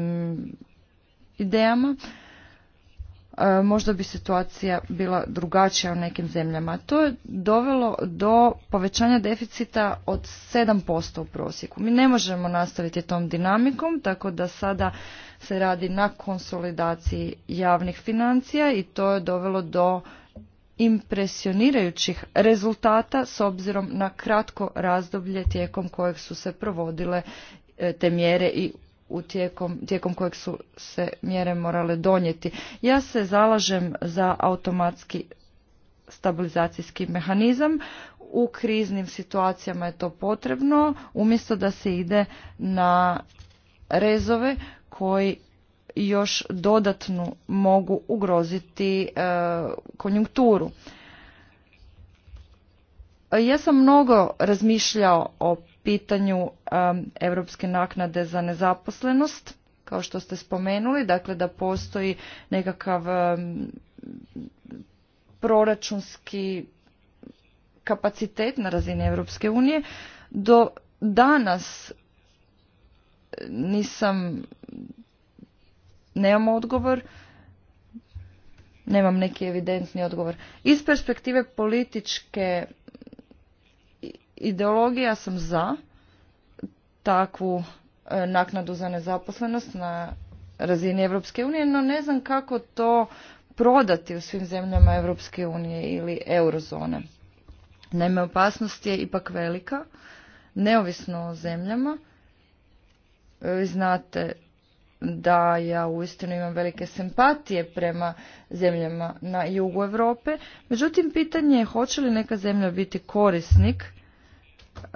idejama, uh, možda bi situacija bila drugačija u nekim zemljama. To je dovelo do povećanja deficita od 7% u prosjeku. Mi ne možemo nastaviti tom dinamikom, tako da sada se radi na konsolidaciji javnih financija i to je dovelo do impresionirajućih rezultata s obzirom na kratko razdoblje tijekom kojeg su se provodile e, te mjere i u tijekom, tijekom kojeg su se mjere morale donijeti. Ja se zalažem za automatski stabilizacijski mehanizam. U kriznim situacijama je to potrebno, umjesto da se ide na rezove koji još dodatnu mogu ugroziti e, konjunkturu. Ja sam mnogo razmišljao o pitanju europske naknade za nezaposlenost, kao što ste spomenuli, dakle da postoji nekakav e, proračunski kapacitet na razini Europske unije. Do danas nisam nemamo odgovor. Nemam neki evidentni odgovor. Iz perspektive političke ideologija sam za takvu e, naknadu za nezaposlenost na razini Europske unije, no ne znam kako to prodati u svim zemljama Europske unije ili eurozone. Naime, opasnost je ipak velika, neovisno o zemljama. E, vi Znate da ja uistinu imam velike simpatije prema zemljama na jugu Europe. Međutim, pitanje je hoće li neka zemlja biti korisnik e,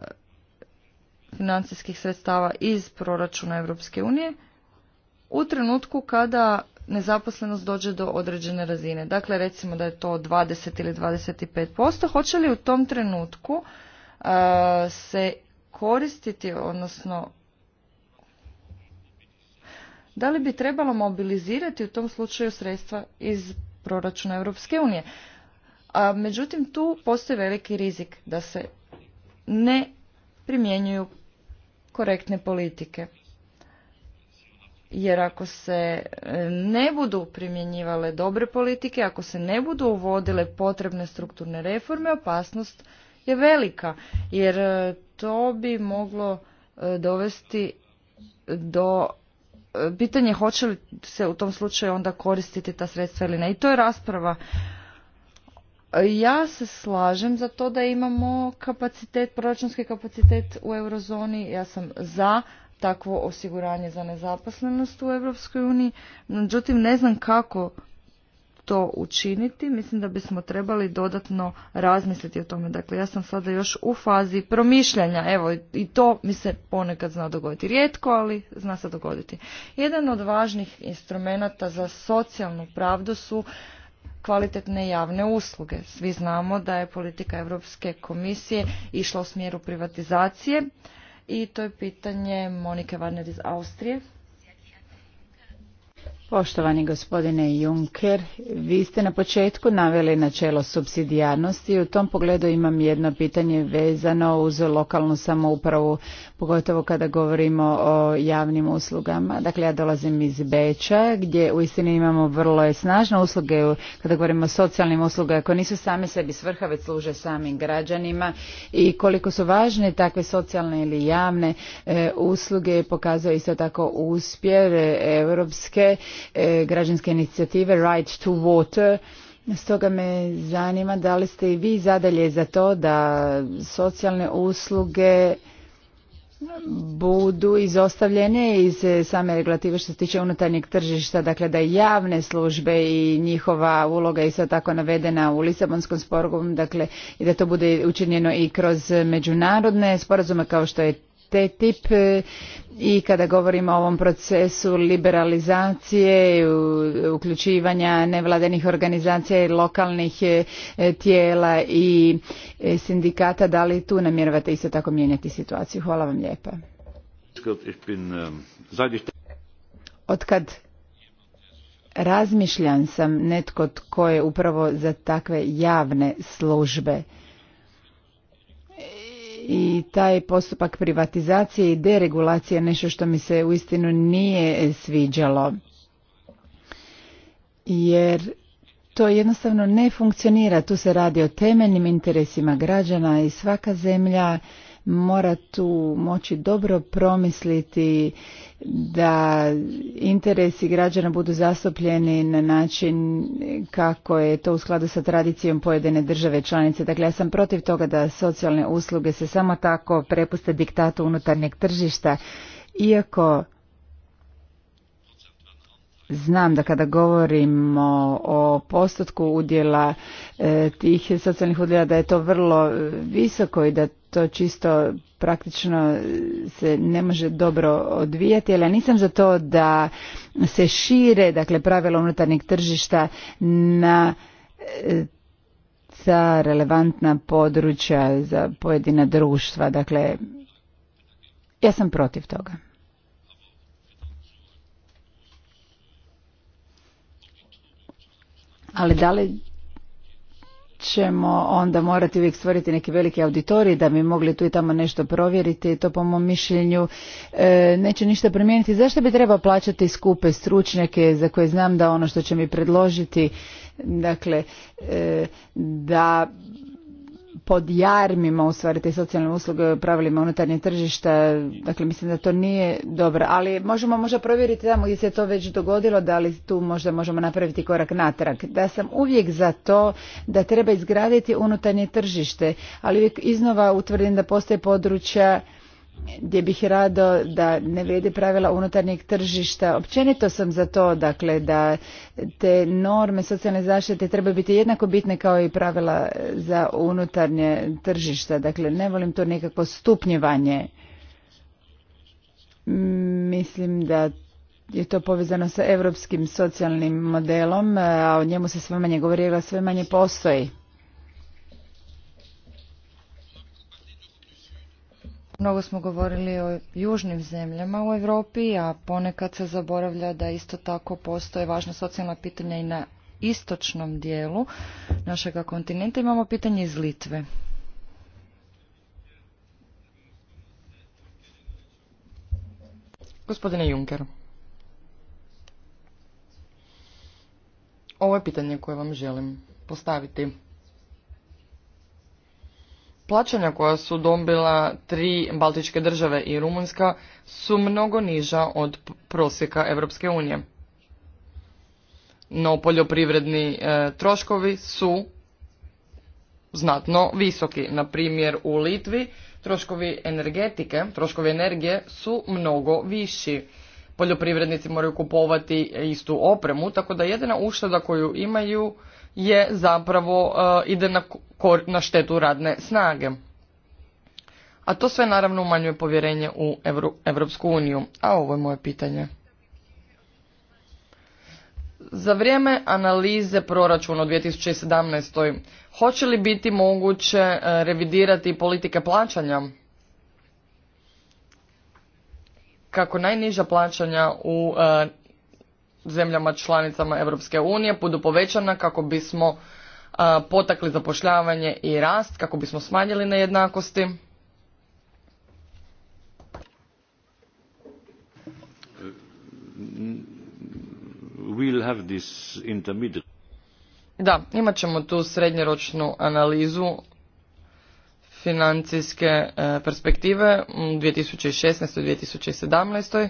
financijskih sredstava iz proračuna Europske unije u trenutku kada nezaposlenost dođe do određene razine. Dakle, recimo da je to 20 ili 25%. Hoće li u tom trenutku e, se koristiti, odnosno da li bi trebalo mobilizirati u tom slučaju sredstva iz proračuna Europske unije? A, međutim, tu postoji veliki rizik da se ne primjenjuju korektne politike. Jer ako se e, ne budu primjenjivale dobre politike, ako se ne budu uvodile potrebne strukturne reforme, opasnost je velika. Jer e, to bi moglo e, dovesti do pitanje hoće li se u tom slučaju onda koristiti ta sredstva ili ne. I to je rasprava. Ja se slažem za to da imamo kapacitet, proračunski kapacitet u eurozoni. Ja sam za takvo osiguranje za nezaposlenost u Europskoj Međutim, ne znam kako to učiniti, mislim da bismo trebali dodatno razmisliti o tome. Dakle, ja sam sada još u fazi promišljanja, evo i to mi se ponekad zna dogoditi. Rijetko, ali zna se dogoditi. Jedan od važnih instrumenata za socijalnu pravdu su kvalitetne javne usluge. Svi znamo da je politika Europske komisije išla u smjeru privatizacije i to je pitanje Monike Varner iz Austrije Poštovani gospodine Juncker, vi ste na početku naveli načelo subsidijarnosti i u tom pogledu imam jedno pitanje vezano uz lokalnu samoupravu, pogotovo kada govorimo o javnim uslugama. Dakle, ja dolazim iz Beča gdje u istini imamo vrlo snažne usluge kada govorimo o socijalnim uslugama koje nisu same sebi svrha već služe samim građanima i koliko su važne takve socijalne ili javne e, usluge pokazao isto tako uspjeh europske E, građanske inicijative Right to Water. Stoga me zanima da li ste i vi zadalje za to da socijalne usluge budu izostavljene iz same regulative što se tiče unutarnjeg tržišta, dakle da javne službe i njihova uloga i isto tako navedena u Lisabonskom sporazumu, dakle i da to bude učinjeno i kroz međunarodne sporazume kao što je TTIP e, i kada govorimo o ovom procesu liberalizacije, uključivanja nevladenih organizacija i lokalnih e, tijela i e, sindikata, da li tu namjeravate isto tako mijenjati situaciju? Hvala vam lijepa. Otkad razmišljan sam netko tko je upravo za takve javne službe i taj postupak privatizacije i deregulacije je nešto što mi se uistinu nije sviđalo. Jer to jednostavno ne funkcionira, tu se radi o temeljnim interesima građana i svaka zemlja mora tu moći dobro promisliti da interesi građana budu zastupljeni na način kako je to u skladu sa tradicijom pojedine države članice. Dakle, ja sam protiv toga da socijalne usluge se samo tako prepuste diktatu unutarnjeg tržišta, iako Znam da kada govorimo o postotku udjela eh, tih socijalnih udjela da je to vrlo eh, visoko i da to čisto praktično se ne može dobro odvijati, ali ja nisam za to da se šire dakle, pravila unutarnjeg tržišta na e, ta relevantna područja za pojedina društva. Dakle, ja sam protiv toga. Ali da li ćemo onda morati uvijek stvoriti neki veliki auditorij da bi mogli tu i tamo nešto provjeriti. To po mom mišljenju e, neće ništa promijeniti. Zašto bi trebao plaćati skupe stručnjake za koje znam da ono što će mi predložiti, dakle, e, da pod jarmima te socijalne usluge pravilima unutarnje tržišta. Dakle, mislim da to nije dobro. Ali možemo možda provjeriti tamo gdje se to već dogodilo, da li tu možda možemo napraviti korak natrag. Da sam uvijek za to da treba izgraditi unutarnje tržište, ali uvijek iznova utvrdim da postoje područja gdje bih rado da ne vrijede pravila unutarnjeg tržišta. Općenito sam za to, dakle, da te norme socijalne zaštite treba biti jednako bitne kao i pravila za unutarnje tržišta. Dakle, ne volim to nekako stupnjevanje. Mislim da je to povezano sa europskim socijalnim modelom, a o njemu se sve manje govori, a sve manje postoji. Mnogo smo govorili o južnim zemljama u Europi, a ponekad se zaboravlja da isto tako postoje važna socijalna pitanja i na istočnom dijelu našega kontinenta. Imamo pitanje iz Litve. Gospodine Juncker, ovo je pitanje koje vam želim postaviti. Plaćanja koja su dobila tri baltičke države i Rumunjska su mnogo niža od prosjeka Europske unije. No poljoprivredni e, troškovi su znatno visoki. Na primjer u Litvi troškovi energetike, troškovi energije su mnogo viši. Poljoprivrednici moraju kupovati istu opremu, tako da jedina ušteda koju imaju je zapravo e, ide na, na štetu radne snage. A to sve naravno umanjuje povjerenje u Evru, Evropsku uniju. A ovo je moje pitanje. Za vrijeme analize proračuna u 2017. hoće li biti moguće e, revidirati politike plaćanja? Kako najniža plaćanja u e, zemljama članicama Europske unije budu povećana kako bismo potakli zapošljavanje i rast, kako bismo smanjili nejednakosti. da, imat ćemo tu srednjeročnu analizu financijske e, perspektive 2016. i 2017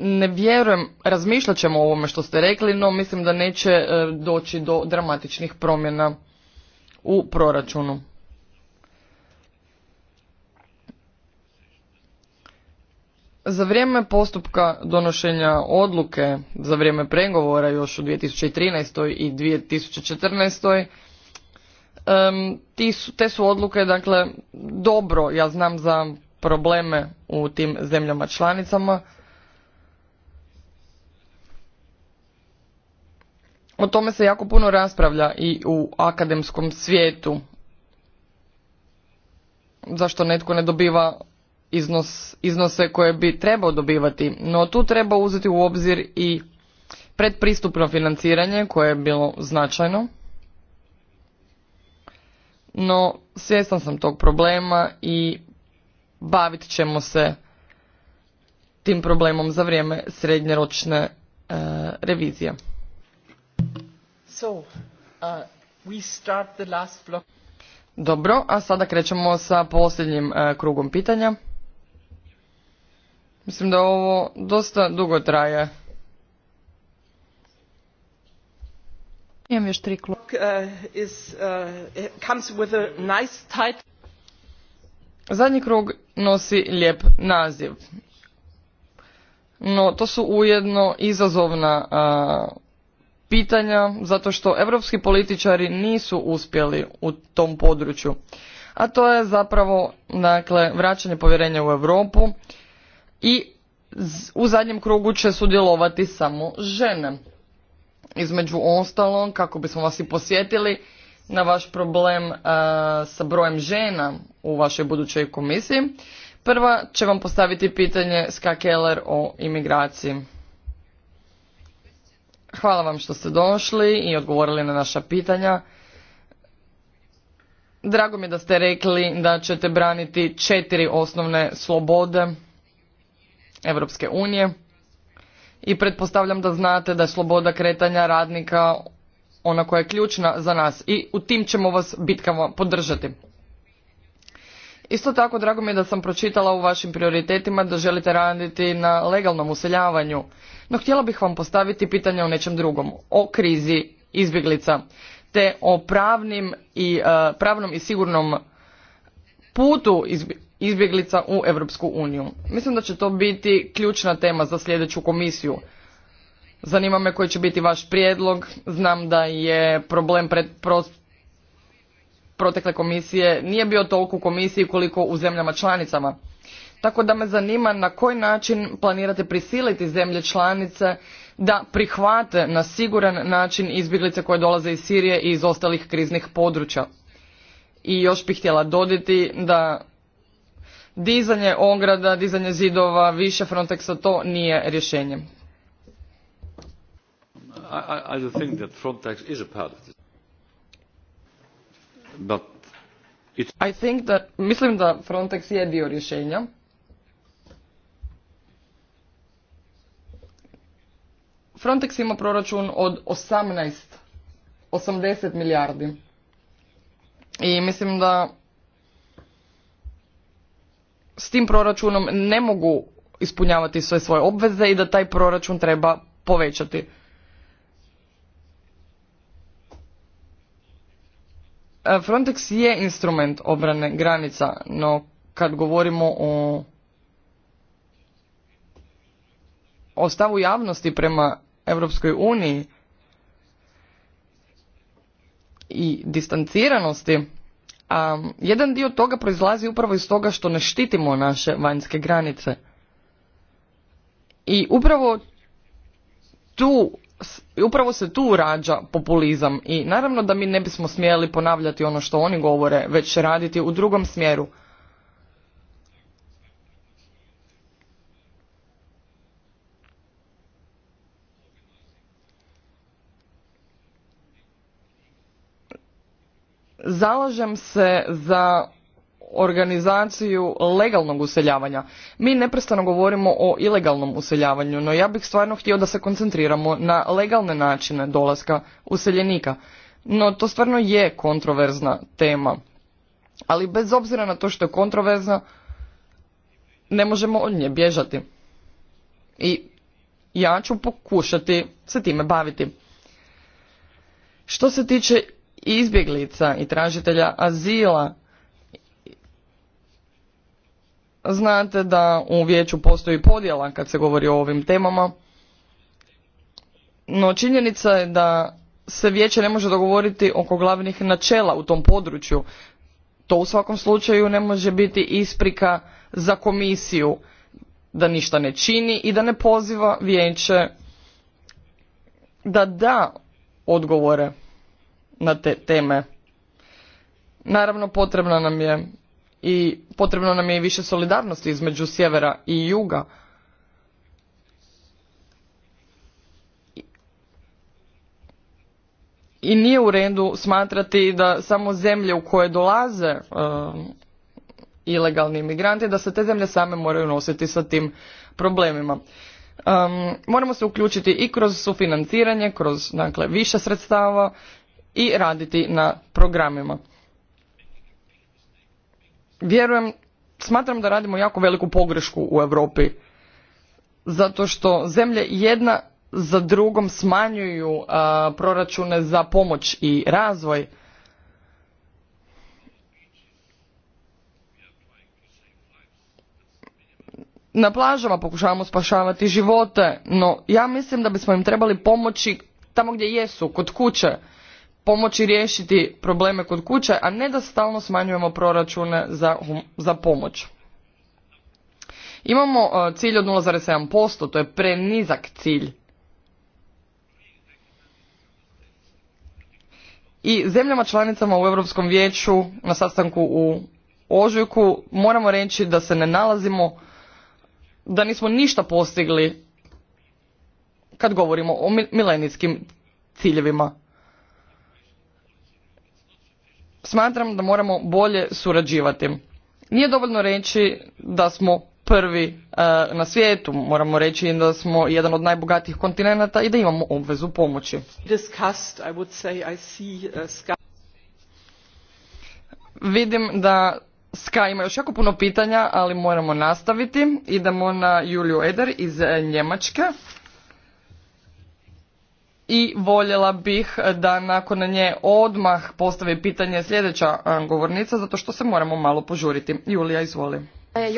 ne vjerujem, razmišljat ćemo o ovome što ste rekli, no mislim da neće e, doći do dramatičnih promjena u proračunu. Za vrijeme postupka donošenja odluke, za vrijeme pregovora još u 2013. i 2014. te su odluke, dakle, dobro, ja znam za probleme u tim zemljama članicama, o tome se jako puno raspravlja i u akademskom svijetu. Zašto netko ne dobiva iznos, iznose koje bi trebao dobivati. No tu treba uzeti u obzir i predpristupno financiranje koje je bilo značajno. No svjestan sam tog problema i bavit ćemo se tim problemom za vrijeme srednjeročne e, revizije. Uh, Dobro, a sada krećemo sa posljednjim uh, krugom pitanja. Mislim da ovo dosta dugo traje. Imam još tri uh, Zadnji krug nosi lijep naziv. No, to su ujedno izazovna pitanja zato što europski političari nisu uspjeli u tom području a to je zapravo dakle vraćanje povjerenja u Europu i u zadnjem krugu će sudjelovati samo žene između ostalog kako bismo vas i posjetili na vaš problem e, sa brojem žena u vašoj budućoj komisiji prva će vam postaviti pitanje Ska o imigraciji Hvala vam što ste došli i odgovorili na naša pitanja. Drago mi je da ste rekli da ćete braniti četiri osnovne slobode Europske unije i pretpostavljam da znate da je sloboda kretanja radnika ona koja je ključna za nas i u tim ćemo vas bitkama podržati. Isto tako, drago mi je da sam pročitala u vašim prioritetima da želite raditi na legalnom useljavanju, no htjela bih vam postaviti pitanje o nečem drugom, o krizi izbjeglica, te o pravnim i, e, pravnom i sigurnom putu izbjeglica u Europsku uniju. Mislim da će to biti ključna tema za sljedeću komisiju. Zanima me koji će biti vaš prijedlog. Znam da je problem pred, protekle komisije nije bio toliko u komisiji koliko u zemljama članicama. Tako da me zanima na koji način planirate prisiliti zemlje članice da prihvate na siguran način izbjeglice koje dolaze iz Sirije i iz ostalih kriznih područja. I još bih htjela dodati da dizanje ograda, dizanje zidova, više Frontexa, to nije rješenje. I, I think that Frontex is a part of but I think that, mislim da Frontex je dio rješenja. Frontex ima proračun od 18, 80 milijardi. I mislim da s tim proračunom ne mogu ispunjavati sve svoje obveze i da taj proračun treba povećati. E, Frontex je instrument obrane granica, no kad govorimo o o stavu javnosti prema Europskoj uniji i distanciranosti, jedan dio toga proizlazi upravo iz toga što ne štitimo naše vanjske granice. I upravo tu upravo se tu rađa populizam i naravno da mi ne bismo smjeli ponavljati ono što oni govore, već raditi u drugom smjeru. Zalažem se za organizaciju legalnog useljavanja. Mi neprestano govorimo o ilegalnom useljavanju, no ja bih stvarno htio da se koncentriramo na legalne načine dolaska useljenika. No to stvarno je kontroverzna tema. Ali bez obzira na to što je kontroverzna, ne možemo od nje bježati. I ja ću pokušati se time baviti. Što se tiče izbjeglica i tražitelja azila, Znate da u vijeću postoji podjela kad se govori o ovim temama, no činjenica je da se vijeće ne može dogovoriti oko glavnih načela u tom području. To u svakom slučaju ne može biti isprika za komisiju da ništa ne čini i da ne poziva vijeće da da odgovore na te teme. Naravno potrebna nam je i potrebno nam je i više solidarnosti između sjevera i juga. I nije u redu smatrati da samo zemlje u koje dolaze um, ilegalni imigranti, da se te zemlje same moraju nositi sa tim problemima. Um, moramo se uključiti i kroz sufinanciranje, kroz dakle, više sredstava i raditi na programima vjerujem, smatram da radimo jako veliku pogrešku u Europi zato što zemlje jedna za drugom smanjuju uh, proračune za pomoć i razvoj. Na plažama pokušavamo spašavati živote, no ja mislim da bismo im trebali pomoći tamo gdje jesu, kod kuće pomoći riješiti probleme kod kuće, a ne da stalno smanjujemo proračune za, za pomoć. Imamo e, cilj od 0,7%, to je prenizak cilj. I zemljama članicama u Europskom vijeću na sastanku u ožujku moramo reći da se ne nalazimo, da nismo ništa postigli kad govorimo o milenijskim ciljevima. smatram da moramo bolje surađivati nije dovoljno reći da smo prvi e, na svijetu moramo reći da smo jedan od najbogatijih kontinenata i da imamo obvezu pomoći uh, vidim da Ska ima još jako puno pitanja, ali moramo nastaviti. Idemo na Juliju Eder iz Njemačke i voljela bih da nakon nje odmah postavi pitanje sljedeća govornica, zato što se moramo malo požuriti. Julija, izvoli. E,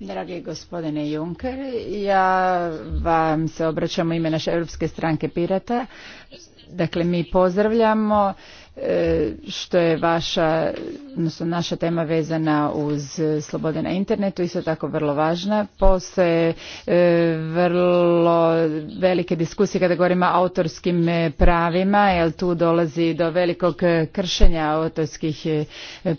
Dragi gospodine Juncker, ja vam se obraćam u ime naše Europske stranke Pirata. Dakle, mi pozdravljamo E, što je vaša, odnosno naša tema vezana uz slobode na internetu, isto tako vrlo važna. Postoje e, vrlo velike diskusije kada govorimo o autorskim e, pravima, jer tu dolazi do velikog kršenja autorskih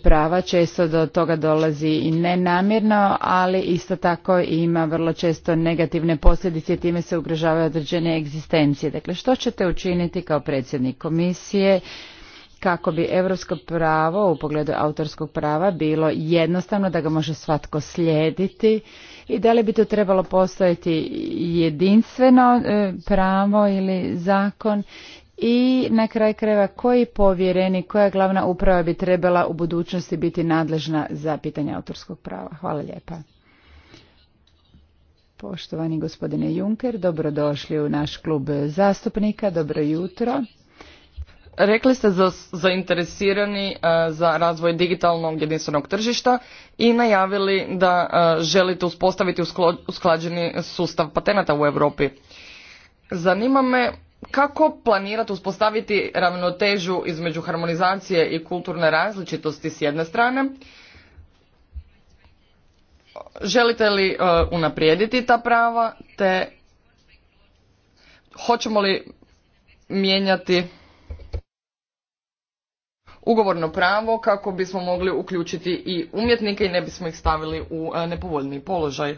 prava, često do toga dolazi i nenamjerno, ali isto tako ima vrlo često negativne posljedice i time se ugrožavaju određene egzistencije. Dakle, što ćete učiniti kao predsjednik komisije? kako bi europsko pravo u pogledu autorskog prava bilo jednostavno da ga može svatko slijediti i da li bi tu trebalo postojati jedinstveno e, pravo ili zakon i na kraj krajeva koji povjereni, koja glavna uprava bi trebala u budućnosti biti nadležna za pitanje autorskog prava. Hvala lijepa. Poštovani gospodine Juncker, dobrodošli u naš klub zastupnika, dobro jutro. Rekli ste za zainteresirani e, za razvoj digitalnog jedinstvenog tržišta i najavili da e, želite uspostaviti usklađeni sustav patenata u Europi. Zanima me kako planirate uspostaviti ravnotežu između harmonizacije i kulturne različitosti s jedne strane? Želite li e, unaprijediti ta prava te hoćemo li mijenjati ugovorno pravo kako bismo mogli uključiti i umjetnike i ne bismo ih stavili u e, nepovoljniji položaj.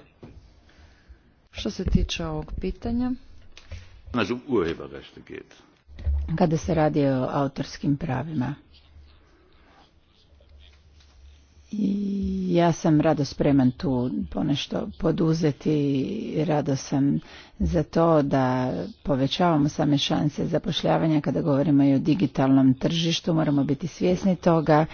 Što se tiče ovog pitanja, kada se radi o autorskim pravima, i ja sam rado spreman tu ponešto poduzeti, rado sam za to da povećavamo same šanse zapošljavanja kada govorimo i o digitalnom tržištu, moramo biti svjesni toga.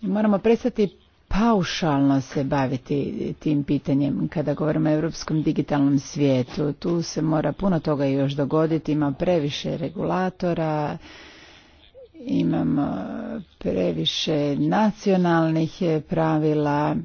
Moramo prestati paušalno se baviti tim pitanjem kada govorimo o europskom digitalnom svijetu. Tu se mora puno toga još dogoditi, ima previše regulatora, imamo e, previše nacionalnih e, pravila.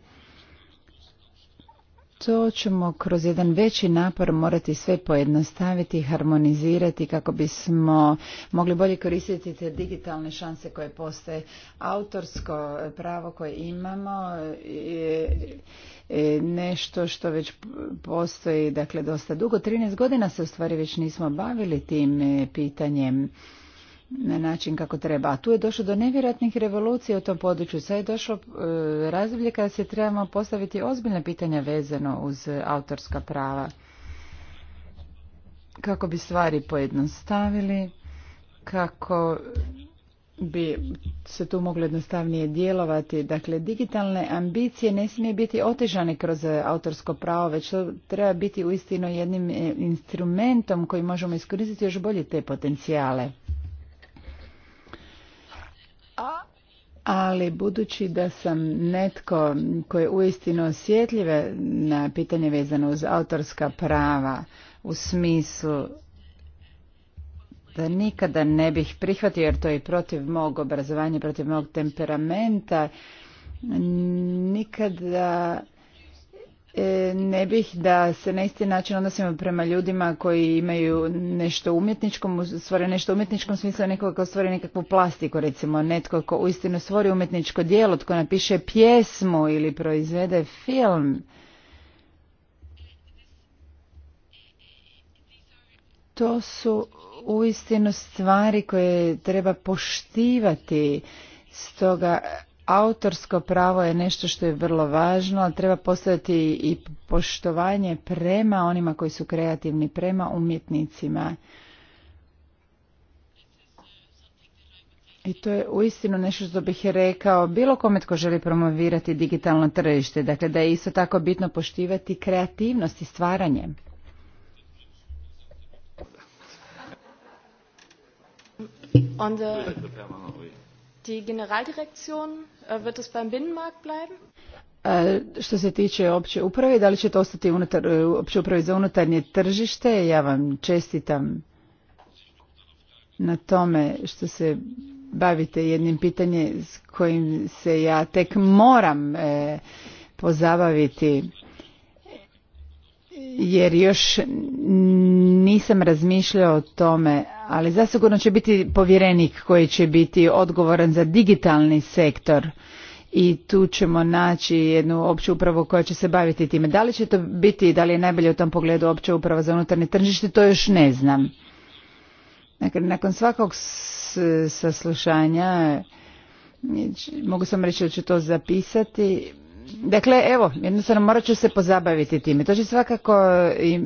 To ćemo kroz jedan veći napor morati sve pojednostaviti harmonizirati kako bismo mogli bolje koristiti te digitalne šanse koje postoje. Autorsko pravo koje imamo je nešto što već postoji dakle, dosta dugo. 13 godina se u stvari već nismo bavili tim e, pitanjem na način kako treba. A tu je došlo do nevjerojatnih revolucija u tom području. Sad je došlo e, razdoblje kada se trebamo postaviti ozbiljna pitanja vezano uz autorska prava. Kako bi stvari pojednostavili, kako bi se tu moglo jednostavnije djelovati. Dakle, digitalne ambicije ne smije biti otežane kroz autorsko pravo, već to treba biti uistinu jednim e, instrumentom koji možemo iskoristiti još bolje te potencijale. ali budući da sam netko koji je uistinu osjetljive na pitanje vezano uz autorska prava u smislu da nikada ne bih prihvatio jer to je protiv mog obrazovanja, protiv mog temperamenta, nikada E, ne bih da se na isti način odnosimo prema ljudima koji imaju nešto umjetničkom, stvore nešto umjetničkom smislu, nekoga ko stvori nekakvu plastiku, recimo netko ko uistinu stvori umjetničko djelo, tko napiše pjesmu ili proizvede film. To su uistinu stvari koje treba poštivati. Stoga Autorsko pravo je nešto što je vrlo važno, ali treba postaviti i poštovanje prema onima koji su kreativni, prema umjetnicima. I to je uistinu nešto što bih rekao bilo kome tko želi promovirati digitalno tržište, dakle da je isto tako bitno poštivati kreativnost i stvaranje. On Die Generaldirektion, äh, wird es beim Binnenmarkt Što se tiče opće uprave, da li će to ostati unutar, e, opće uprave za unutarnje tržište? Ja vam čestitam na tome što se bavite jednim pitanjem s kojim se ja tek moram e, pozabaviti jer još nisam razmišljao o tome ali zasigurno će biti povjerenik koji će biti odgovoran za digitalni sektor i tu ćemo naći jednu opću upravu koja će se baviti time. Da li će to biti i da li je najbolje u tom pogledu opća uprava za unutarnje tržište, to još ne znam. nakon svakog saslušanja mogu sam reći da ću to zapisati Dakle, evo, jednostavno morat ću se pozabaviti time. To će svakako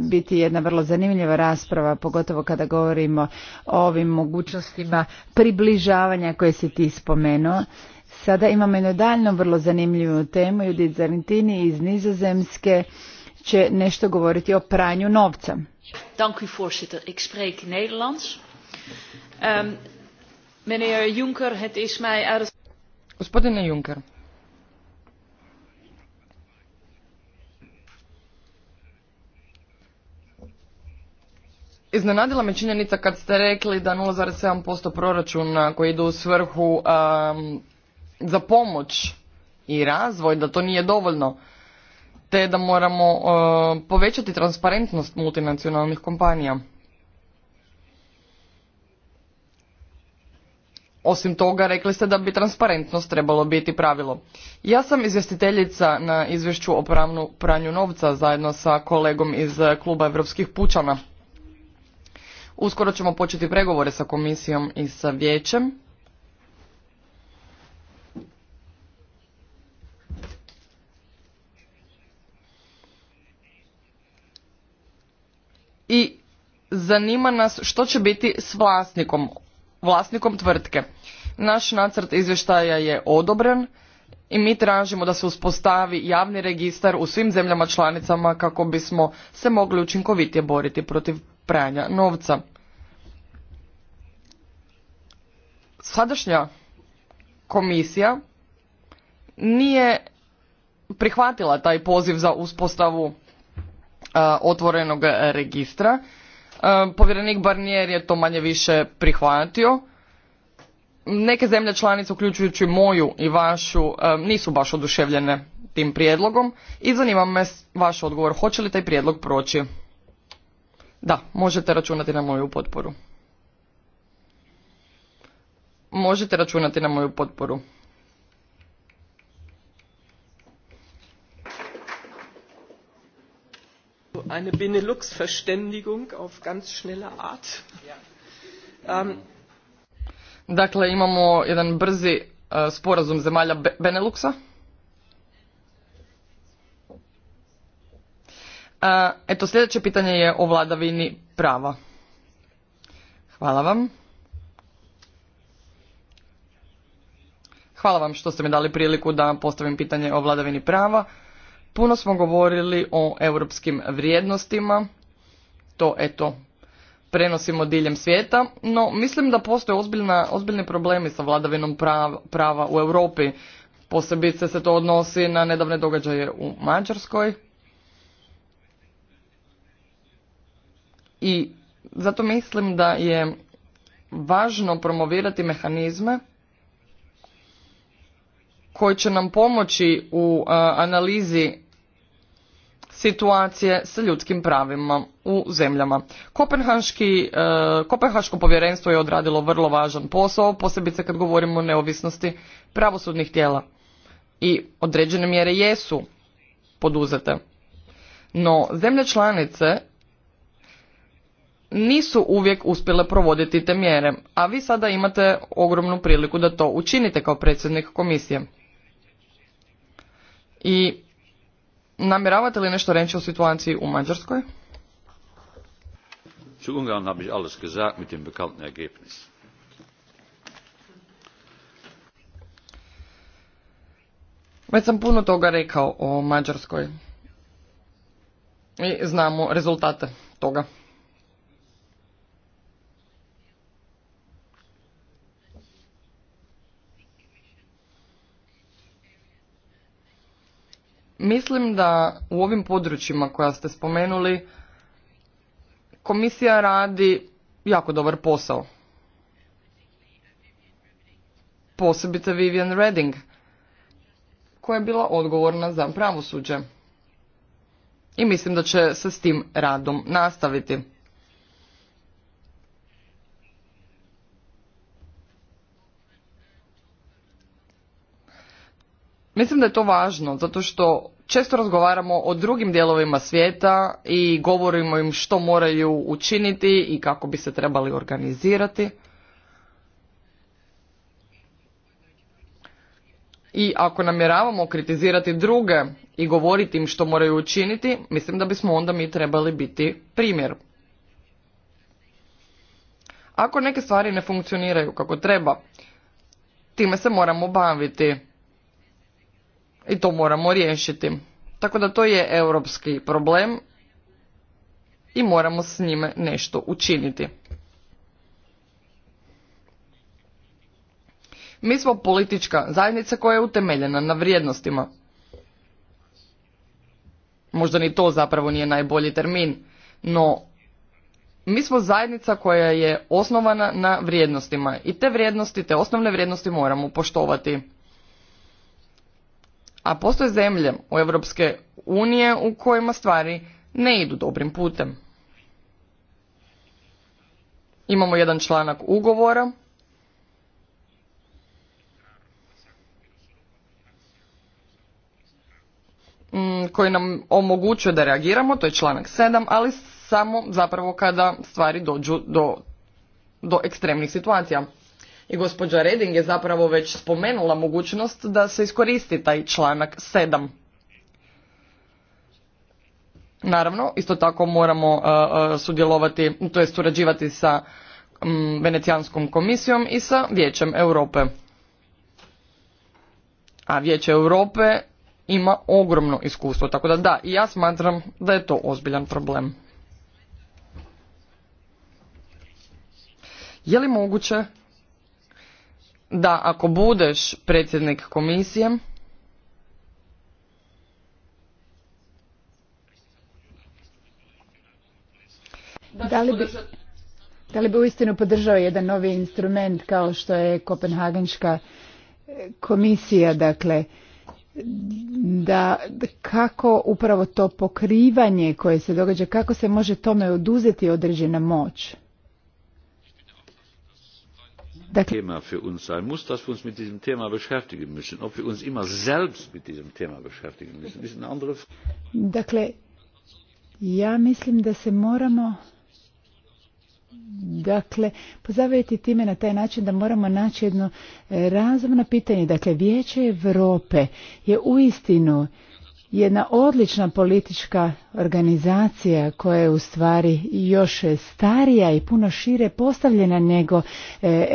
biti jedna vrlo zanimljiva rasprava, pogotovo kada govorimo o ovim mogućnostima približavanja koje si ti spomenuo. Sada imamo jednu daljnu vrlo zanimljivu temu. Judith Zarentini iz Nizozemske će nešto govoriti o pranju novca. Dank u voorzitter. Ik spreek Nederlands. Ehm, meneer Juncker, het is mij Gospodine Juncker, Iznenadila me činjenica kad ste rekli da 0,7% proračuna koji idu u svrhu za pomoć i razvoj, da to nije dovoljno, te da moramo e, povećati transparentnost multinacionalnih kompanija. Osim toga, rekli ste da bi transparentnost trebalo biti pravilo. Ja sam izvjestiteljica na izvješću o pranju novca zajedno sa kolegom iz Kluba Evropskih pučana. Uskoro ćemo početi pregovore sa komisijom i sa vijećem. I zanima nas što će biti s vlasnikom, vlasnikom tvrtke. Naš nacrt izvještaja je odobren i mi tražimo da se uspostavi javni registar u svim zemljama članicama kako bismo se mogli učinkovitije boriti protiv pranja novca. Sadašnja komisija nije prihvatila taj poziv za uspostavu e, otvorenog registra. E, povjerenik Barnier je to manje više prihvatio. Neke zemlje članice, uključujući moju i vašu, e, nisu baš oduševljene tim prijedlogom i zanima me vaš odgovor. Hoće li taj prijedlog proći? Da, možete računati na moju potporu. Možete računati na moju potporu. Eine Benelux-Verständigung auf ganz schnelle Art. Ähm, dakle, imamo jedan brzi eh, sporazum zemalja Beneluxa. Eto, sljedeće pitanje je o vladavini prava. Hvala vam. Hvala vam što ste mi dali priliku da postavim pitanje o vladavini prava. Puno smo govorili o europskim vrijednostima. To, eto, prenosimo diljem svijeta, no mislim da postoje ozbiljna, ozbiljni problemi sa vladavinom prava u Europi. Posebice se to odnosi na nedavne događaje u Mađarskoj I zato mislim da je važno promovirati mehanizme koji će nam pomoći u analizi situacije sa ljudskim pravima u zemljama. E, Kopenhaško povjerenstvo je odradilo vrlo važan posao, posebice kad govorimo o neovisnosti pravosudnih tijela. I određene mjere jesu poduzete. No, zemlje članice nisu uvijek uspjele provoditi te mjere, a vi sada imate ogromnu priliku da to učinite kao predsjednik komisije. I namjeravate li nešto reći o situaciji u Mađarskoj? Već sam puno toga rekao o Mađarskoj. I znamo rezultate toga. Mislim da u ovim područjima koja ste spomenuli komisija radi jako dobar posao. Posebice Vivian Redding koja je bila odgovorna za pravosuđe. I mislim da će se s tim radom nastaviti. Mislim da je to važno, zato što često razgovaramo o drugim dijelovima svijeta i govorimo im što moraju učiniti i kako bi se trebali organizirati. I ako namjeravamo kritizirati druge i govoriti im što moraju učiniti, mislim da bismo onda mi trebali biti primjer. Ako neke stvari ne funkcioniraju kako treba, time se moramo baviti i to moramo riješiti. Tako da to je europski problem i moramo s njime nešto učiniti. Mi smo politička zajednica koja je utemeljena na vrijednostima. Možda ni to zapravo nije najbolji termin, no mi smo zajednica koja je osnovana na vrijednostima i te vrijednosti, te osnovne vrijednosti moramo poštovati. A postoje zemlje u Europske unije u kojima stvari ne idu dobrim putem. Imamo jedan članak ugovora mm, koji nam omogućuje da reagiramo, to je članak 7, ali samo zapravo kada stvari dođu do, do ekstremnih situacija. I gospođa Reding je zapravo već spomenula mogućnost da se iskoristi taj članak 7. Naravno, isto tako moramo uh, uh, sudjelovati, to je surađivati sa mm, Venecijanskom komisijom i sa Vijećem Europe. A Vijeće Europe ima ogromno iskustvo, tako da da, i ja smatram da je to ozbiljan problem. Je li moguće da ako budeš predsjednik komisije da li bi, da li bi uistinu podržao jedan novi instrument kao što je Kopenhagenška e, komisija, dakle, da kako upravo to pokrivanje koje se događa, kako se može tome oduzeti određena moć? Thema für uns sein muss, dass wir uns mit diesem Thema beschäftigen müssen. Ob wir uns immer selbst mit diesem Thema beschäftigen müssen, ist eine andere Frage. Dakle, ja mislim da se moramo dakle, pozabaviti time na taj način da moramo naći jedno e, razumno pitanje. Dakle, Vijeće Europe je uistinu jedna odlična politička organizacija koja je u stvari još starija i puno šire postavljena nego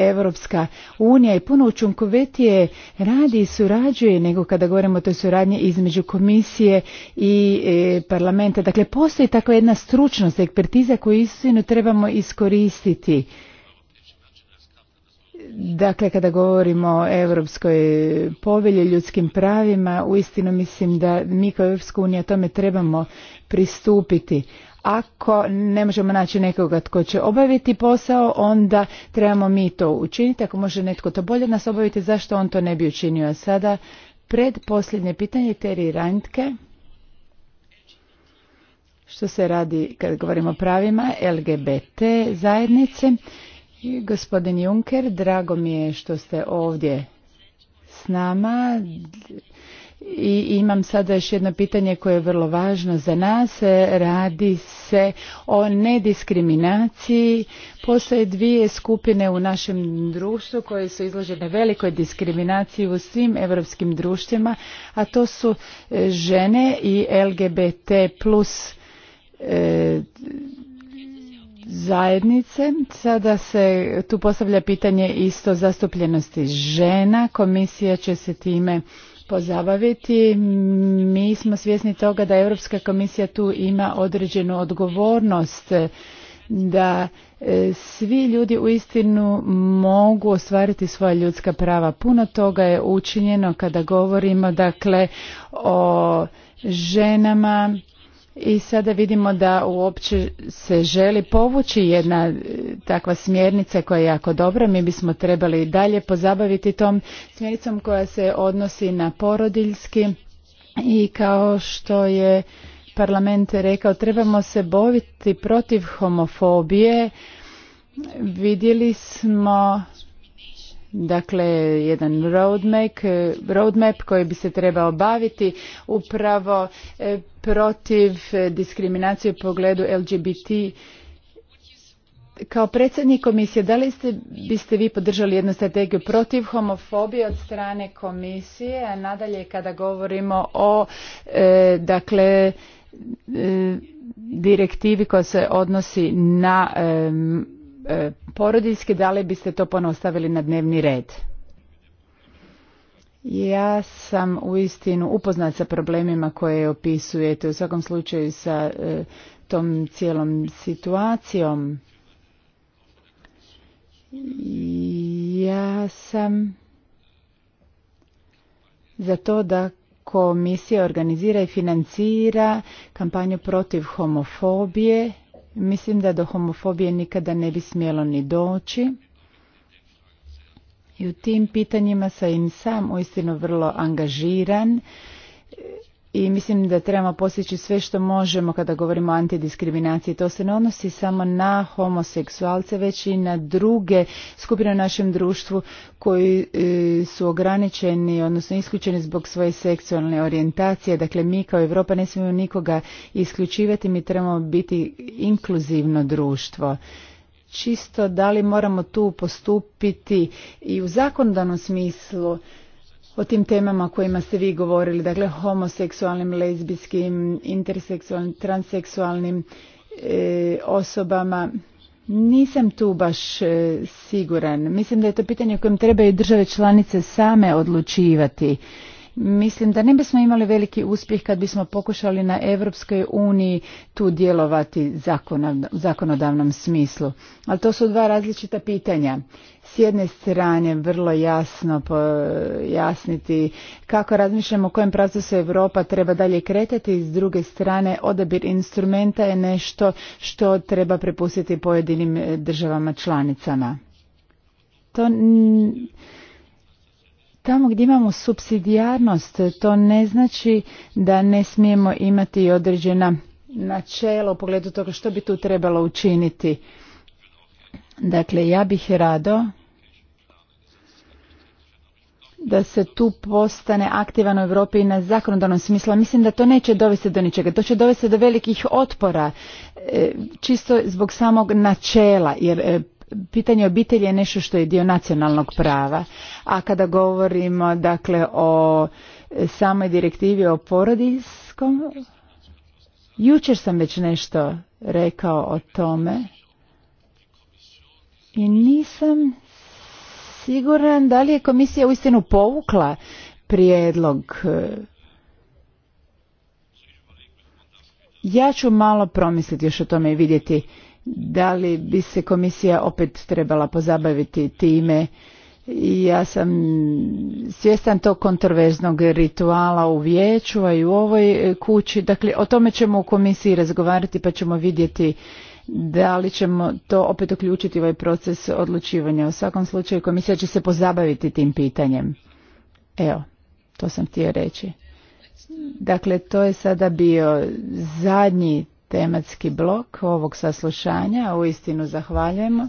Europska unija i puno učinkovitije radi i surađuje nego kada govorimo o toj suradnji između komisije i e, parlamenta. Dakle, postoji takva jedna stručnost, ekspertiza koju istinu trebamo iskoristiti Dakle, kada govorimo o Europskoj povelji ljudskim pravima, uistinu mislim da mi kao Europska unija tome trebamo pristupiti. Ako ne možemo naći nekoga tko će obaviti posao, onda trebamo mi to učiniti. Ako može netko to bolje nas obaviti, zašto on to ne bi učinio? Sada posljednje pitanje Teri Rantke. Što se radi, kad govorimo o pravima LGBT zajednice, Gospodin Juncker, drago mi je što ste ovdje s nama. I imam sada još jedno pitanje koje je vrlo važno za nas. Radi se o nediskriminaciji. Postoje dvije skupine u našem društvu koje su izložene velikoj diskriminaciji u svim europskim društvima, a to su e, žene i LGBT plus e, zajednice. Sada se tu postavlja pitanje isto zastupljenosti žena. Komisija će se time pozabaviti. Mi smo svjesni toga da Europska komisija tu ima određenu odgovornost da e, svi ljudi u istinu mogu ostvariti svoja ljudska prava. Puno toga je učinjeno kada govorimo dakle o ženama i sada vidimo da uopće se želi povući jedna e, takva smjernica koja je jako dobra. Mi bismo trebali dalje pozabaviti tom smjernicom koja se odnosi na porodiljski i kao što je parlament rekao trebamo se boviti protiv homofobije. Vidjeli smo dakle jedan roadmap, roadmap koji bi se trebao baviti upravo e, protiv e, diskriminacije u pogledu LGBT kao predsjednik komisije, da li ste, biste vi podržali jednu strategiju protiv homofobije od strane komisije, a nadalje kada govorimo o e, dakle direktivi koja se odnosi na E, porodiljske, da li biste to ponovo stavili na dnevni red? Ja sam uistinu upoznat sa problemima koje opisujete, u svakom slučaju sa e, tom cijelom situacijom. Ja sam za to da komisija organizira i financira kampanju protiv homofobije Mislim da do homofobije nikada ne bi smjelo ni doći. I u tim pitanjima sam im sam uistinu vrlo angažiran i mislim da trebamo postići sve što možemo kada govorimo o antidiskriminaciji. To se ne odnosi samo na homoseksualce, već i na druge skupine u našem društvu koji e, su ograničeni, odnosno isključeni zbog svoje seksualne orijentacije. Dakle, mi kao Europa ne smijemo nikoga isključivati, mi trebamo biti inkluzivno društvo čisto da li moramo tu postupiti i u zakonodavnom smislu o tim temama o kojima ste vi govorili, dakle homoseksualnim, lezbijskim, interseksualnim, transseksualnim e, osobama. Nisam tu baš e, siguran. Mislim da je to pitanje o kojem trebaju države članice same odlučivati Mislim da ne bismo imali veliki uspjeh kad bismo pokušali na Europskoj uniji tu djelovati u zakonodavnom smislu. Ali to su dva različita pitanja. S jedne strane vrlo jasno pojasniti kako razmišljamo u kojem pravcu se Europa treba dalje kretati, s druge strane odabir instrumenta je nešto što treba prepustiti pojedinim državama članicama. To Tamo gdje imamo subsidijarnost, to ne znači da ne smijemo imati određena načela u pogledu toga što bi tu trebalo učiniti. Dakle, ja bih rado da se tu postane aktivan u Europi i na zakonodavnom smislu. Mislim da to neće dovesti do ničega. To će dovesti do velikih otpora, e, čisto zbog samog načela, jer e, pitanje obitelji je nešto što je dio nacionalnog prava. A kada govorimo dakle o samoj direktivi o porodiljskom, jučer sam već nešto rekao o tome i nisam siguran da li je komisija uistinu povukla prijedlog ja ću malo promisliti još o tome i vidjeti da li bi se komisija opet trebala pozabaviti time i ja sam svjestan tog kontroverznog rituala u vijeću a i u ovoj kući dakle o tome ćemo u komisiji razgovarati pa ćemo vidjeti da li ćemo to opet uključiti u ovaj proces odlučivanja u svakom slučaju komisija će se pozabaviti tim pitanjem evo to sam htio reći dakle to je sada bio zadnji tematski blok ovog saslušanja. U istinu zahvaljujemo.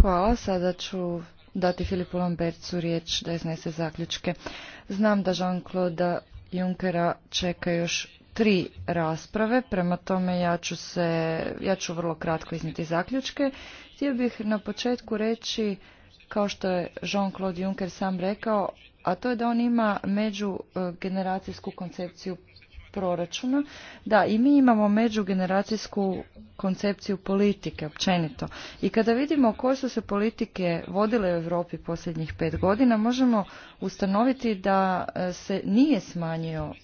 Hvala. Sada ću dati Filipu Lambercu riječ da iznese zaključke. Znam da Jean-Claude Junckera čeka još tri rasprave, prema tome ja ću, se, ja ću vrlo kratko iznijeti zaključke. Htio bih na početku reći, kao što je Jean-Claude Juncker sam rekao, a to je da on ima međugeneracijsku koncepciju proračuna. Da, i mi imamo međugeneracijsku koncepciju politike općenito. I kada vidimo koje su se politike vodile u Europi posljednjih pet godina, možemo ustanoviti da e, se nije smanjio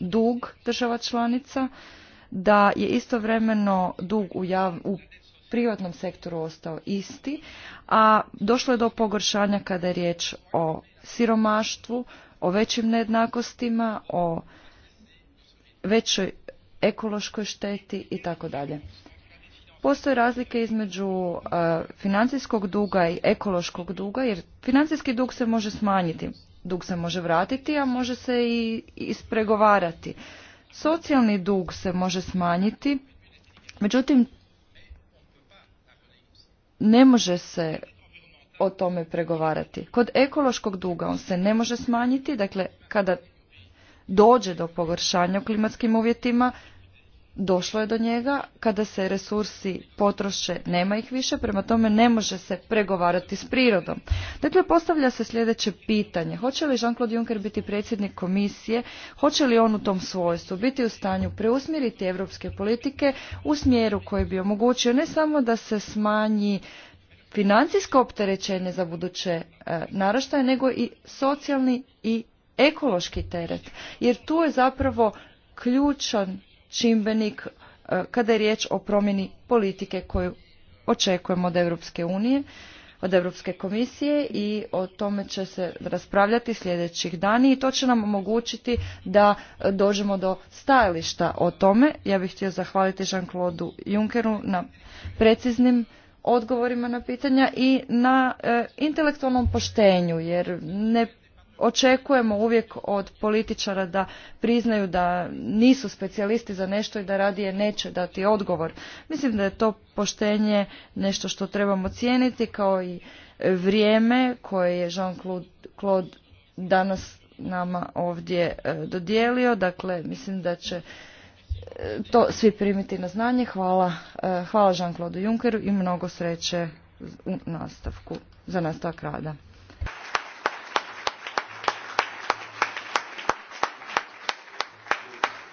dug država članica, da je istovremeno dug u, u privatnom sektoru ostao isti, a došlo je do pogoršanja kada je riječ o siromaštvu, o većim nejednakostima, o većoj ekološkoj šteti i tako dalje. Postoje razlike između e, financijskog duga i ekološkog duga, jer financijski dug se može smanjiti, dug se može vratiti, a može se i ispregovarati. Socijalni dug se može smanjiti, međutim ne može se o tome pregovarati. Kod ekološkog duga on se ne može smanjiti, dakle kada dođe do pogoršanja u klimatskim uvjetima, došlo je do njega, kada se resursi potroše, nema ih više, prema tome ne može se pregovarati s prirodom. Dakle, postavlja se sljedeće pitanje. Hoće li Jean-Claude Juncker biti predsjednik komisije? Hoće li on u tom svojstvu biti u stanju preusmjeriti evropske politike u smjeru koji bi omogućio ne samo da se smanji financijsko opterećenje za buduće eh, naraštaje, nego i socijalni i ekološki teret jer tu je zapravo ključan čimbenik e, kada je riječ o promjeni politike koju očekujemo od Europske unije, od Europske komisije i o tome će se raspravljati sljedećih dana i to će nam omogućiti da dođemo do stajališta o tome. Ja bih htio zahvaliti Jean-Claude Junckeru na preciznim odgovorima na pitanja i na e, intelektualnom poštenju jer ne očekujemo uvijek od političara da priznaju da nisu specijalisti za nešto i da radije neće dati odgovor. Mislim da je to poštenje nešto što trebamo cijeniti kao i vrijeme koje je Jean-Claude danas nama ovdje e, dodijelio. Dakle, mislim da će e, to svi primiti na znanje. Hvala, e, hvala Jean-Claude Junckeru i mnogo sreće u nastavku, za nastavak rada.